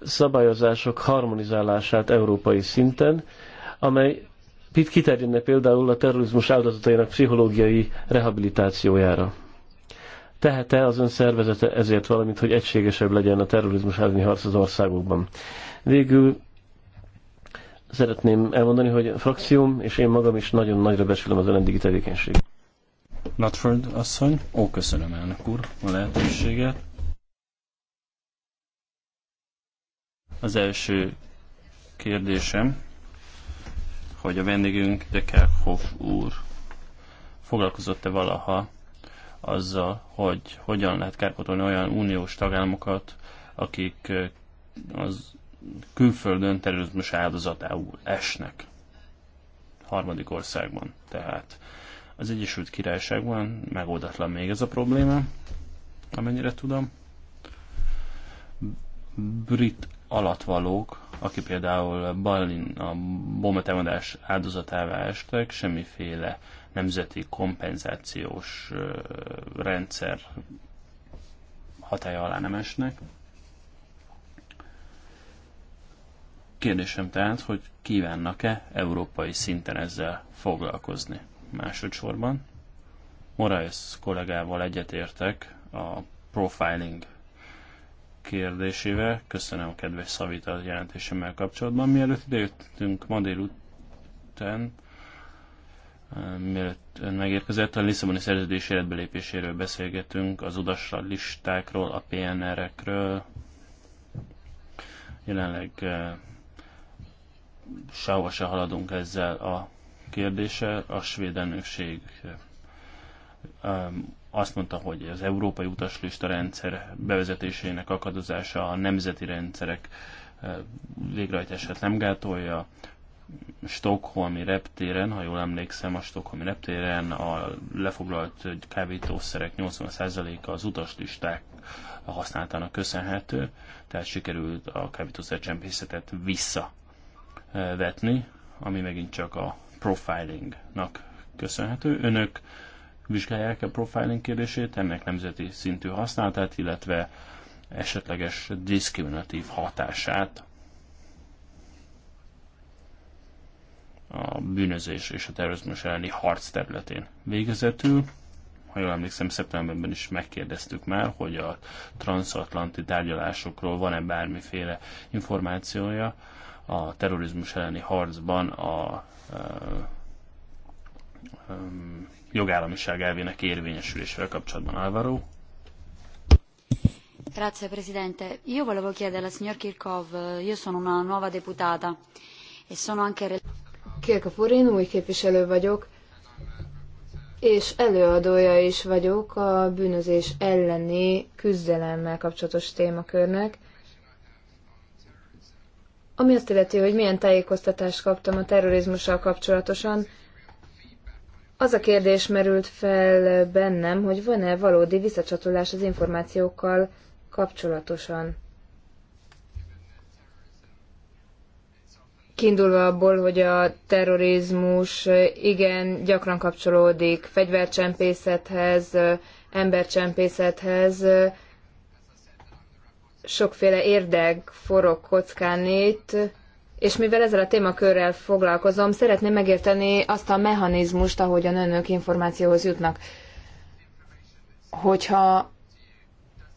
szabályozások harmonizálását európai szinten, amely kiterjedne például a terrorizmus áldozatainak pszichológiai rehabilitációjára? Tehet-e az ön szervezete ezért valamit, hogy egységesebb legyen a terrorizmus elleni harc az országokban? Végül szeretném elmondani, hogy a frakcióm és én magam is nagyon nagyra becsülöm az önendigi tevékenységet. Nutford asszony, ó, köszönöm elnök úr a lehetőséget. Az első kérdésem hogy a vendégünk Dekerhoff úr foglalkozott-e valaha azzal, hogy hogyan lehet kárpotolni olyan uniós tagállamokat, akik az külföldön terrorizmus áldozatául esnek. Harmadik országban tehát. Az Egyesült Királyságban megoldatlan még ez a probléma, amennyire tudom. Brit alatvalók aki például Balin a bombatámadás áldozatává estek, semmiféle nemzeti kompenzációs rendszer hatája alá nem esnek. Kérdésem tehát, hogy kívánnak-e európai szinten ezzel foglalkozni másodszorban. Morales kollégával egyetértek a profiling kérdésével. Köszönöm kedves Szavita a jelentésemmel kapcsolatban. Mielőtt idejöttünk ma délután, eh, mielőtt ön megérkezett, a Lisszaboni szerződés életbelépéséről beszélgetünk, az udasra listákról, a PNR-ekről. Jelenleg eh, sehova se haladunk ezzel a kérdéssel. A svéd elnökség eh, azt mondta, hogy az európai utaslista rendszer bevezetésének akadozása a nemzeti rendszerek végrehajtását nem gátolja. Stockholmi reptéren, ha jól emlékszem, a Stockholmi reptéren a lefoglalt kábítószerek 80%-a az utaslisták használtának köszönhető, tehát sikerült a csempészetet visszavetni, ami megint csak a profilingnak köszönhető. Önök vizsgálják a profiling kérdését, ennek nemzeti szintű használatát, illetve esetleges diszkriminatív hatását a bűnözés és a terrorizmus elleni harc területén. Végezetül, ha jól emlékszem, szeptemberben is megkérdeztük már, hogy a transatlanti tárgyalásokról van-e bármiféle információja a terrorizmus elleni harcban a, a jogállamiság elvének érvényesülésével kapcsolatban. Álvaro? Grazie Presidente. Io volevo chiedere alla signor Kirchhoff, eh, io sono una nuova deputata e sono anche... Kirchhoff én új képviselő vagyok, és előadója is vagyok a bűnözés elleni küzdelemmel kapcsolatos témakörnek. Ami azt illeti, hogy milyen tájékoztatást kaptam a terrorizmussal kapcsolatosan, az a kérdés merült fel bennem, hogy van-e valódi visszacsatolás az információkkal kapcsolatosan. Kiindulva abból, hogy a terrorizmus igen gyakran kapcsolódik fegyvercsempészethez, embercsempészethez, sokféle érdek forog kockán itt, és mivel ezzel a témakörrel foglalkozom, szeretném megérteni azt a mechanizmust, ahogyan önök információhoz jutnak. Hogyha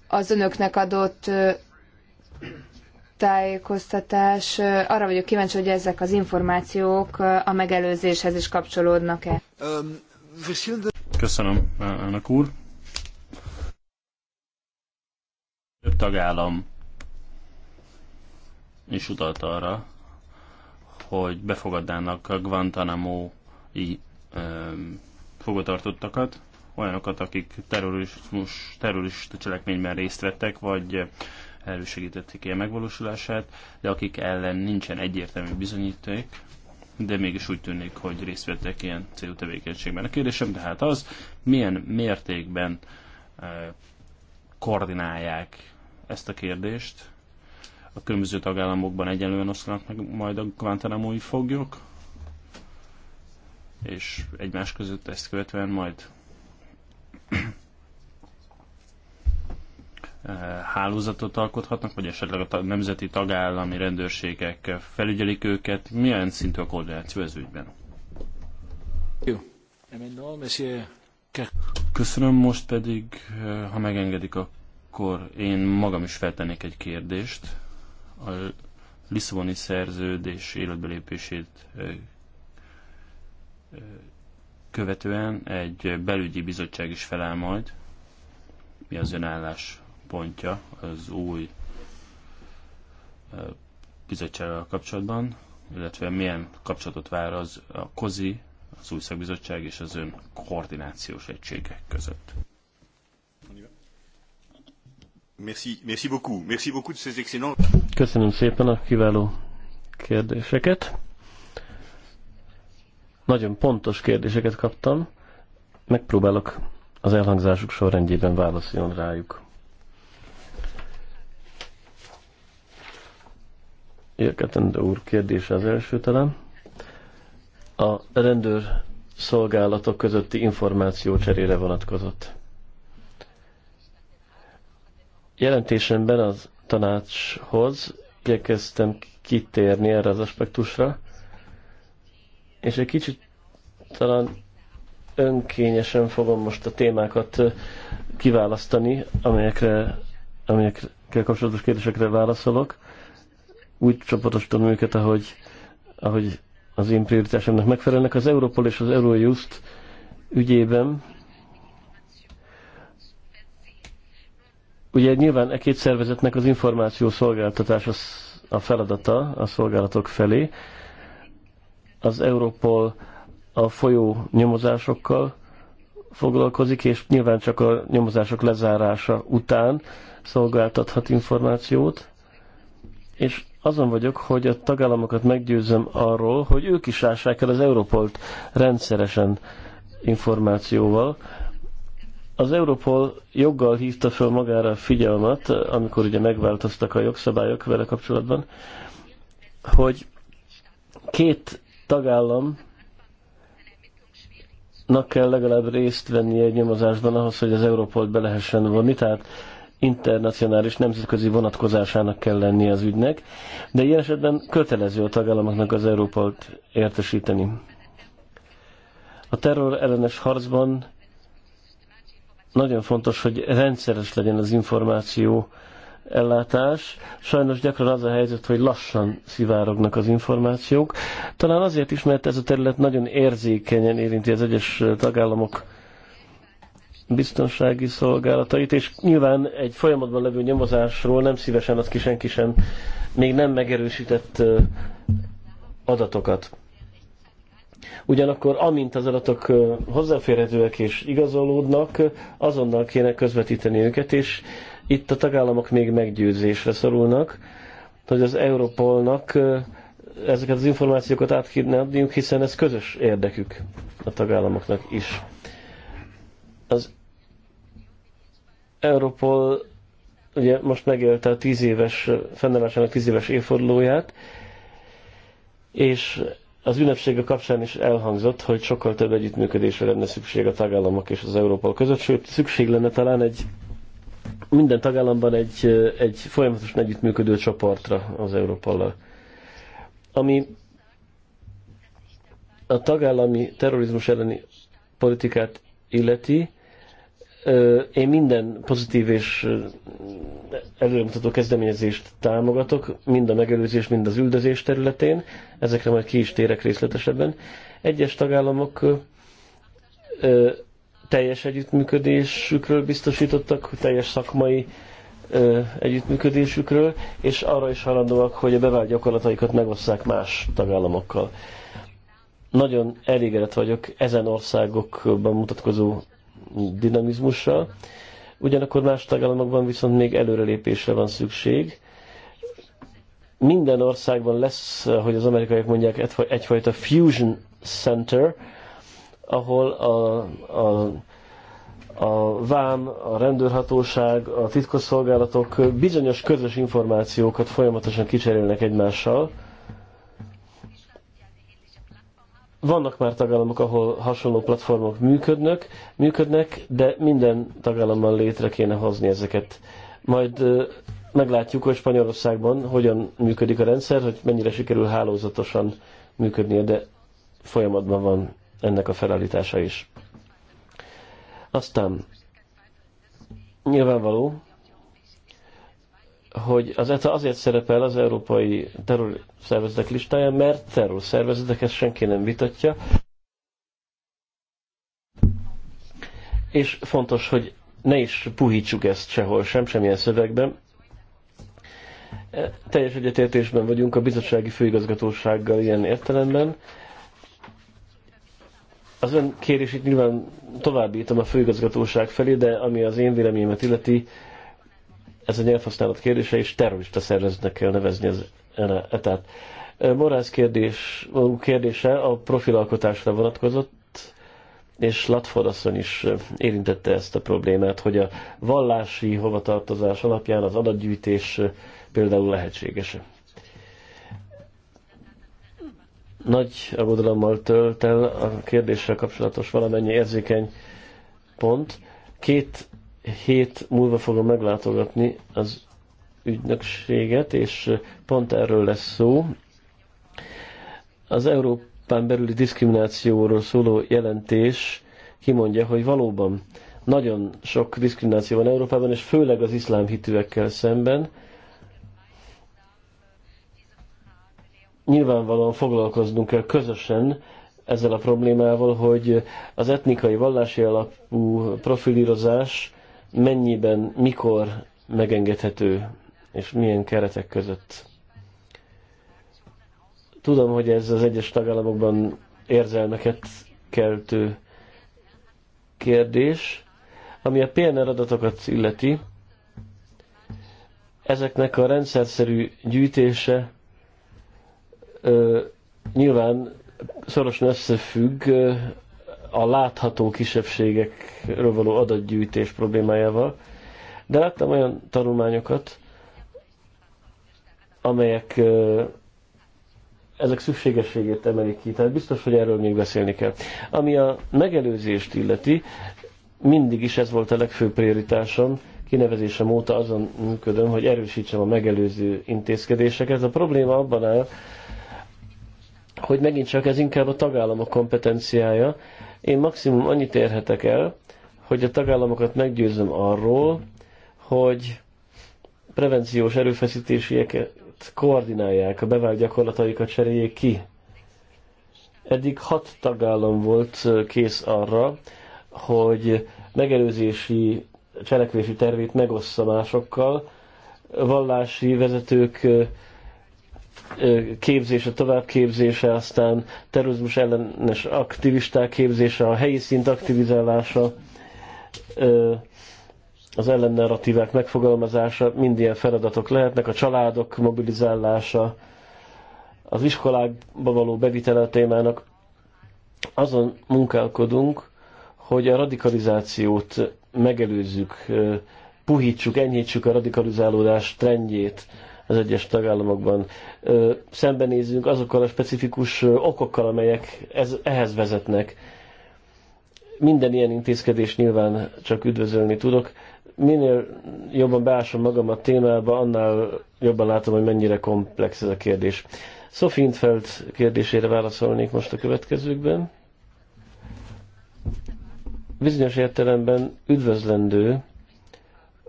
az önöknek adott tájékoztatás, arra vagyok kíváncsi, hogy ezek az információk a megelőzéshez is kapcsolódnak-e. Köszönöm, elnök úr. Több tagállam is arra, hogy befogadnának a Guantanamo-i fogotartottakat, olyanokat, akik terrorizmus, terrorista cselekményben részt vettek, vagy elősegítették ilyen megvalósulását, de akik ellen nincsen egyértelmű bizonyíték, de mégis úgy tűnik, hogy részt vettek ilyen célú tevékenységben. A kérdésem tehát az, milyen mértékben koordinálják ezt a kérdést, a különböző tagállamokban egyenlően oszlanak meg majd a guantanamo foglyok, és egymás között ezt követően majd eh, hálózatot alkothatnak, vagy esetleg a nemzeti tagállami rendőrségek felügyelik őket. Milyen szintű a koordináció ez ügyben? Köszönöm, most pedig, eh, ha megengedik, akkor én magam is feltennék egy kérdést a Lisszaboni szerződés életbelépését követően egy belügyi bizottság is feláll majd. Mi az önállás pontja az új bizottsággal kapcsolatban, illetve milyen kapcsolatot vár az a COZI, az új szakbizottság és az ön koordinációs egységek között. Merci, merci beaucoup. Merci beaucoup de ces excellents... Köszönöm szépen a kiváló kérdéseket. Nagyon pontos kérdéseket kaptam. Megpróbálok az elhangzásuk sorrendjében válaszoljon rájuk. Érketendő úr kérdése az első talán. A rendőr szolgálatok közötti információ cserére vonatkozott jelentésemben az tanácshoz igyekeztem kitérni erre az aspektusra, és egy kicsit talán önkényesen fogom most a témákat kiválasztani, amelyekre, amelyekkel kapcsolatos kérdésekre válaszolok. Úgy csoportosítom őket, ahogy, ahogy az én prioritásomnak megfelelnek. Az Europol és az Eurojust ügyében Ugye nyilván e két szervezetnek az információ szolgáltatás a feladata a szolgálatok felé. Az Europol a folyó nyomozásokkal foglalkozik, és nyilván csak a nyomozások lezárása után szolgáltathat információt. És azon vagyok, hogy a tagállamokat meggyőzöm arról, hogy ők is lássák el az Europolt rendszeresen információval, az Europol joggal hívta föl magára a figyelmet, amikor ugye megváltoztak a jogszabályok vele kapcsolatban, hogy két tagállam nak kell legalább részt venni egy nyomozásban ahhoz, hogy az Európolt be lehessen vonni, tehát internacionális, nemzetközi vonatkozásának kell lenni az ügynek, de ilyen esetben kötelező a tagállamoknak az Európolt értesíteni. A terror ellenes harcban nagyon fontos, hogy rendszeres legyen az információ ellátás. Sajnos gyakran az a helyzet, hogy lassan szivárognak az információk. Talán azért is, mert ez a terület nagyon érzékenyen érinti az egyes tagállamok biztonsági szolgálatait, és nyilván egy folyamatban levő nyomozásról nem szívesen az ki senki sem még nem megerősített adatokat. Ugyanakkor amint az adatok hozzáférhetőek és igazolódnak, azonnal kéne közvetíteni őket, és itt a tagállamok még meggyőzésre szorulnak, hogy az Europolnak ezeket az információkat át kéne adniuk, hiszen ez közös érdekük a tagállamoknak is. Az Europol ugye most megélte a tíz éves, fennállásának tíz éves évfordulóját, és az ünnepsége kapcsán is elhangzott, hogy sokkal több együttműködésre lenne szükség a tagállamok és az Európa között, sőt szükség lenne talán egy minden tagállamban egy, egy folyamatosan együttműködő csoportra az Európallal. Ami a tagállami terrorizmus elleni politikát illeti, én minden pozitív és előremutató kezdeményezést támogatok, mind a megelőzés, mind az üldözés területén. Ezekre majd ki is térek részletesebben. Egyes tagállamok teljes együttműködésükről biztosítottak, teljes szakmai együttműködésükről, és arra is hajlandóak, hogy a bevált gyakorlataikat megosszák más tagállamokkal. Nagyon elégedett vagyok ezen országokban mutatkozó dinamizmussal Ugyanakkor más tagállamokban viszont még előrelépésre van szükség. Minden országban lesz, hogy az amerikaiak mondják, egyfajta fusion center, ahol a, a a vám, a rendőrhatóság, a titkosszolgálatok bizonyos közös információkat folyamatosan kicserélnek egymással, Vannak már tagállamok, ahol hasonló platformok működnek, működnek, de minden tagállamban létre kéne hozni ezeket. Majd meglátjuk, hogy Spanyolországban hogyan működik a rendszer, hogy mennyire sikerül hálózatosan működnie, de folyamatban van ennek a felállítása is. Aztán nyilvánvaló, hogy az ETA azért szerepel az európai terrorszervezetek listáján, mert terrorszervezetek, ezt senki nem vitatja. És fontos, hogy ne is puhítsuk ezt sehol sem, semmilyen szövegben. Teljes egyetértésben vagyunk a bizottsági főigazgatósággal ilyen értelemben. Az ön kérését nyilván továbbítom a főigazgatóság felé, de ami az én véleményemet illeti, ez a nyelvhasználat kérdése, és terrorista szervezetnek kell nevezni az e etát. Morász kérdés, kérdése a profilalkotásra vonatkozott, és Latford asszony is érintette ezt a problémát, hogy a vallási hovatartozás alapján az adatgyűjtés például lehetséges. Nagy aggodalommal tölt el a kérdéssel kapcsolatos valamennyi érzékeny pont. Két hét múlva fogom meglátogatni az ügynökséget, és pont erről lesz szó. Az Európán belüli diszkriminációról szóló jelentés kimondja, hogy valóban nagyon sok diszkrimináció van Európában, és főleg az iszlám hitűekkel szemben. Nyilvánvalóan foglalkoznunk kell közösen ezzel a problémával, hogy az etnikai vallási alapú profilírozás mennyiben, mikor megengedhető, és milyen keretek között. Tudom, hogy ez az egyes tagállamokban érzelmeket keltő kérdés. Ami a PNR adatokat illeti, ezeknek a rendszerszerű gyűjtése ö, nyilván szorosan összefügg a látható kisebbségekről való adatgyűjtés problémájával, de láttam olyan tanulmányokat, amelyek ezek szükségességét emelik ki, tehát biztos, hogy erről még beszélni kell. Ami a megelőzést illeti, mindig is ez volt a legfőbb prioritásom, kinevezésem óta azon működöm, hogy erősítsem a megelőző intézkedéseket. Ez a probléma abban áll, hogy megint csak ez inkább a tagállamok kompetenciája, én maximum annyit érhetek el, hogy a tagállamokat meggyőzöm arról, hogy prevenciós erőfeszítéseket koordinálják, a bevált gyakorlataikat cseréljék ki. Eddig hat tagállam volt kész arra, hogy megelőzési cselekvési tervét megossza másokkal, vallási vezetők képzése, továbbképzése, aztán terrorizmus ellenes aktivisták képzése, a helyi szint aktivizálása, az ellennarratívák megfogalmazása, mind ilyen feladatok lehetnek, a családok mobilizálása, az iskolákba való bevitele témának. Azon munkálkodunk, hogy a radikalizációt megelőzzük, puhítsuk, enyhítsük a radikalizálódás trendjét, az egyes tagállamokban. Szembenézzünk azokkal a specifikus okokkal, amelyek ez, ehhez vezetnek. Minden ilyen intézkedés nyilván csak üdvözölni tudok. Minél jobban beásom magam a témába, annál jobban látom, hogy mennyire komplex ez a kérdés. Sophie Intfeld kérdésére válaszolnék most a következőkben bizonyos értelemben üdvözlendő,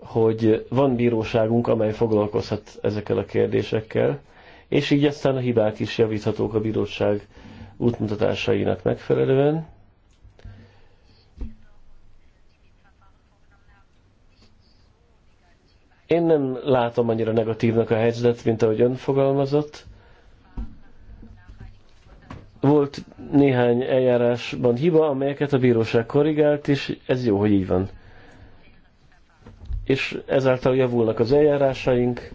hogy van bíróságunk, amely foglalkozhat ezekkel a kérdésekkel, és így aztán a hibák is javíthatók a bíróság útmutatásainak megfelelően. Én nem látom annyira negatívnak a helyzetet, mint ahogy ön fogalmazott. Volt néhány eljárásban hiba, amelyeket a bíróság korrigált, és ez jó, hogy így van és ezáltal javulnak az eljárásaink.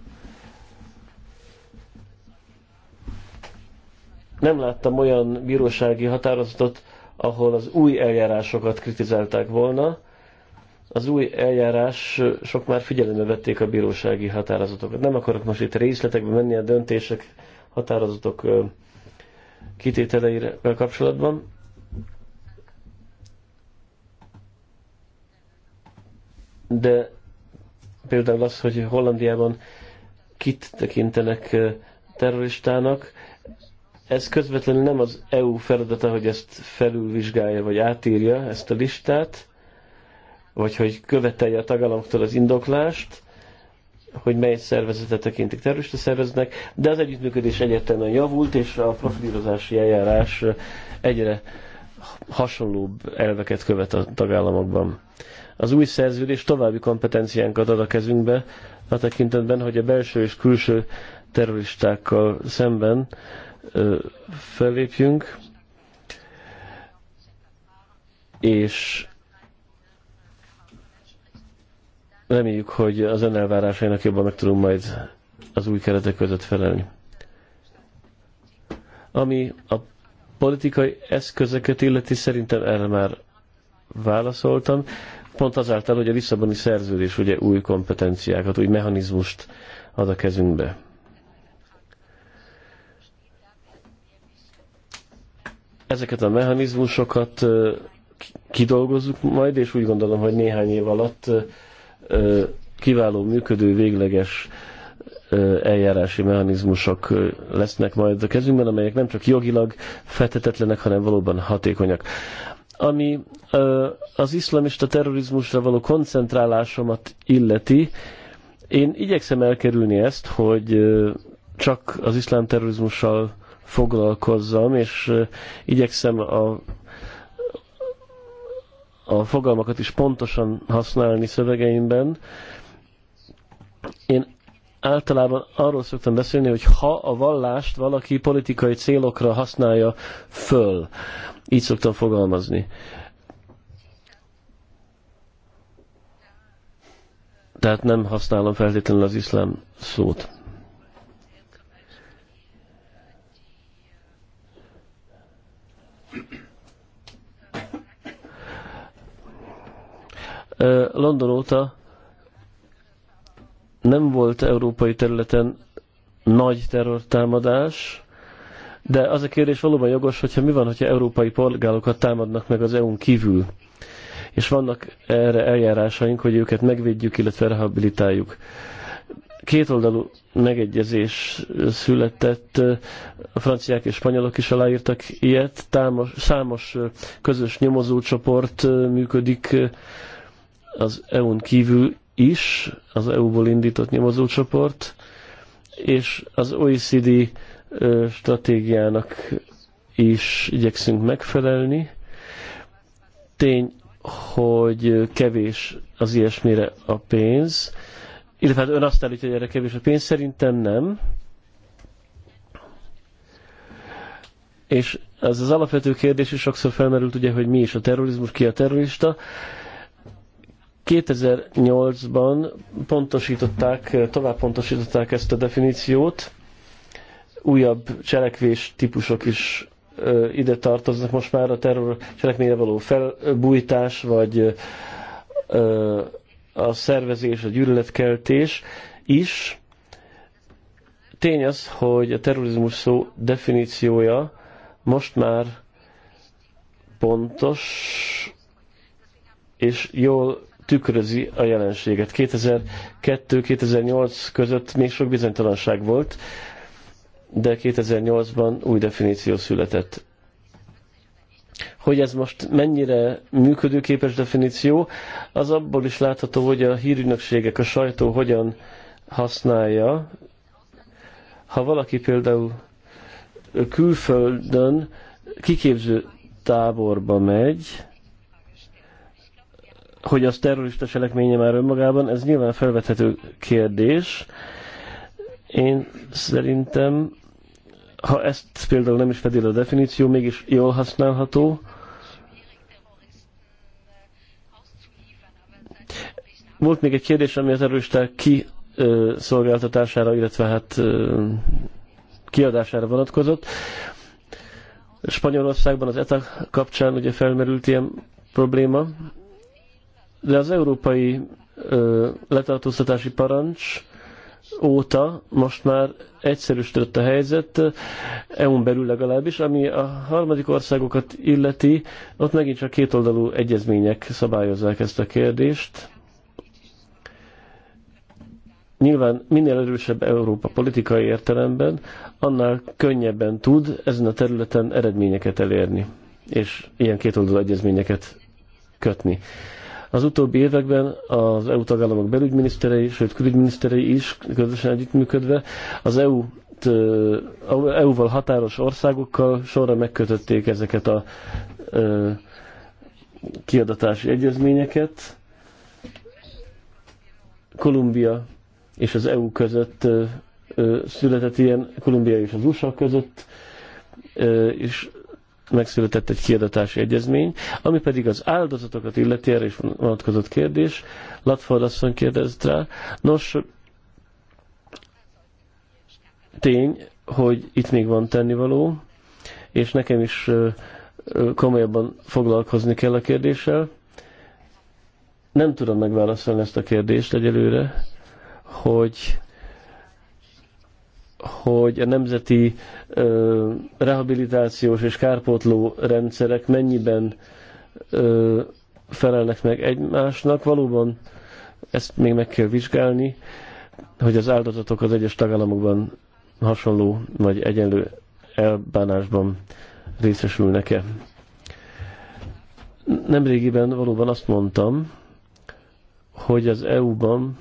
Nem láttam olyan bírósági határozatot, ahol az új eljárásokat kritizálták volna. Az új eljárás sok már figyelembe vették a bírósági határozatokat. Nem akarok most itt részletekbe menni a döntések, határozatok kitételeivel kapcsolatban. De például az, hogy Hollandiában kit tekintenek terroristának, ez közvetlenül nem az EU feladata, hogy ezt felülvizsgálja, vagy átírja ezt a listát, vagy hogy követelje a tagállamoktól az indoklást, hogy mely szervezetet tekintik terrorista szerveznek, de az együttműködés egyértelműen javult, és a profilírozási eljárás egyre hasonlóbb elveket követ a tagállamokban. Az új szerződés további kompetenciánkat ad a kezünkbe, a tekintetben, hogy a belső és külső terroristákkal szemben ö, fellépjünk, és reméljük, hogy az ön elvárásainak jobban meg tudunk majd az új keretek között felelni. Ami a politikai eszközöket illeti, szerintem erre már válaszoltam pont azáltal, hogy a visszaboni szerződés ugye új kompetenciákat, új mechanizmust ad a kezünkbe. Ezeket a mechanizmusokat kidolgozzuk majd, és úgy gondolom, hogy néhány év alatt kiváló működő, végleges eljárási mechanizmusok lesznek majd a kezünkben, amelyek nem csak jogilag fetetetlenek, hanem valóban hatékonyak. Ami az iszlamista terrorizmusra való koncentrálásomat illeti, én igyekszem elkerülni ezt, hogy csak az iszlám terrorizmussal foglalkozzam, és igyekszem a, a fogalmakat is pontosan használni szövegeimben. Én általában arról szoktam beszélni, hogy ha a vallást valaki politikai célokra használja föl. Így szoktam fogalmazni. Tehát nem használom feltétlenül az iszlám szót. London óta nem volt európai területen nagy terrortámadás, de az a kérdés valóban jogos, hogyha mi van, hogyha európai polgárokat támadnak meg az EU-n kívül, és vannak erre eljárásaink, hogy őket megvédjük, illetve rehabilitáljuk. Kétoldalú megegyezés született, a franciák és spanyolok is aláírtak ilyet, Támos, számos közös nyomozócsoport működik az EU-n kívül is, az EU-ból indított nyomozócsoport, és az OECD stratégiának is igyekszünk megfelelni. Tény, hogy kevés az ilyesmire a pénz, illetve hát ön azt állítja, hogy erre kevés a pénz, szerintem nem. És ez az alapvető kérdés is sokszor felmerült, ugye, hogy mi is a terrorizmus, ki a terrorista. 2008-ban pontosították, tovább pontosították ezt a definíciót, újabb cselekvés típusok is ö, ide tartoznak most már a terror cselekményre való felbújtás, vagy ö, a szervezés, a gyűlöletkeltés is. Tény az, hogy a terrorizmus szó definíciója most már pontos és jól tükrözi a jelenséget. 2002-2008 között még sok bizonytalanság volt, de 2008-ban új definíció született. Hogy ez most mennyire működőképes definíció, az abból is látható, hogy a hírügynökségek, a sajtó hogyan használja. Ha valaki például külföldön kiképző táborba megy, hogy az terrorista cselekménye már önmagában, ez nyilván felvethető kérdés. Én szerintem, ha ezt például nem is fedi a definíció, mégis jól használható. Volt még egy kérdés, ami a terroristák ki szolgáltatására, illetve hát kiadására vonatkozott. Spanyolországban az ETA kapcsán ugye felmerült ilyen probléma. De az európai ö, letartóztatási parancs óta most már egyszerűsödött a helyzet, EU-n belül legalábbis, ami a harmadik országokat illeti, ott megint csak kétoldalú egyezmények szabályozzák ezt a kérdést. Nyilván minél erősebb Európa politikai értelemben, annál könnyebben tud ezen a területen eredményeket elérni, és ilyen kétoldalú egyezményeket kötni. Az utóbbi években az EU tagállamok belügyminiszterei, sőt külügyminiszterei is közösen együttműködve az EU EU-val határos országokkal sorra megkötötték ezeket a ö, kiadatási egyezményeket. Kolumbia és az EU között ö, ö, született ilyen, Kolumbia és az USA között, ö, és megszületett egy kiadatási egyezmény, ami pedig az áldozatokat illeti, erre is vonatkozott kérdés. Latford asszony kérdezett rá. Nos, tény, hogy itt még van tennivaló, és nekem is komolyabban foglalkozni kell a kérdéssel. Nem tudom megválaszolni ezt a kérdést egyelőre, hogy hogy a nemzeti ö, rehabilitációs és kárpótló rendszerek mennyiben ö, felelnek meg egymásnak. Valóban ezt még meg kell vizsgálni, hogy az áldozatok az egyes tagállamokban hasonló vagy egyenlő elbánásban részesülnek-e. Nemrégiben valóban azt mondtam, hogy az EU-ban,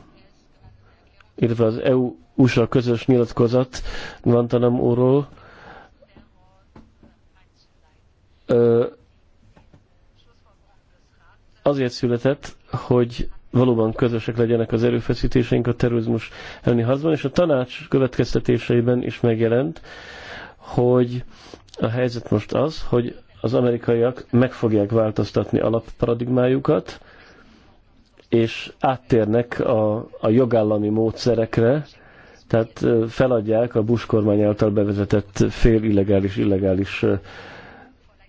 illetve az EU USA közös nyilatkozat Guantanamo-ról. Azért született, hogy valóban közösek legyenek az erőfeszítéseink a terrorizmus elleni harcban, és a tanács következtetéseiben is megjelent, hogy a helyzet most az, hogy az amerikaiak meg fogják változtatni alapparadigmájukat, és áttérnek a, a jogállami módszerekre, tehát feladják a Bush kormány által bevezetett fél illegális, illegális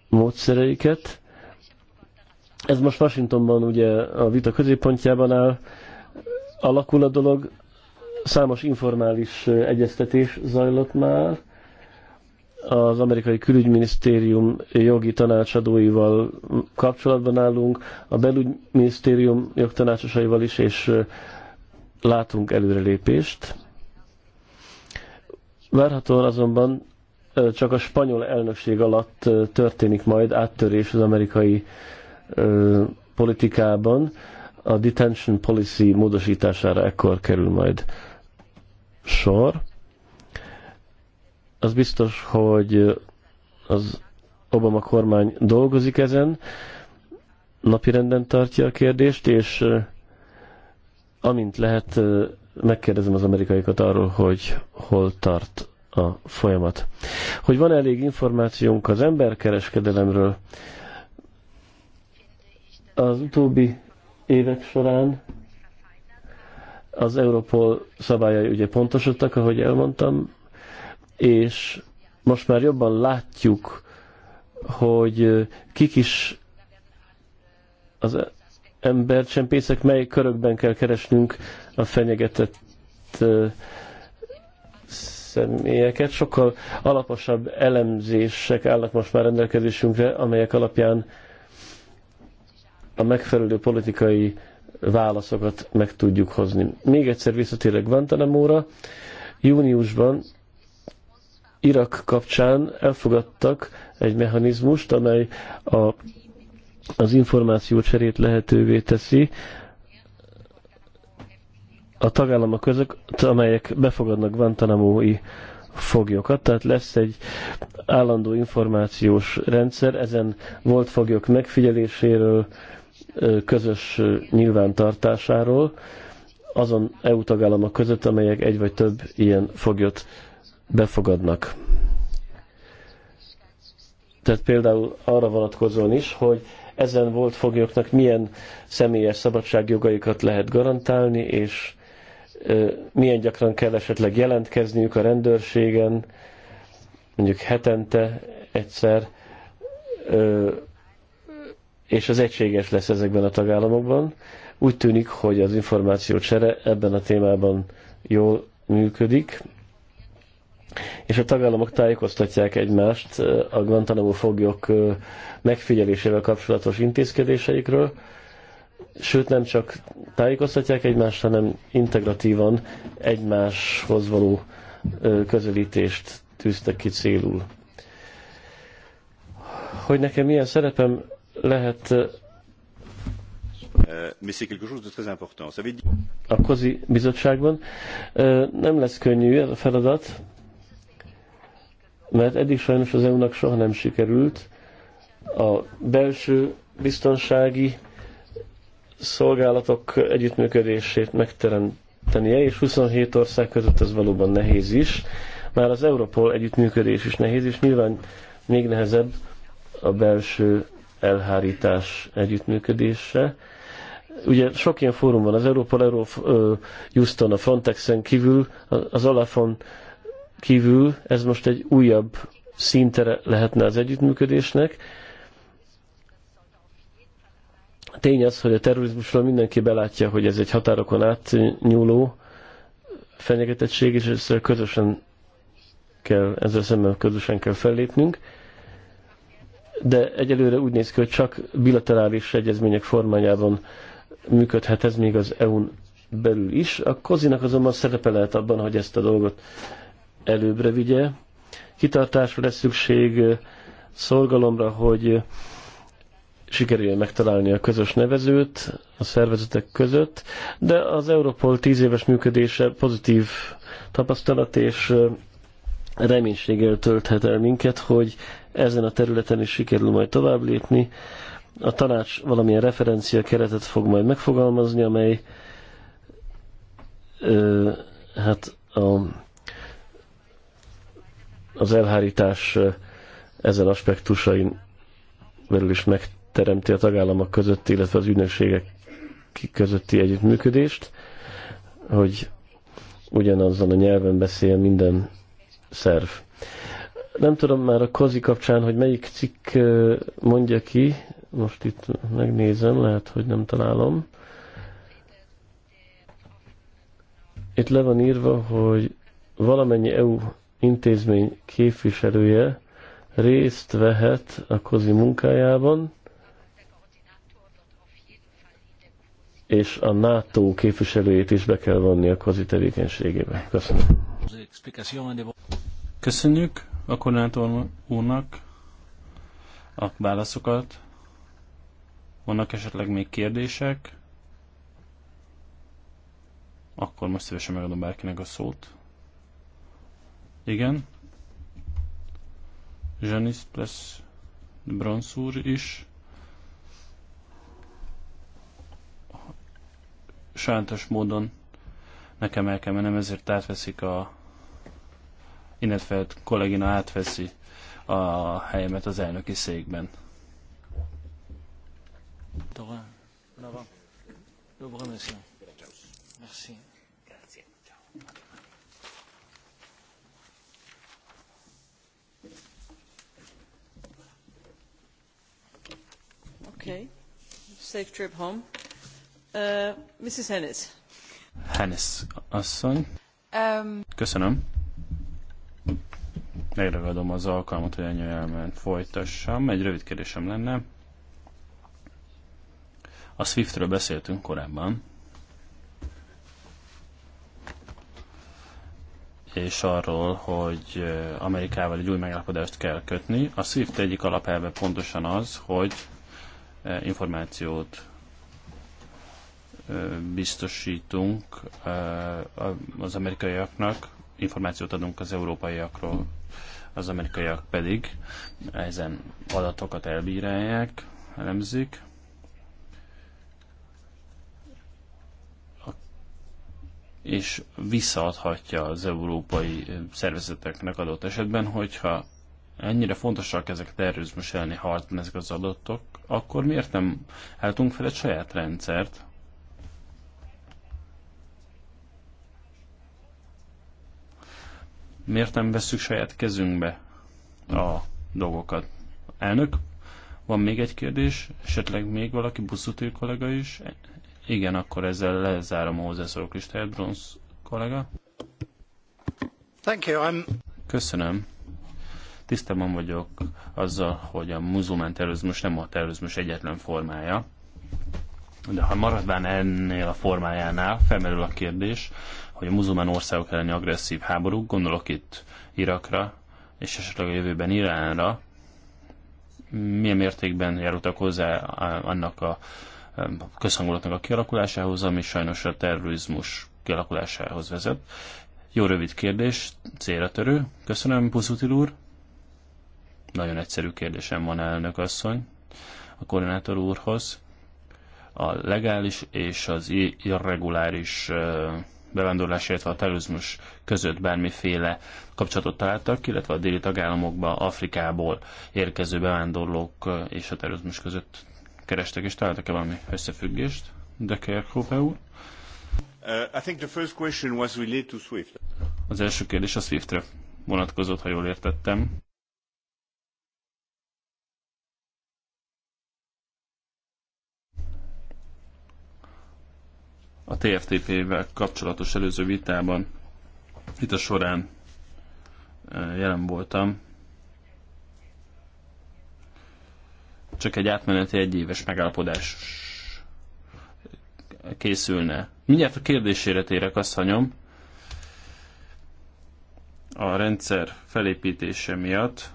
módszereiket. Ez most Washingtonban ugye a vita középpontjában áll, alakul a dolog, számos informális egyeztetés zajlott már, az amerikai külügyminisztérium jogi tanácsadóival kapcsolatban állunk, a belügyminisztérium jogtanácsosaival is, és látunk előrelépést. Várhatóan azonban csak a spanyol elnökség alatt történik majd áttörés az amerikai politikában. A detention policy módosítására ekkor kerül majd sor. Az biztos, hogy az Obama kormány dolgozik ezen, napirenden tartja a kérdést, és amint lehet megkérdezem az amerikaiakat arról, hogy hol tart a folyamat. Hogy van elég információnk az emberkereskedelemről, az utóbbi évek során az Europol szabályai ugye pontosodtak, ahogy elmondtam, és most már jobban látjuk, hogy kik is az embercsempészek, mely körökben kell keresnünk a fenyegetett személyeket. Sokkal alaposabb elemzések állnak most már rendelkezésünkre, amelyek alapján a megfelelő politikai válaszokat meg tudjuk hozni. Még egyszer visszatérek Guantanamo-ra. Júniusban Irak kapcsán elfogadtak egy mechanizmust, amely a, az cserét lehetővé teszi a tagállamok közök, amelyek befogadnak Guantanamo-i foglyokat, tehát lesz egy állandó információs rendszer, ezen volt foglyok megfigyeléséről, közös nyilvántartásáról, azon EU tagállamok között, amelyek egy vagy több ilyen foglyot befogadnak. Tehát például arra vonatkozóan is, hogy ezen volt foglyoknak milyen személyes szabadságjogaikat lehet garantálni, és milyen gyakran kell esetleg jelentkezniük a rendőrségen, mondjuk hetente egyszer, és az egységes lesz ezekben a tagállamokban. Úgy tűnik, hogy az csere ebben a témában jól működik, és a tagállamok tájékoztatják egymást a Guantanamo foglyok megfigyelésével kapcsolatos intézkedéseikről sőt nem csak tájékoztatják egymást, hanem integratívan egymáshoz való közelítést tűztek ki célul. Hogy nekem milyen szerepem lehet eh, a kozi bizottságban. Nem lesz könnyű ez a feladat, mert eddig sajnos az EU-nak soha nem sikerült a belső biztonsági szolgálatok együttműködését megteremtenie, és 27 ország között ez valóban nehéz is. Már az Europol együttműködés is nehéz, és nyilván még nehezebb a belső elhárítás együttműködése. Ugye sok ilyen fórum van, az Europol, Eurojuston, a Frontexen kívül, az Alafon kívül, ez most egy újabb szintere lehetne az együttműködésnek, Tény az, hogy a terrorizmusról mindenki belátja, hogy ez egy határokon átnyúló fenyegetettség, és ezzel közösen kell, ezzel szemben közösen kell fellépnünk. De egyelőre úgy néz ki, hogy csak bilaterális egyezmények formájában működhet ez még az EU-n belül is. A kozinak azonban szerepe lehet abban, hogy ezt a dolgot előbbre vigye. Kitartásra lesz szükség, szorgalomra, hogy sikerüljön megtalálni a közös nevezőt a szervezetek között, de az Europol tíz éves működése pozitív tapasztalat és reménységgel tölthet el minket, hogy ezen a területen is sikerül majd tovább lépni. A tanács valamilyen referencia keretet fog majd megfogalmazni, amely ö, hát a, az elhárítás ezen aspektusain belül is meg teremti a tagállamok közötti, illetve az ügynökségek közötti együttműködést, hogy ugyanazzal a nyelven beszél minden szerv. Nem tudom már a kozi kapcsán, hogy melyik cikk mondja ki, most itt megnézem, lehet, hogy nem találom. Itt le van írva, hogy valamennyi EU intézmény képviselője részt vehet a kozi munkájában, és a NATO képviselőjét is be kell vonni a kazi tevékenységébe. Köszönöm. Köszönjük a koordinátor úrnak a válaszokat. Vannak esetleg még kérdések? Akkor most szívesen megadom bárkinek a szót. Igen. Janis plusz Bronsz úr is sajátos módon nekem el kell mennem, ezért átveszik a illetve kollégina átveszi a helyemet az elnöki székben. Okay. Safe trip home. Uh, Mrs. Hennis. Hennis asszony. Um. Köszönöm. Megragadom az alkalmat, hogy anyanyelven folytassam. Egy rövid kérdésem lenne. A Swiftről beszéltünk korábban. és arról, hogy eh, Amerikával egy új megállapodást kell kötni. A SWIFT egyik alapelve pontosan az, hogy eh, információt biztosítunk eh, az amerikaiaknak, információt adunk az európaiakról, az amerikaiak pedig ezen adatokat elbírálják, elemzik. és visszaadhatja az európai szervezeteknek adott esetben, hogyha ennyire fontosak ezek a terrorizmus elleni harcban ezek az adatok, akkor miért nem álltunk fel egy saját rendszert, Miért nem vesszük saját kezünkbe a dolgokat? Elnök, van még egy kérdés? Esetleg még valaki, buszutil kollega is? Igen, akkor ezzel lezárom a hozzászólók listáját, Bronz kollega. Thank you, I'm... Köszönöm. Tisztában vagyok azzal, hogy a muzulmán terrorizmus nem a terrorizmus egyetlen formája. De ha maradván ennél a formájánál, felmerül a kérdés, hogy a muzulmán országok elleni agresszív háborúk, gondolok itt Irakra, és esetleg a jövőben Iránra, milyen mértékben járultak hozzá annak a közhangulatnak a kialakulásához, ami sajnos a terrorizmus kialakulásához vezet. Jó rövid kérdés, célra törő. Köszönöm, Puszutil úr. Nagyon egyszerű kérdésem van, elnök asszony, a koordinátor úrhoz. A legális és az irreguláris bevándorlás, illetve a terrorizmus között bármiféle kapcsolatot találtak, illetve a déli tagállamokba, Afrikából érkező bevándorlók és a terrorizmus között kerestek és találtak-e valami összefüggést? De Kerkhope úr? Uh, I think the first question was related to Swift. Az első kérdés a Swiftre vonatkozott, ha jól értettem. a TFTP-vel kapcsolatos előző vitában itt a során e, jelen voltam. Csak egy átmeneti egyéves megállapodás készülne. Mindjárt a kérdésére térek, azt hanyom. A rendszer felépítése miatt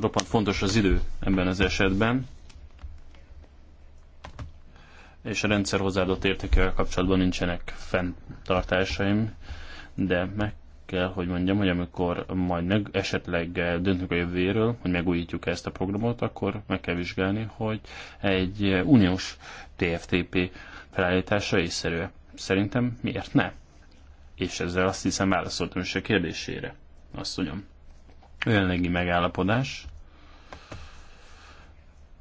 roppant fontos az idő ebben az esetben és a rendszer hozzáadott értékevel kapcsolatban nincsenek fenntartásaim, de meg kell, hogy mondjam, hogy amikor majd meg esetleg döntünk a jövőjéről, hogy megújítjuk ezt a programot, akkor meg kell vizsgálni, hogy egy uniós TFTP felállítása észszerű. Szerintem miért ne? És ezzel azt hiszem válaszoltam is a kérdésére. Azt mondjam. Jelenlegi megállapodás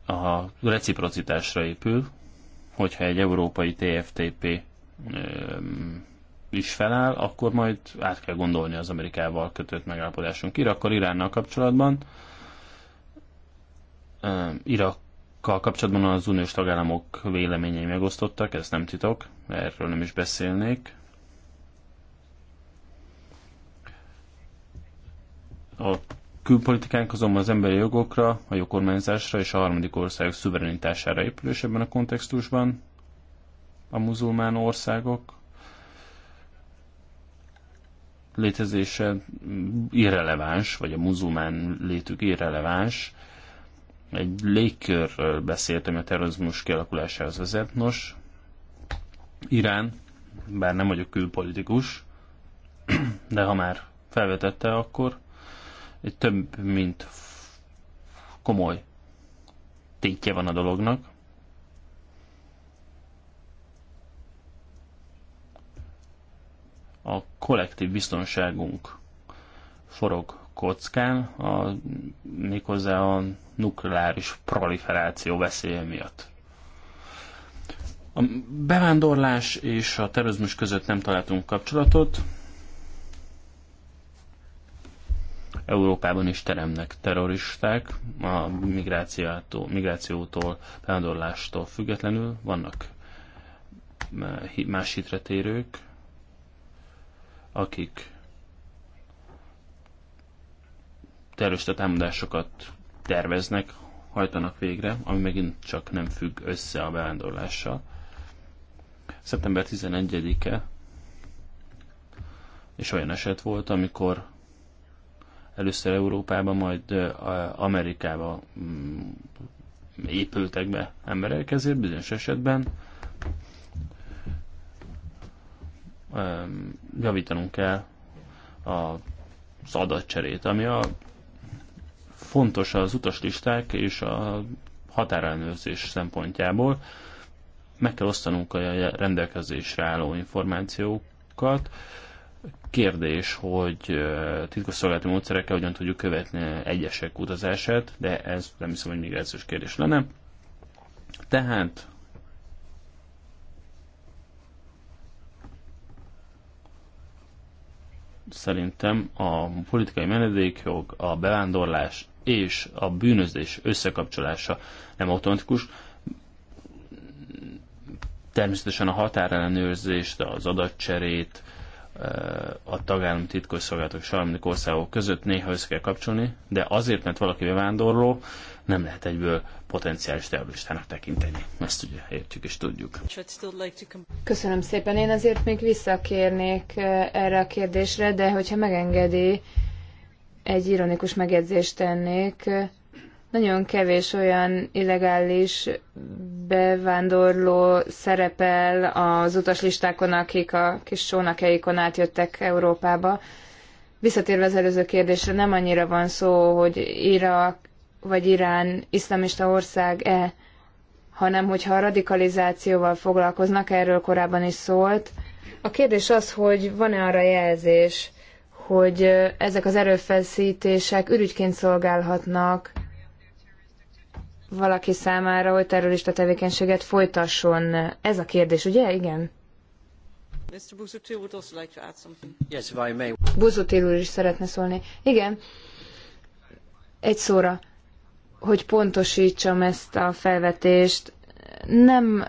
a reciprocitásra épül, hogyha egy európai TFTP is feláll, akkor majd át kell gondolni az Amerikával kötött megállapodásunk. akkor Iránnal kapcsolatban, Irakkal kapcsolatban az uniós tagállamok véleményei megosztottak, ez nem titok, erről nem is beszélnék. Ott Külpolitikánk azonban az emberi jogokra, a jogkormányzásra és a harmadik országok szuverenitására épül, és ebben a kontextusban a muzulmán országok létezése irreleváns, vagy a muzulmán létük irreleváns. Egy légkörről beszéltem, a terrorizmus kialakulásához vezet. Nos, Irán, bár nem vagyok külpolitikus, de ha már felvetette, akkor több, mint komoly tétje van a dolognak. A kollektív biztonságunk forog kockán, a, méghozzá a nukleáris proliferáció veszélye miatt. A bevándorlás és a terrorizmus között nem találtunk kapcsolatot, Európában is teremnek terroristák, a migrációtól, migrációtól bevándorlástól függetlenül vannak eh, más hitre térők, akik terrorista támadásokat terveznek, hajtanak végre, ami megint csak nem függ össze a bevándorlással. Szeptember 11-e és olyan eset volt, amikor először Európában, majd Amerikába mm, épültek be emberek, ezért bizonyos esetben javítanunk kell az adatcserét, ami a fontos az utaslisták és a határellenőrzés szempontjából. Meg kell osztanunk a rendelkezésre álló információkat, kérdés, hogy titkosszolgálati módszerekkel hogyan tudjuk követni egyesek utazását, de ez nem hiszem, hogy migrációs kérdés lenne. Tehát szerintem a politikai menedékjog, a bevándorlás és a bűnözés összekapcsolása nem automatikus. Természetesen a határellenőrzést, az adatcserét, a tagállam titkos szolgálatok harmadik országok között néha össze kell kapcsolni, de azért, mert valaki bevándorló, nem lehet egyből potenciális terroristának tekinteni. Ezt ugye értjük és tudjuk. Köszönöm szépen. Én azért még visszakérnék eh, erre a kérdésre, de hogyha megengedi, egy ironikus megjegyzést tennék. Nagyon kevés olyan illegális bevándorló szerepel az utaslistákon, akik a kis csónakjaikon átjöttek Európába. Visszatérve az előző kérdésre, nem annyira van szó, hogy Irak vagy Irán iszlamista ország-e, hanem hogyha a radikalizációval foglalkoznak, erről korábban is szólt. A kérdés az, hogy van-e arra jelzés, hogy ezek az erőfeszítések ürügyként szolgálhatnak valaki számára, hogy terrorista tevékenységet folytasson. Ez a kérdés, ugye? Igen. Mr. Buzutil would also like to add something. Yes, if I may. Buzutil úr is szeretne szólni. Igen. Egy szóra, hogy pontosítsam ezt a felvetést. Nem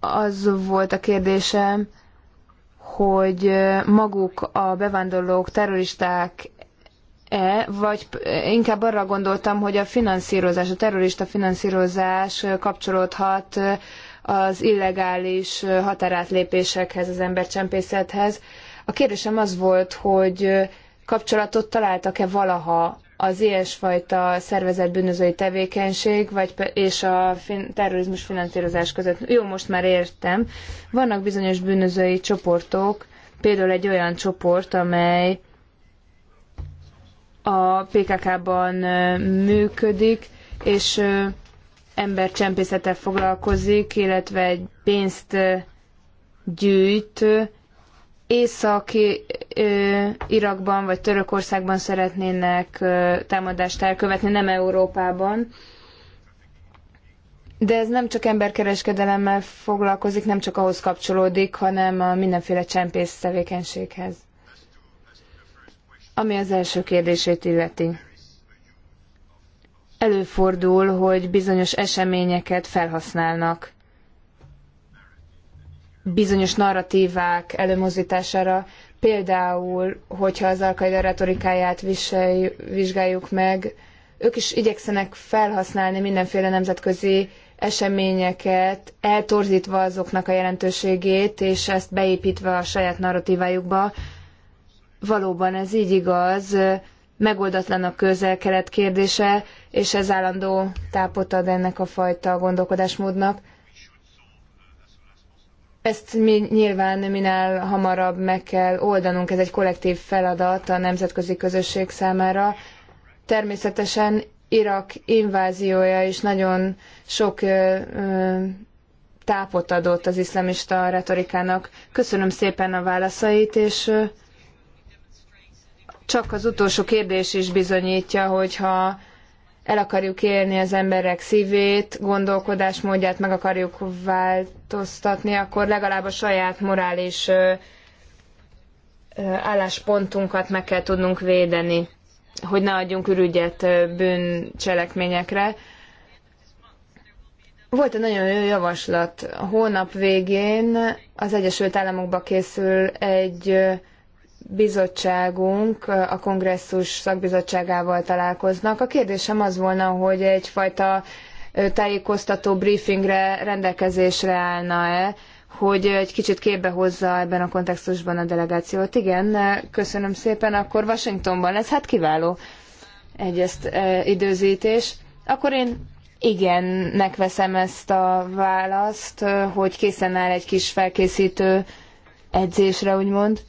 az volt a kérdésem, hogy maguk a bevándorlók terroristák E, vagy e, inkább arra gondoltam, hogy a finanszírozás, a terrorista finanszírozás kapcsolódhat e, az illegális e, határátlépésekhez, az embercsempészethez. A kérdésem az volt, hogy kapcsolatot találtak-e valaha az ilyesfajta szervezett bűnözői tevékenység vagy, és a fin- terrorizmus finanszírozás között. Jó, most már értem. Vannak bizonyos bűnözői csoportok, például egy olyan csoport, amely a PKK-ban működik, és embercsempészettel foglalkozik, illetve egy pénzt gyűjt. Észak-Irakban vagy Törökországban szeretnének támadást elkövetni, nem Európában. De ez nem csak emberkereskedelemmel foglalkozik, nem csak ahhoz kapcsolódik, hanem a mindenféle csempész tevékenységhez. Ami az első kérdését illeti. Előfordul, hogy bizonyos eseményeket felhasználnak bizonyos narratívák előmozdítására, például, hogyha az alkaida retorikáját vizsgáljuk meg, ők is igyekszenek felhasználni mindenféle nemzetközi eseményeket, eltorzítva azoknak a jelentőségét, és ezt beépítve a saját narratívájukba, Valóban ez így igaz, megoldatlan a közel-kelet kérdése, és ez állandó tápot ad ennek a fajta gondolkodásmódnak. Ezt mi nyilván minél hamarabb meg kell oldanunk, ez egy kollektív feladat a nemzetközi közösség számára. Természetesen Irak inváziója is nagyon sok ö, ö, tápot adott az iszlamista retorikának. Köszönöm szépen a válaszait, és csak az utolsó kérdés is bizonyítja, hogy ha el akarjuk élni az emberek szívét, gondolkodásmódját meg akarjuk változtatni, akkor legalább a saját morális álláspontunkat meg kell tudnunk védeni, hogy ne adjunk ürügyet bűncselekményekre. Volt egy nagyon jó javaslat. Hónap végén az Egyesült Államokba készül egy bizottságunk a kongresszus szakbizottságával találkoznak. A kérdésem az volna, hogy egyfajta tájékoztató briefingre rendelkezésre állna-e, hogy egy kicsit képbe hozza ebben a kontextusban a delegációt. Igen, köszönöm szépen, akkor Washingtonban lesz, hát kiváló egy ezt e, időzítés. Akkor én igennek veszem ezt a választ, hogy készen áll egy kis felkészítő edzésre, úgymond.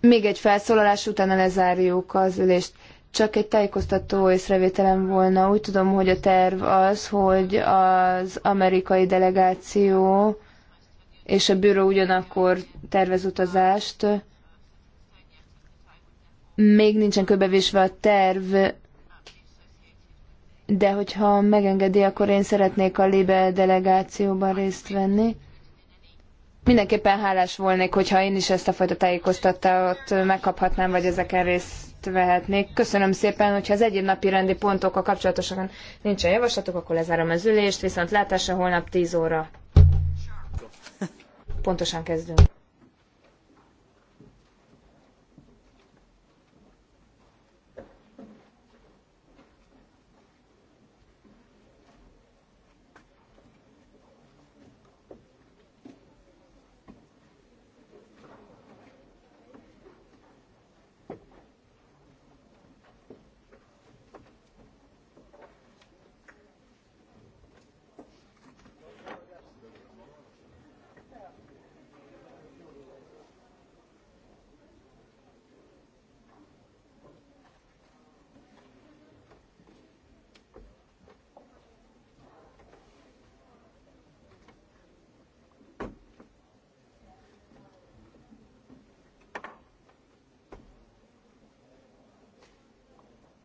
Még egy felszólalás után lezárjuk az ülést. Csak egy tájékoztató észrevételem volna. Úgy tudom, hogy a terv az, hogy az amerikai delegáció és a bűró ugyanakkor tervez utazást. Még nincsen köbevésve a terv, de hogyha megengedi, akkor én szeretnék a Libe delegációban részt venni. Mindenképpen hálás volnék, hogyha én is ezt a fajta tájékoztatást megkaphatnám, vagy ezeken részt vehetnék. Köszönöm szépen, hogyha az egyéb napi rendi pontokkal kapcsolatosan nincsen javaslatok, akkor lezárom az ülést, viszont látásra holnap 10 óra. Pontosan kezdünk.